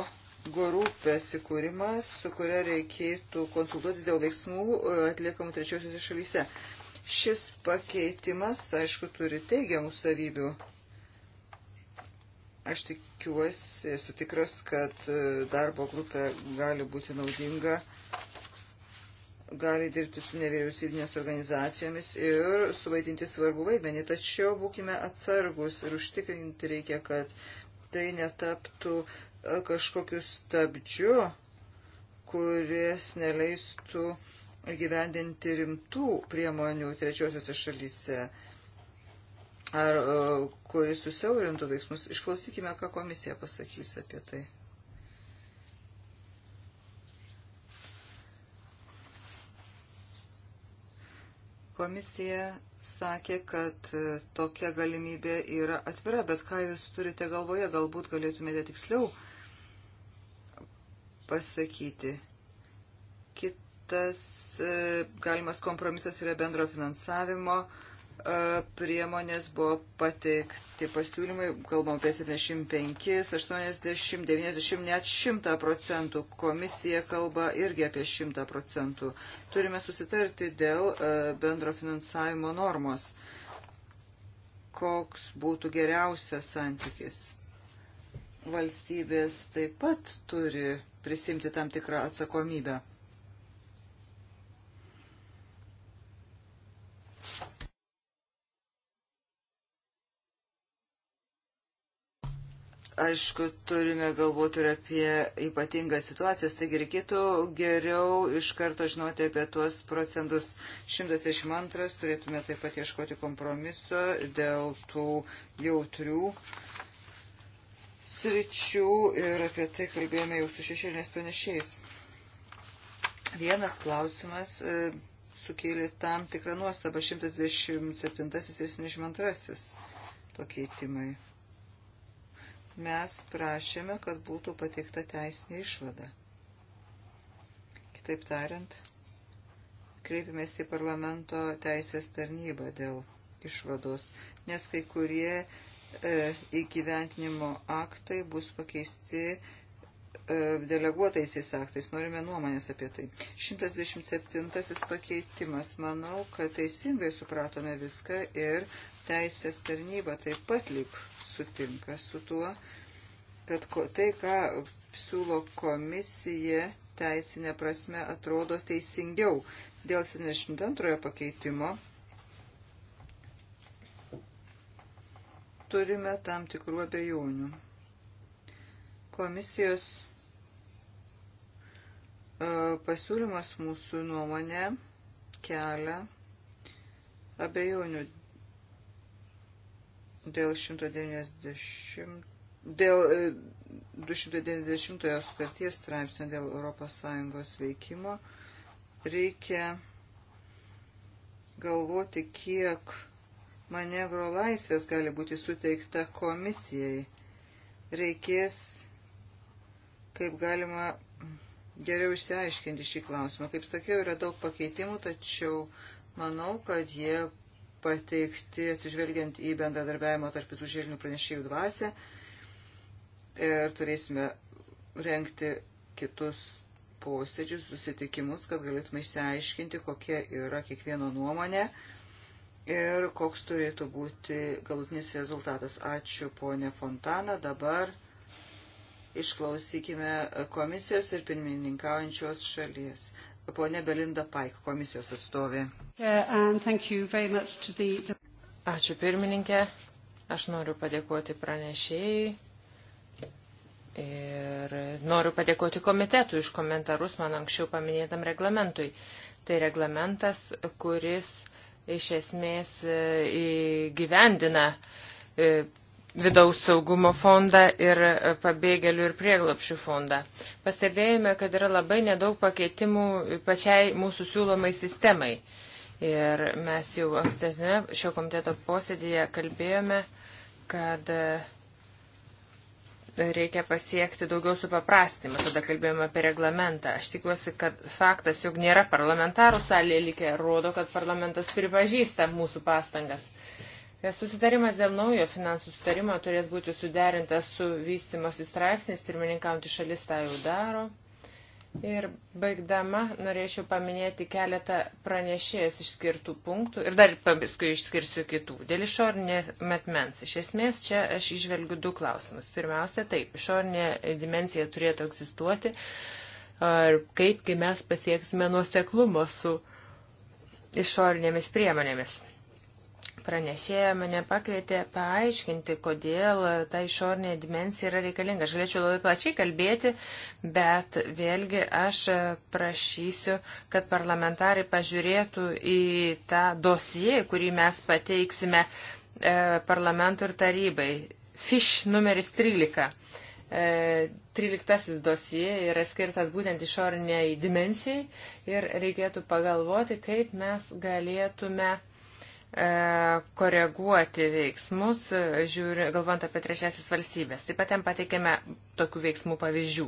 grupės įkūrimas, su kuria reikėtų konsultuotis dėl veiksmų atliekamų trečiosiuose šalyse. Šis pakeitimas, aišku, turi teigiamų savybių Aš tikiuosi, esu tikras, kad e, darbo grupė gali būti naudinga, gali dirbti su nevyriausybinės organizacijomis ir suvaidinti svarbu vaidmenį. Tačiau būkime atsargus ir užtikrinti reikia, kad tai netaptų e, kažkokiu stabdžiu, kuris neleistų gyvendinti rimtų priemonių trečiosiuose šalyse ar e, kuris susiaurintų veiksmus. Išklausykime, ką komisija pasakys apie tai. Komisija sakė, kad e, tokia galimybė yra atvira, bet ką jūs turite galvoje, galbūt galėtumėte tiksliau pasakyti. Kitas e, galimas kompromisas yra bendro finansavimo priemonės buvo pateikti pasiūlymai, kalbam apie 75, 80, 90, net 100 procentų. Komisija kalba irgi apie 100 procentų. Turime susitarti dėl bendro finansavimo normos. Koks būtų geriausias santykis? Valstybės taip pat turi prisimti tam tikrą atsakomybę. aišku, turime galvoti ir apie ypatingas situacijas, taigi reikėtų geriau iš karto žinoti apie tuos procentus. 162 turėtume taip pat ieškoti kompromiso dėl tų jautrių sričių ir apie tai kalbėjome jau su šešėlinės panešiais. Vienas klausimas e, sukėlė tam tikrą nuostabą 127 ir 72 pakeitimai mes prašėme, kad būtų pateikta teisinė išvada. Kitaip tariant, kreipėmės į parlamento teisės tarnybą dėl išvados, nes kai kurie e, įgyventinimo aktai bus pakeisti e, deleguotaisiais aktais. Norime nuomonės apie tai. 127 pakeitimas. Manau, kad teisingai supratome viską ir teisės tarnyba taip pat lyg sutinka su tuo, kad tai, ką siūlo komisija, teisinė prasme atrodo teisingiau. Dėl 72 pakeitimo turime tam tikrų abejonių. Komisijos e, pasiūlymas mūsų nuomonė kelia abejonių dėl 190, dėl 290 e, sutarties straipsnio dėl ES veikimo reikia galvoti, kiek manevro laisvės gali būti suteikta komisijai. Reikės, kaip galima geriau išsiaiškinti šį klausimą. Kaip sakiau, yra daug pakeitimų, tačiau manau, kad jie pateikti atsižvelgiant į bendradarbiavimo tarp visų žėlinių pranešėjų dvasę ir turėsime renkti kitus posėdžius, susitikimus, kad galėtume išsiaiškinti, kokia yra kiekvieno nuomonė ir koks turėtų būti galutinis rezultatas. Ačiū ponė Fontana. Dabar išklausykime komisijos ir pirmininkaujančios šalies ponė Belinda Paik, komisijos atstovė. Um, Ačiū pirmininkė. Aš noriu padėkoti pranešėjai ir noriu padėkoti komitetui iš komentarus man anksčiau paminėtam reglamentui. Tai reglamentas, kuris iš esmės e, gyvendina e, vidaus saugumo fondą ir pabėgėlių ir prieglapšių fondą. Pastebėjome, kad yra labai nedaug pakeitimų pačiai mūsų siūlomai sistemai. Ir mes jau ankstesnėme šio komiteto posėdėje kalbėjome, kad e, reikia pasiekti daugiau supaprastymą. Tada kalbėjome apie reglamentą. Aš tikiuosi, kad faktas, jog nėra parlamentarų salėje likę, rodo, kad parlamentas pripažįsta mūsų pastangas. E, susitarimas dėl naujo finansų sutarimo turės būti suderintas su vystimosi straipsnis, pirmininkaujantį šalis tą jau daro. Ir baigdama norėčiau paminėti keletą pranešėjas išskirtų punktų ir dar paskui išskirsiu kitų. Dėl išorinė metmens. Iš esmės čia aš išvelgiu du klausimus. Pirmiausia, taip, išorinė dimensija turėtų egzistuoti. Ar kaipgi mes pasieksime nuoseklumo su išorinėmis priemonėmis pranešėja mane pakvietė paaiškinti, kodėl ta išorinė dimensija yra reikalinga. Aš galėčiau labai plačiai kalbėti, bet vėlgi aš prašysiu, kad parlamentarai pažiūrėtų į tą dosiją, kurį mes pateiksime e, parlamentui ir tarybai. FISH numeris 13. E, 13 dosija yra skirtas būtent išoriniai dimensijai ir reikėtų pagalvoti, kaip mes galėtume uh, E, koreguoti veiksmus, žiūri, galvant apie trečiasis valstybės. Taip pat ten pateikėme tokių veiksmų pavyzdžių.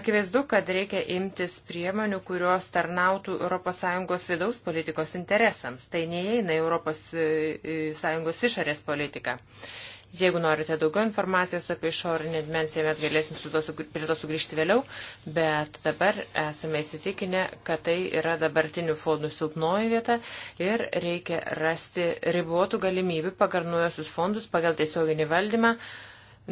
Akivaizdu, kad reikia imtis priemonių, kurios tarnautų ES vidaus politikos interesams. Tai neįeina ES e, e, išorės politiką. Jeigu norite daugiau informacijos apie išorinę dimensiją, mes galėsim su to, prie to sugrįžti vėliau, bet dabar esame įsitikinę, kad tai yra dabartinių fondų silpnoji vieta ir reikia rasti ribotų galimybių pagal nuojosius fondus, pagal tiesioginį valdymą,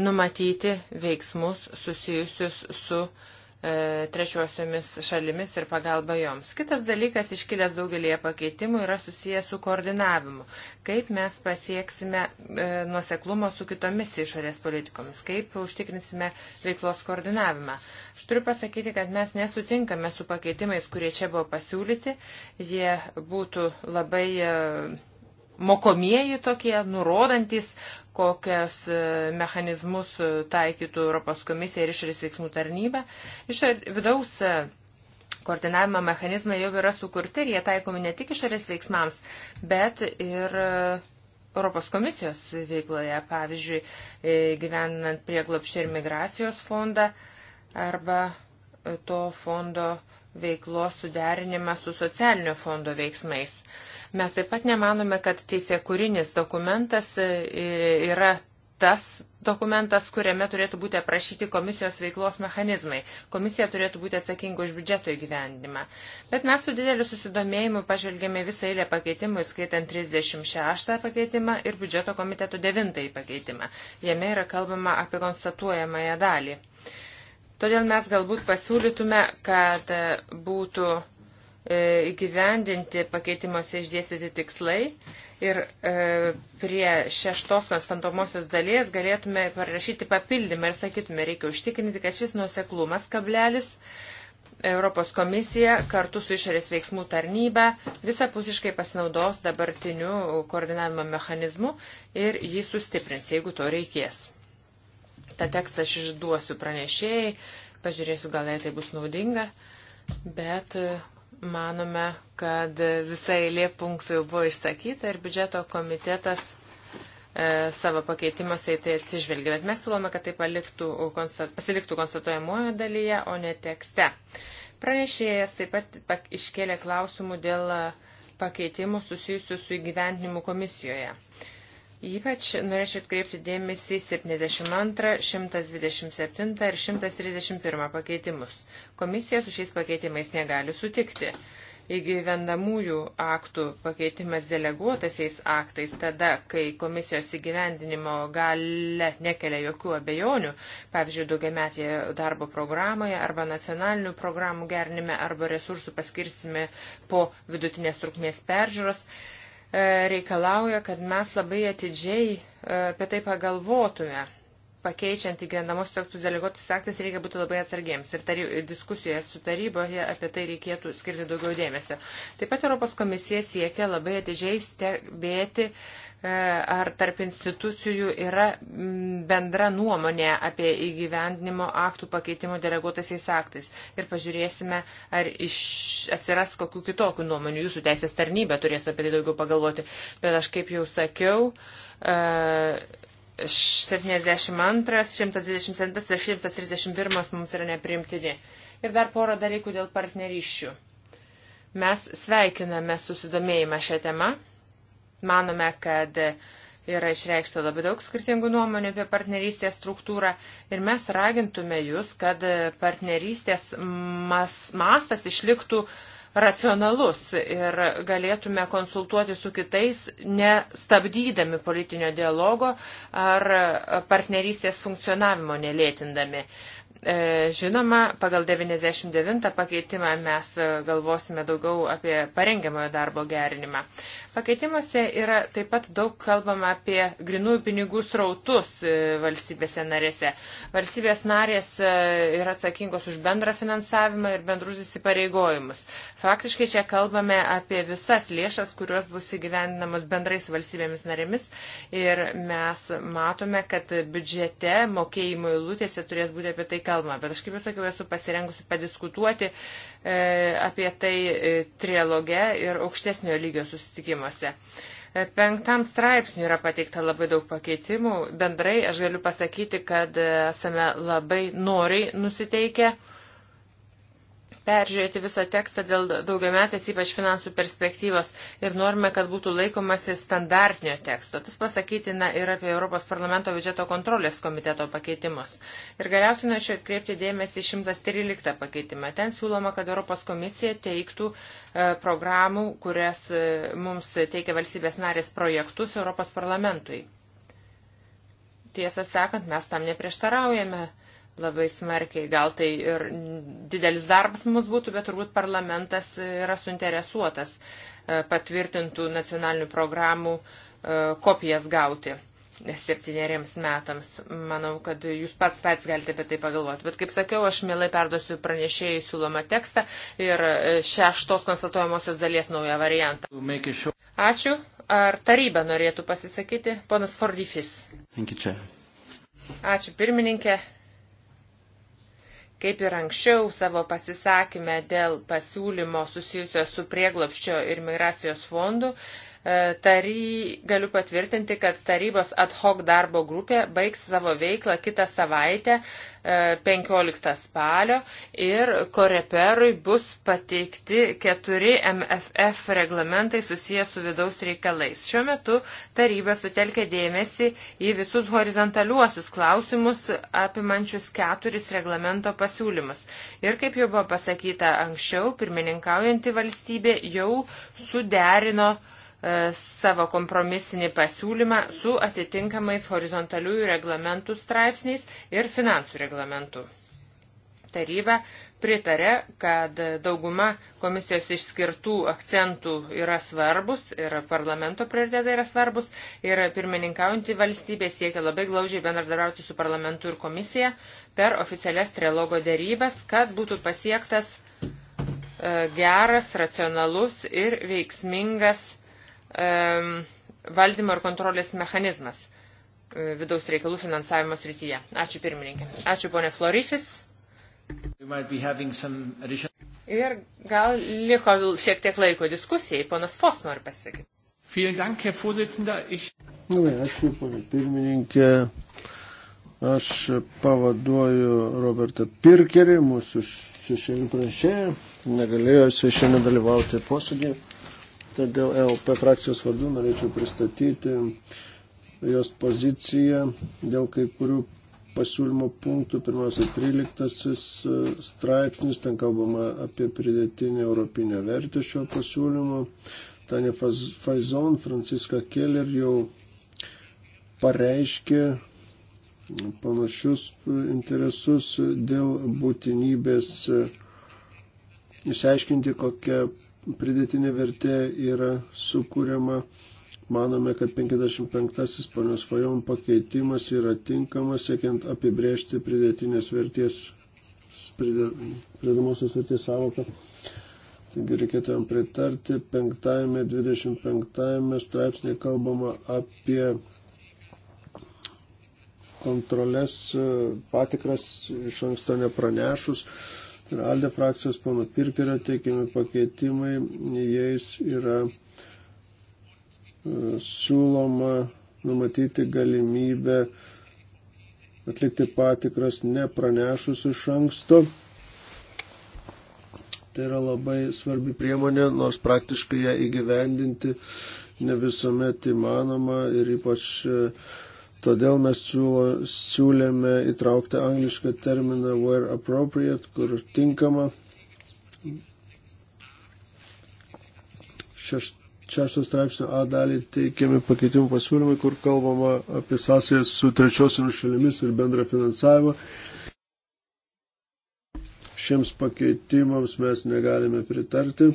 numatyti veiksmus susijusius su uh, E, trečiosiomis šalimis ir pagalba joms. Kitas dalykas iškilęs daugelėje pakeitimų yra susijęs su koordinavimu. Kaip mes pasieksime e, nuoseklumo su kitomis išorės politikomis, kaip užtikrinsime veiklos koordinavimą. Aš turiu pasakyti, kad mes nesutinkame su pakeitimais, kurie čia buvo pasiūlyti. Jie būtų labai. E, mokomieji tokie, nurodantis, kokias e, mechanizmus e, taikytų Europos komisija ir išorės veiksmų tarnyba. Iš vidaus e, koordinavimo mechanizmai jau yra sukurti ir jie taikomi ne tik išorės veiksmams, bet ir Europos komisijos veikloje, pavyzdžiui, gyvenant prieglopšį ir migracijos fondą arba to fondo veiklos suderinimą su socialinio fondo veiksmais. Mes taip pat nemanome, kad teisėkurinis dokumentas e, yra tas dokumentas, kuriame turėtų būti aprašyti komisijos veiklos mechanizmai. Komisija turėtų būti atsakinga už biudžeto įgyvendimą. Bet mes su dideliu susidomėjimu pažvelgėme visą eilę pakeitimų, įskaitant 36 pakeitimą ir biudžeto komiteto 9 pakeitimą. Jame yra kalbama apie konstatuojamąją dalį. Uh, Todėl mes galbūt pasiūlytume, kad e, būtų e, įgyvendinti pakeitimuose išdėstyti tikslai ir e, prie šeštos konstantomosios dalies galėtume parašyti papildymą ir sakytume, reikia užtikrinti, kad šis nuoseklumas kablelis Europos komisija kartu su išorės veiksmų tarnyba visapusiškai pasinaudos dabartiniu koordinavimo mechanizmu ir jį sustiprins, jeigu to reikės tą tekstą aš išduosiu pranešėjai, pažiūrėsiu, gal jai tai bus naudinga, bet e, manome, kad visa eilė punktų jau buvo išsakyta ir biudžeto komitetas e, savo pakeitimuose į tai atsižvelgia. Bet mes siūlome, kad tai paliktų, pasiliktų konstatuojamojo dalyje, o ne tekste. Pranešėjas taip pat iškėlė klausimų dėl e, pakeitimų susijusių su įgyvendinimu komisijoje. E, Ypač norėčiau atkreipti dėmesį 72, 127 ir 131 pakeitimus. Komisija su šiais pakeitimais negali sutikti. Įgyvendamųjų aktų pakeitimas deleguotaisiais aktais tada, kai komisijos įgyvendinimo gale nekelia jokių abejonių, pavyzdžiui, daugiametėje darbo programoje arba nacionalinių programų gernime arba resursų paskirsime po vidutinės trukmės peržiūros, E, reikalauja, kad mes labai atidžiai e, apie tai pagalvotume. Pakeičiant įgyvendamos sektus deleguotis aktas reikia būti labai atsargiems ir tary, diskusijoje su taryboje apie tai reikėtų skirti daugiau dėmesio. Taip pat Europos komisija siekia labai atidžiai stebėti uh, E, ar tarp institucijų yra bendra nuomonė apie įgyvendinimo aktų pakeitimo deleguotaisiais aktais. Ir pažiūrėsime, ar iš, atsiras kokių kitokių nuomonių. Jūsų teisės tarnybė turės apie tai daugiau pagalvoti. Bet aš kaip jau sakiau, 72, e, 127 ir 131 mums yra neprimtini. Ir dar porą dalykų dėl partnerysčių. Mes sveikiname susidomėjimą šią temą Manome, kad yra išreikšta labai daug skirtingų nuomonių apie partnerystės struktūrą ir mes ragintume jūs, kad partnerystės mas, masas išliktų racionalus ir galėtume konsultuoti su kitais, nestabdydami politinio dialogo ar partnerystės funkcionavimo nelėtindami. E, žinoma, pagal 99 pakeitimą mes galvosime daugiau apie parengiamojo darbo gerinimą. Pakeitimuose yra taip pat daug kalbama apie grinųjų pinigų srautus e, valstybėse narėse. Valstybės narės e, yra atsakingos už bendrą finansavimą ir bendrus įsipareigojimus. Faktiškai čia kalbame apie visas lėšas, kurios bus įgyvendinamos bendrai su valstybėmis narėmis ir mes matome, kad biudžete mokėjimo įlūtėse turės būti apie tai kalbama kalbama, bet aš kaip ir sakiau, esu pasirengusi padiskutuoti e, apie tai e, trialoge ir aukštesnio lygio susitikimuose. E, penktam straipsniui yra pateikta labai daug pakeitimų. Bendrai aš galiu pasakyti, kad e, esame labai noriai nusiteikę. E, peržiūrėti visą tekstą dėl daugiametės, ypač finansų perspektyvos ir norime, kad būtų laikomasi standartinio teksto. Tas pasakytina ir apie Europos parlamento biudžeto kontrolės komiteto pakeitimus. Ir galiausiai norėčiau atkreipti dėmesį 113 pakeitimą. Ten siūloma, kad Europos komisija teiktų e, programų, kurias e, mums teikia valstybės narės projektus Europos parlamentui. Tiesą sakant, mes tam neprieštaraujame labai smarkiai. Gal tai ir didelis darbas mums būtų, bet turbūt parlamentas yra suinteresuotas e, patvirtintų nacionalinių programų e, kopijas gauti septyneriems metams. Manau, kad jūs pat pats galite apie tai pagalvoti. Bet kaip sakiau, aš mielai perduosiu pranešėjai siūlomą tekstą ir e, šeštos konstatuojamosios dalies naują variantą. Ačiū. Ar taryba norėtų pasisakyti? Ponas Fordifis. Ačiū pirmininkė. Kaip ir anksčiau savo pasisakymę dėl pasiūlymo susijusio su prieglopščio ir migracijos fondu, E, tary, galiu patvirtinti, kad tarybos ad hoc darbo grupė baigs savo veiklą kitą savaitę, 15 e, spalio, ir koreperui bus pateikti keturi MFF reglamentai susijęs su vidaus reikalais. Šiuo metu taryba sutelkia dėmesį į visus horizontaliuosius klausimus apimančius keturis reglamento pasiūlymus. Ir kaip jau buvo pasakyta anksčiau, pirmininkaujanti valstybė jau suderino uh, E, savo kompromisinį pasiūlymą su atitinkamais horizontaliųjų reglamentų straipsniais ir finansų reglamentų. Taryba pritarė, kad dauguma komisijos išskirtų akcentų yra svarbus ir parlamento prioritetai yra svarbus ir pirmininkaujantį valstybę siekia labai glaužiai bendradarbiauti su parlamentu ir komisija per oficialias trilogo dėrybas, kad būtų pasiektas e, geras, racionalus ir veiksmingas valdymo ir kontrolės mechanizmas e, vidaus reikalų finansavimo srityje. Ačiū pirmininkė. Ačiū ponė Florifis. Ir gal liko šiek tiek laiko diskusijai. Ponas Fos nori pasakyti. Ačiū, ponė pirmininkė. Aš pavaduoju Robertą Pirkerį, mūsų šešėlių pranešėją. Negalėjo jisai šiandien dalyvauti posėdėje. Todėl tai e LP frakcijos vardu norėčiau pristatyti jos poziciją dėl kai kurių pasiūlymo punktų. Pirmiausia, 13 e, straipsnis, ten kalbama apie pridėtinę europinę vertę šio pasiūlymo. Tanja Faizon, Franciska Keller jau pareiškė panašius interesus dėl būtinybės e, išsiaiškinti, kokia pridėtinė vertė yra sukūriama. Manome, kad 55-asis ponios Fajon pakeitimas yra tinkamas, siekiant apibrėžti pridėtinės vertės, pridėmosios vertės savoką. Taigi reikėtų jam pritarti. 5-ame, 25-ame straipsnėje kalbama apie kontrolės e, patikras iš anksto nepranešus. Uh, ir Alde frakcijos pono Pirkerio teikiami pakeitimai, jais yra e, siūloma numatyti galimybę atlikti patikras nepranešus iš anksto. Tai yra labai svarbi priemonė, nors praktiškai ją įgyvendinti ne visuomet įmanoma ir ypač uh, Todėl mes siūlo, siūlėme įtraukti anglišką terminą where appropriate, kur tinkama. Šeš, šešto straipsnio A dalį teikiami pakeitimų pasiūlymai, kur kalbama apie sąsajas su trečiosiomis šalimis ir bendrą finansavimą. Šiems pakeitimams mes negalime pritarti.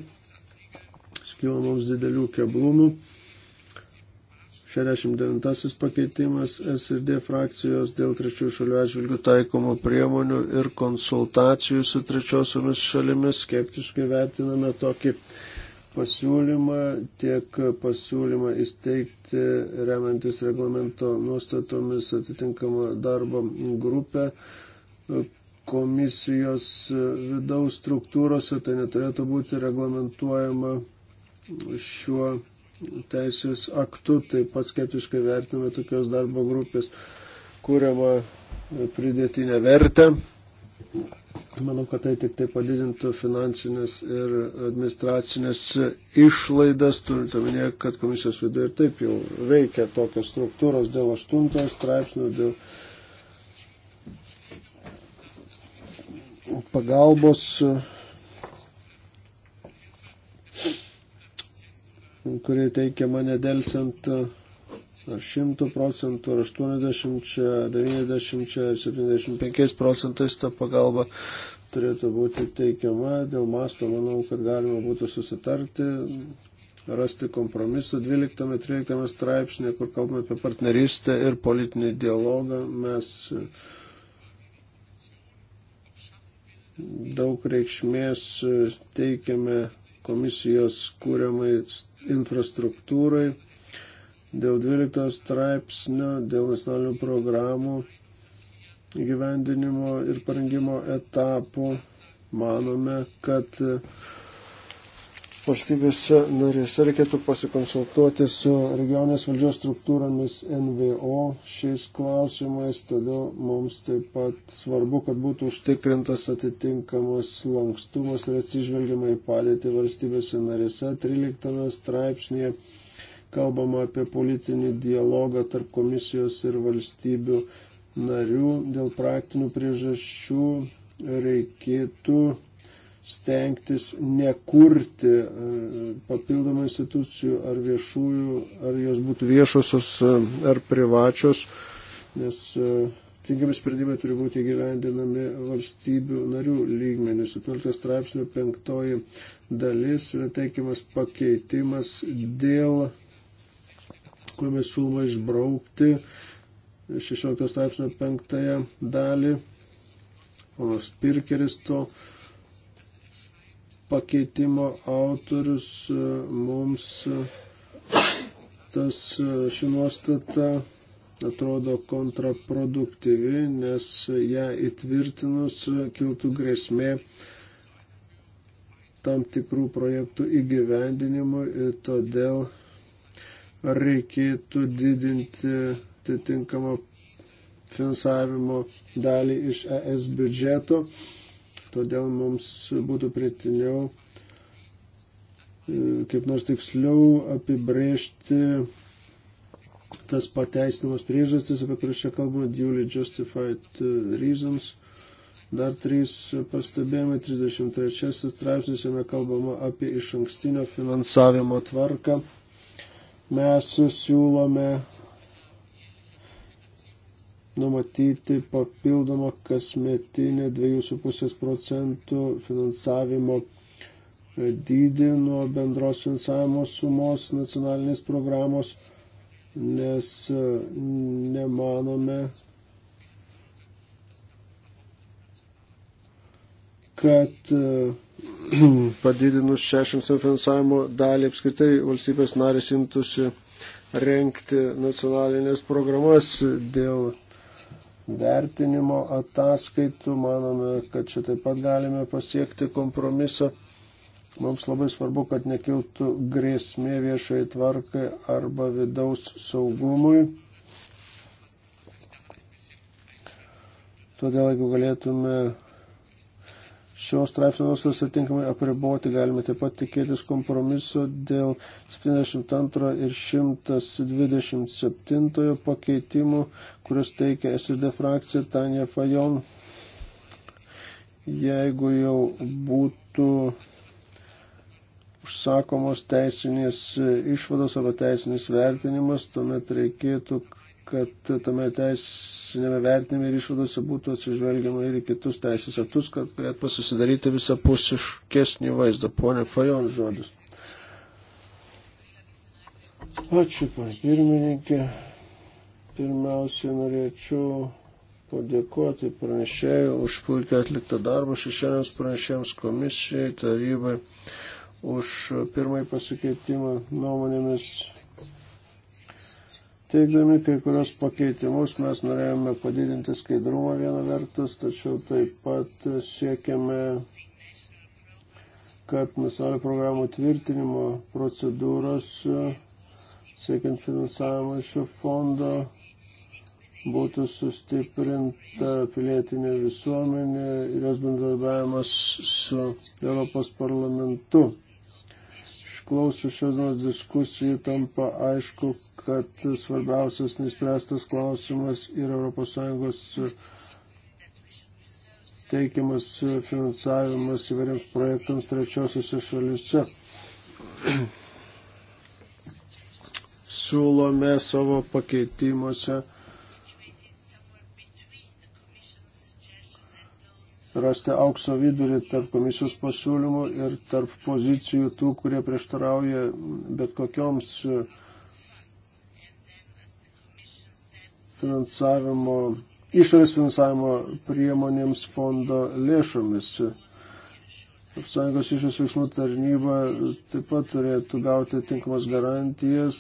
Skilo mums didelių keblumų. 69 pakeitimas SRD frakcijos dėl trečiųjų šalių atžvilgių taikomų priemonių ir konsultacijų su trečiosiomis šalimis skeptiškai vertiname tokį pasiūlymą, tiek pasiūlymą įsteigti, remiantis reglamento nuostatomis, atitinkamą darbo grupę komisijos vidaus struktūrose, tai neturėtų būti reglamentuojama šiuo teisės aktu, taip pat skeptiškai vertiname tokios darbo grupės kūriamą pridėtinę vertę. Manau, kad tai tik tai padidintų finansinės ir administracinės išlaidas, turint omenyje, kad komisijos viduje ir taip jau veikia tokios struktūros dėl aštuntos straipsnio, dėl pagalbos kuri teikiama nedelsiant ar 100 procentų, ar 80, 90, 75 procentais ta pagalba turėtų būti teikiama. Dėl masto manau, kad galima būtų susitarti, rasti kompromisą 12-13 straipsnė, kur kalbame apie partnerystę ir politinį dialogą. Mes daug reikšmės teikiame komisijos kūriamai infrastruktūrai, dėl 12 straipsnio, dėl nacionalinių programų gyvendinimo ir parengimo etapų manome, kad valstybėse narėse reikėtų pasikonsultuoti su regionės valdžios struktūromis NVO šiais klausimais. Toliau mums taip pat svarbu, kad būtų užtikrintas atitinkamas lankstumas ir atsižvelgiamai padėti valstybėse narėse. 13 straipsnėje kalbama apie politinį dialogą tarp komisijos ir valstybių narių. Dėl praktinių priežasčių reikėtų stengtis nekurti e, papildomų institucijų ar viešųjų, ar jos būtų viešosios e, ar privačios, nes e, tinkami sprendimai turi būti gyvendinami valstybių narių lygmenį. 17 straipsnių penktoji dalis yra teikiamas pakeitimas dėl, kuriame siūloma išbraukti 16 straipsnio penktąją dalį. Ponas Pirkeris to pakeitimo autorius e, mums e, tas e, ši nuostata atrodo kontraproduktyvi, nes ją įtvirtinus kiltų grėsmė tam tikrų projektų įgyvendinimui ir todėl reikėtų didinti atitinkamą finansavimo dalį iš ES biudžeto. Todėl mums būtų pritiniau e, kaip nors tiksliau apibrėžti tas pateisinamas priežastis, apie kurias čia kalbama, duly justified e, reasons. Dar trys pastebėjimai, 33 straipsnis, jame kalbama apie iš ankstinio finansavimo tvarką. Mes siūlome numatyti papildomą kasmetinę 2,5 procentų finansavimo e, dydį nuo bendros finansavimo sumos nacionalinės programos, nes e, nemanome, kad e, padidinus 60 finansavimo dalį apskritai valstybės narės imtųsi renkti nacionalinės programas dėl vertinimo ataskaitų. Manome, kad čia taip pat galime pasiekti kompromisą. Mums labai svarbu, kad nekiltų grėsmė viešai tvarkai arba vidaus saugumui. Todėl, jeigu galėtume šios straipsnio nuostatas atitinkamai apriboti. Galime taip pat tikėtis kompromiso dėl 72 ir 127 pakeitimų, kuriuos teikia SRD frakcija Tanja Fajon. Jeigu jau būtų užsakomos teisinės išvados arba teisinis vertinimas, tuomet reikėtų, kad tame teisinėme vertinime ir išvadose būtų atsižvelgiama ir į kitus teisės aktus, kad galėtume susidaryti visapusiškesnį vaizdą. Pone Fajon žodis. Ačiū, pane pirmininkė. Pirmiausiai norėčiau padėkoti pranešėjai už puikiai atliktą darbą šešėliams pranešėjams komisijai, tarybai, už pirmąjį pasikeitimą nuomonėmis Teikdami kai kurios pakeitimus mes norėjome padidinti skaidrumą vieną vertus, tačiau taip pat siekiame, kad nacionalinių programų tvirtinimo procedūros siekiant finansavimo šio fondo būtų sustiprinta pilietinė visuomenė ir jos bendradarbiavimas su Europos parlamentu. Išklausius šios diskusijų tampa aišku, kad svarbiausias nespręstas klausimas yra ES teikiamas finansavimas įvairiams projektams trečiosiuose šalise. Siūlome savo pakeitimuose rasti aukso vidurį tarp komisijos pasiūlymų ir tarp pozicijų tų, kurie prieštarauja bet kokioms e, finansavimo, išorės finansavimo priemonėms fondo lėšomis. Sąjungos išorės veiksmų tarnyba taip pat turėtų gauti tinkamas garantijas.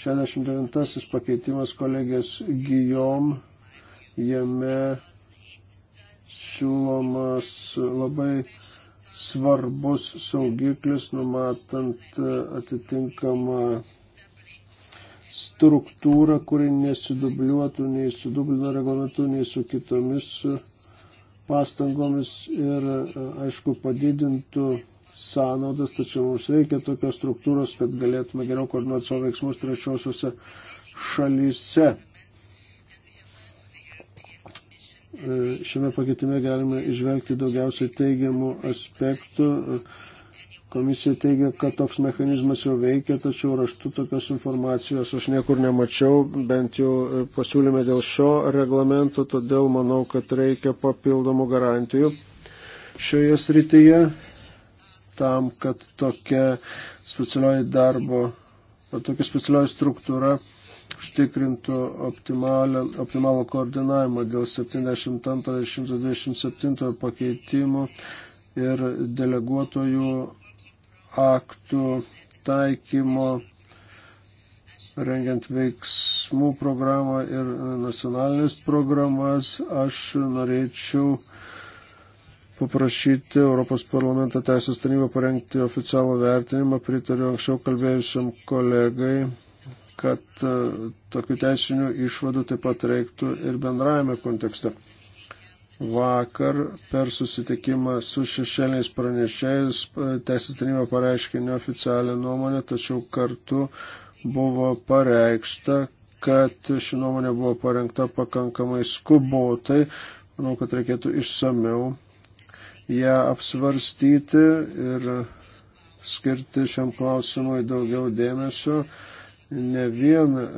69 pakeitimas kolegės Gijom jame siūlomas labai svarbus saugiklis, numatant e, atitinkamą struktūrą, kuri nesidubliuotų nei su Dublino reglamentu, nei su kitomis e, pastangomis ir, e, aišku, padidintų sąnaudas, tačiau mums reikia tokios struktūros, kad galėtume geriau koordinuoti savo veiksmus trečiosiuose šalyse. E, šiame pakeitime galime išvelgti daugiausiai teigiamų aspektų. Komisija teigia, kad toks mechanizmas jau veikia, tačiau raštu tokios informacijos aš niekur nemačiau, bent jau pasiūlyme dėl šio reglamento, todėl manau, kad reikia papildomų garantijų šioje srityje tam, kad tokia specialioji darbo, tokia specialioji struktūra užtikrintų optimalų koordinavimą dėl 72-127 pakeitimų ir deleguotojų aktų taikymo rengiant veiksmų programą ir nacionalinės programas, aš norėčiau paprašyti Europos parlamento teisės tarnybą parengti oficialų vertinimą, pritariu anksčiau kalbėjusiam kolegai kad e, tokių teisinių išvadų taip pat reiktų ir bendrajame kontekste. Vakar per susitikimą su šešėliais pranešėjais e, teisės taryba pareiškė neoficialią nuomonę, tačiau kartu buvo pareikšta, kad ši nuomonė buvo parengta pakankamai skubotai. Manau, kad reikėtų išsameu ją apsvarstyti ir skirti šiam klausimui daugiau dėmesio ne vien e,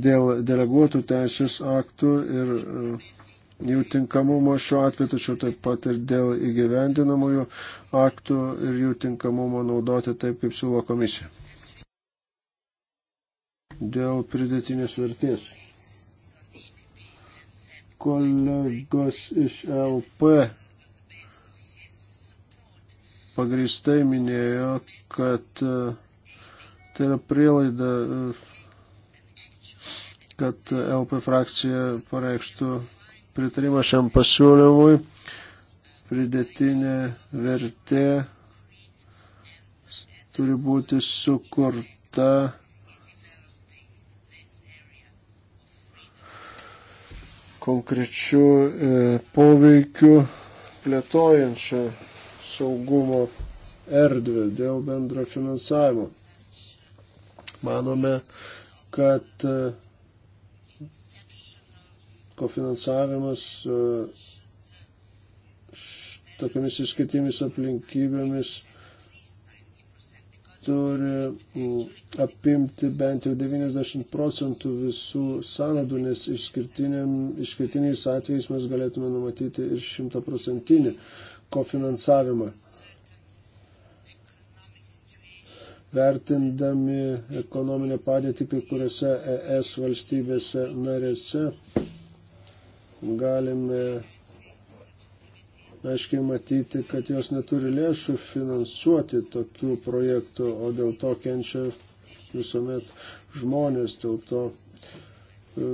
dėl deleguotų teisės aktų ir e, jų tinkamumo šiuo atveju, tačiau taip pat ir dėl įgyvendinamųjų aktų ir jų tinkamumo naudoti taip, kaip siūlo komisija. Dėl pridėtinės vertės. Kolegos iš LP pagristai minėjo, kad uh, Tai yra prielaida, kad LP frakcija pareikštų pritarimą šiam pasiūlymui. Pridėtinė vertė turi būti sukurta konkrečių e, poveikių plėtojančią saugumo erdvę dėl bendro finansavimo. Manome, kad e, kofinansavimas e, tokiamis išskirtimis aplinkybėmis turi apimti bent jau 90 procentų visų sąnadų, nes išskirtiniais atvejais mes galėtume numatyti ir 100 procentinį kofinansavimą. vertindami ekonominę padėtį kai kuriuose ES valstybėse narėse, galime aiškiai matyti, kad jos neturi lėšų finansuoti tokių projektų, o dėl to kenčia visuomet žmonės, dėl to e,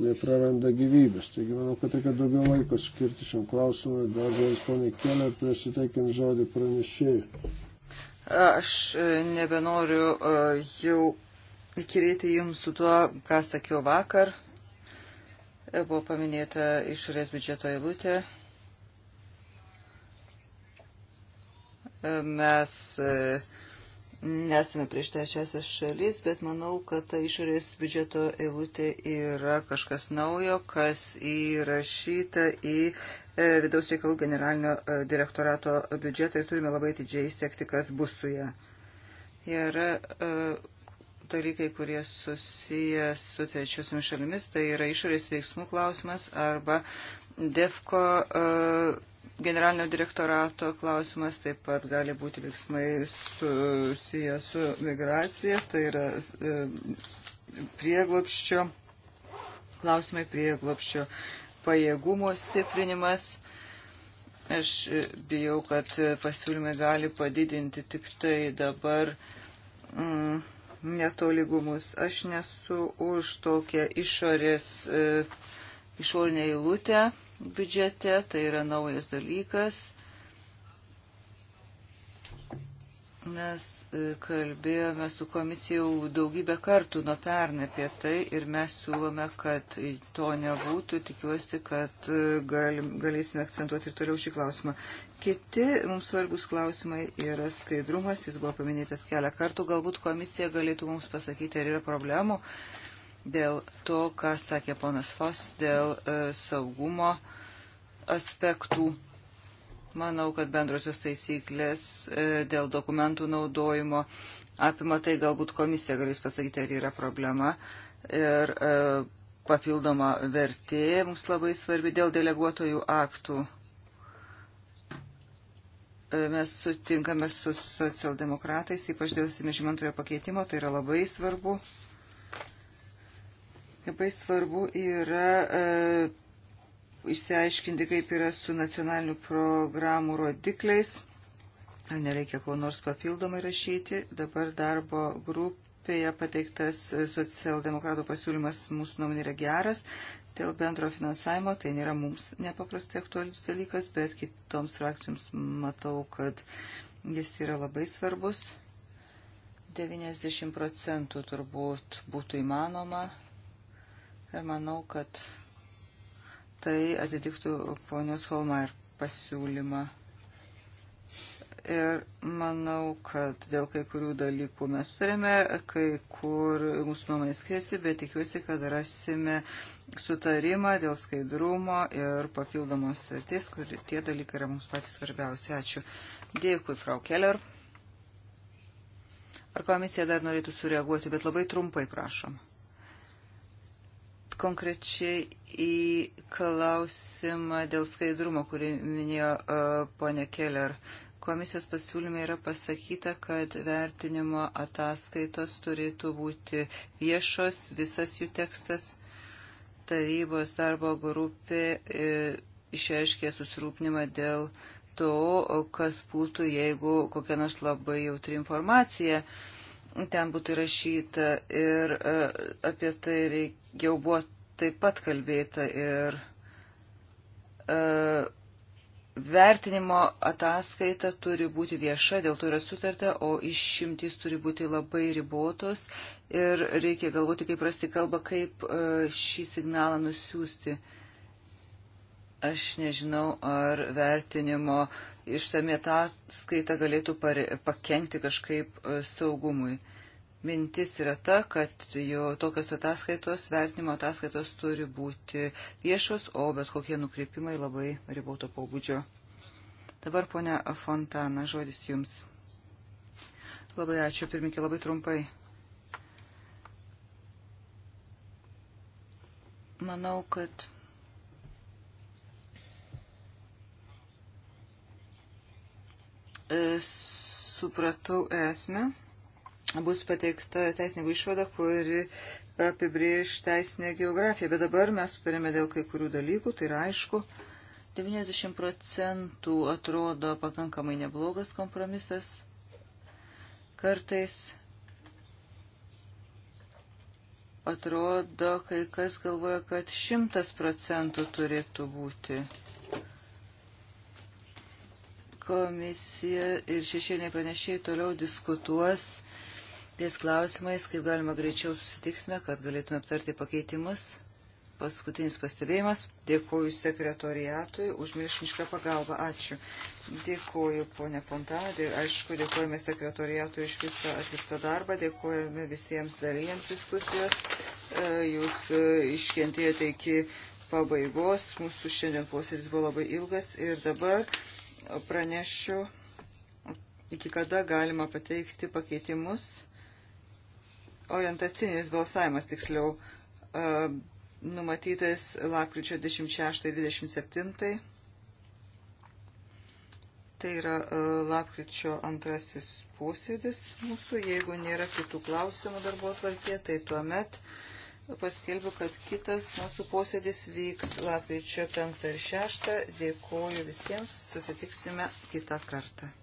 jie praranda gyvybės. Taigi manau, kad reikia daugiau laiko skirti šiam klausimui, dar žodis poniai Keller, prieš suteikiant žodį pranešėjai. Aš e, nebenoriu e, jau įkirėti jums su tuo, ką sakiau vakar. E, buvo paminėta išorės biudžeto eilutė. Mes nesame prieš trečiasias šalis, bet manau, kad ta išorės biudžeto eilutė yra kažkas naujo, kas įrašyta į E, vidaus reikalų generalinio e, direktorato biudžetą ir turime labai didžiai sekti, kas bus su ją. Yra e, dalykai, kurie susiję su trečiosiomis šalimis, tai yra išorės veiksmų klausimas arba DEFCO generalinio direktorato klausimas, taip pat gali būti veiksmai susiję su migracija, tai yra prieglopščio klausimai prieglopščio pajėgumo stiprinimas. Aš bijau, kad pasiūlymai gali padidinti tik tai dabar mm, netolygumus. Aš nesu už tokią išorės, e, išorinę eilutę biudžete, tai yra naujas dalykas. Mes e, kalbėjome su komisija jau daugybę kartų nuo pernai apie tai ir mes siūlome, kad to nebūtų. Tikiuosi, kad e, galim, galėsime akcentuoti ir toliau šį klausimą. Kiti mums svarbus klausimai yra skaidrumas, jis buvo paminėtas kelią kartų, galbūt komisija galėtų mums pasakyti, ar yra problemų dėl to, ką sakė ponas Fos, dėl e, saugumo aspektų. Manau, kad bendrosios taisyklės e, dėl dokumentų naudojimo apima tai galbūt komisija galės pasakyti, ar yra problema. Ir e, papildoma vertė mums labai svarbi dėl deleguotojų aktų. E, mes sutinkame su socialdemokratais, ypač dėl 72 pakeitimo, tai yra labai svarbu. Labai svarbu yra. E, išsiaiškinti, kaip yra su nacionalinių programų rodikliais. Nereikia ko nors papildomai rašyti. Dabar darbo grupėje pateiktas socialdemokratų pasiūlymas mūsų nuomonė yra geras. Dėl bendro finansavimo tai nėra mums nepaprastai aktualius dalykas, bet kitoms frakcijoms matau, kad jis yra labai svarbus. 90 procentų turbūt būtų įmanoma. Ir manau, kad tai atitiktų ponios Holmar pasiūlymą. Ir manau, kad dėl kai kurių dalykų mes turime, kai kur mūsų nuomonė skiriasi, bet tikiuosi, kad rasime sutarimą dėl skaidrumo ir papildomos sritis, kur tie dalykai yra mums patys svarbiausi. Ačiū. Dėkui, Frau Keller. Ar komisija dar norėtų sureaguoti, bet labai trumpai prašom konkrečiai į klausimą dėl skaidrumo, kurį minėjo uh, ponė Keller. Komisijos pasiūlyme yra pasakyta, kad vertinimo ataskaitos turėtų būti viešos, visas jų tekstas. Tarybos darbo grupė uh, išreiškė susirūpnimą dėl to, kas būtų, jeigu kokia nors labai jautri informacija uh, ten būtų įrašyta ir e, apie tai jau buvo taip pat kalbėta ir e, vertinimo ataskaita turi būti vieša, dėl to yra sutarta, o išimtys turi būti labai ribotos ir reikia galvoti, kaip rasti kalbą, kaip e, šį signalą nusiųsti. Aš nežinau, ar vertinimo išsame ataskaita galėtų pare, pakengti kažkaip e, saugumui. Mintis yra ta, kad jo tokios ataskaitos, vertinimo ataskaitos turi būti viešos, o bet kokie nukreipimai labai riboto pobūdžio. Dabar, ponia Fontana, žodis jums. Labai ačiū, pirmininkė, labai trumpai. Manau, kad E, supratau esmę, bus pateikta teisininkų išvada, kuri apibrėž teisinę geografiją. Bet dabar mes sutarėme dėl kai kurių dalykų, tai yra aišku. 90 procentų atrodo pakankamai neblogas kompromisas. Kartais atrodo, kai kas galvoja, kad šimtas procentų turėtų būti Komisija ir šešėliniai pranešiai toliau diskutuos ties klausimais, kaip galima greičiau susitiksime, kad galėtume aptarti pakeitimus. Paskutinis pastebėjimas. Dėkuoju sekretoriatui už milšinišką pagalbą. Ačiū. Dėkuoju ponė Fontana. Dė, aišku, dėkuojame sekretoriatui iš visą atliktą darbą. Dėkuojame visiems dalyjams diskusijos. E, jūs e, iškentėjote iki pabaigos. Mūsų šiandien posėdis buvo labai ilgas ir dabar pranešiu, iki kada galima pateikti pakeitimus. Orientacinis balsavimas tiksliau e, numatytas lapkričio 26-27. Tai yra e, lapkričio antrasis posėdis mūsų. Jeigu nėra kitų klausimų darbo atvarkė, tai tuomet met paskelbiu, kad kitas mūsų posėdis vyks lapkričio 5 ir 6. Dėkuoju visiems, susitiksime kitą kartą.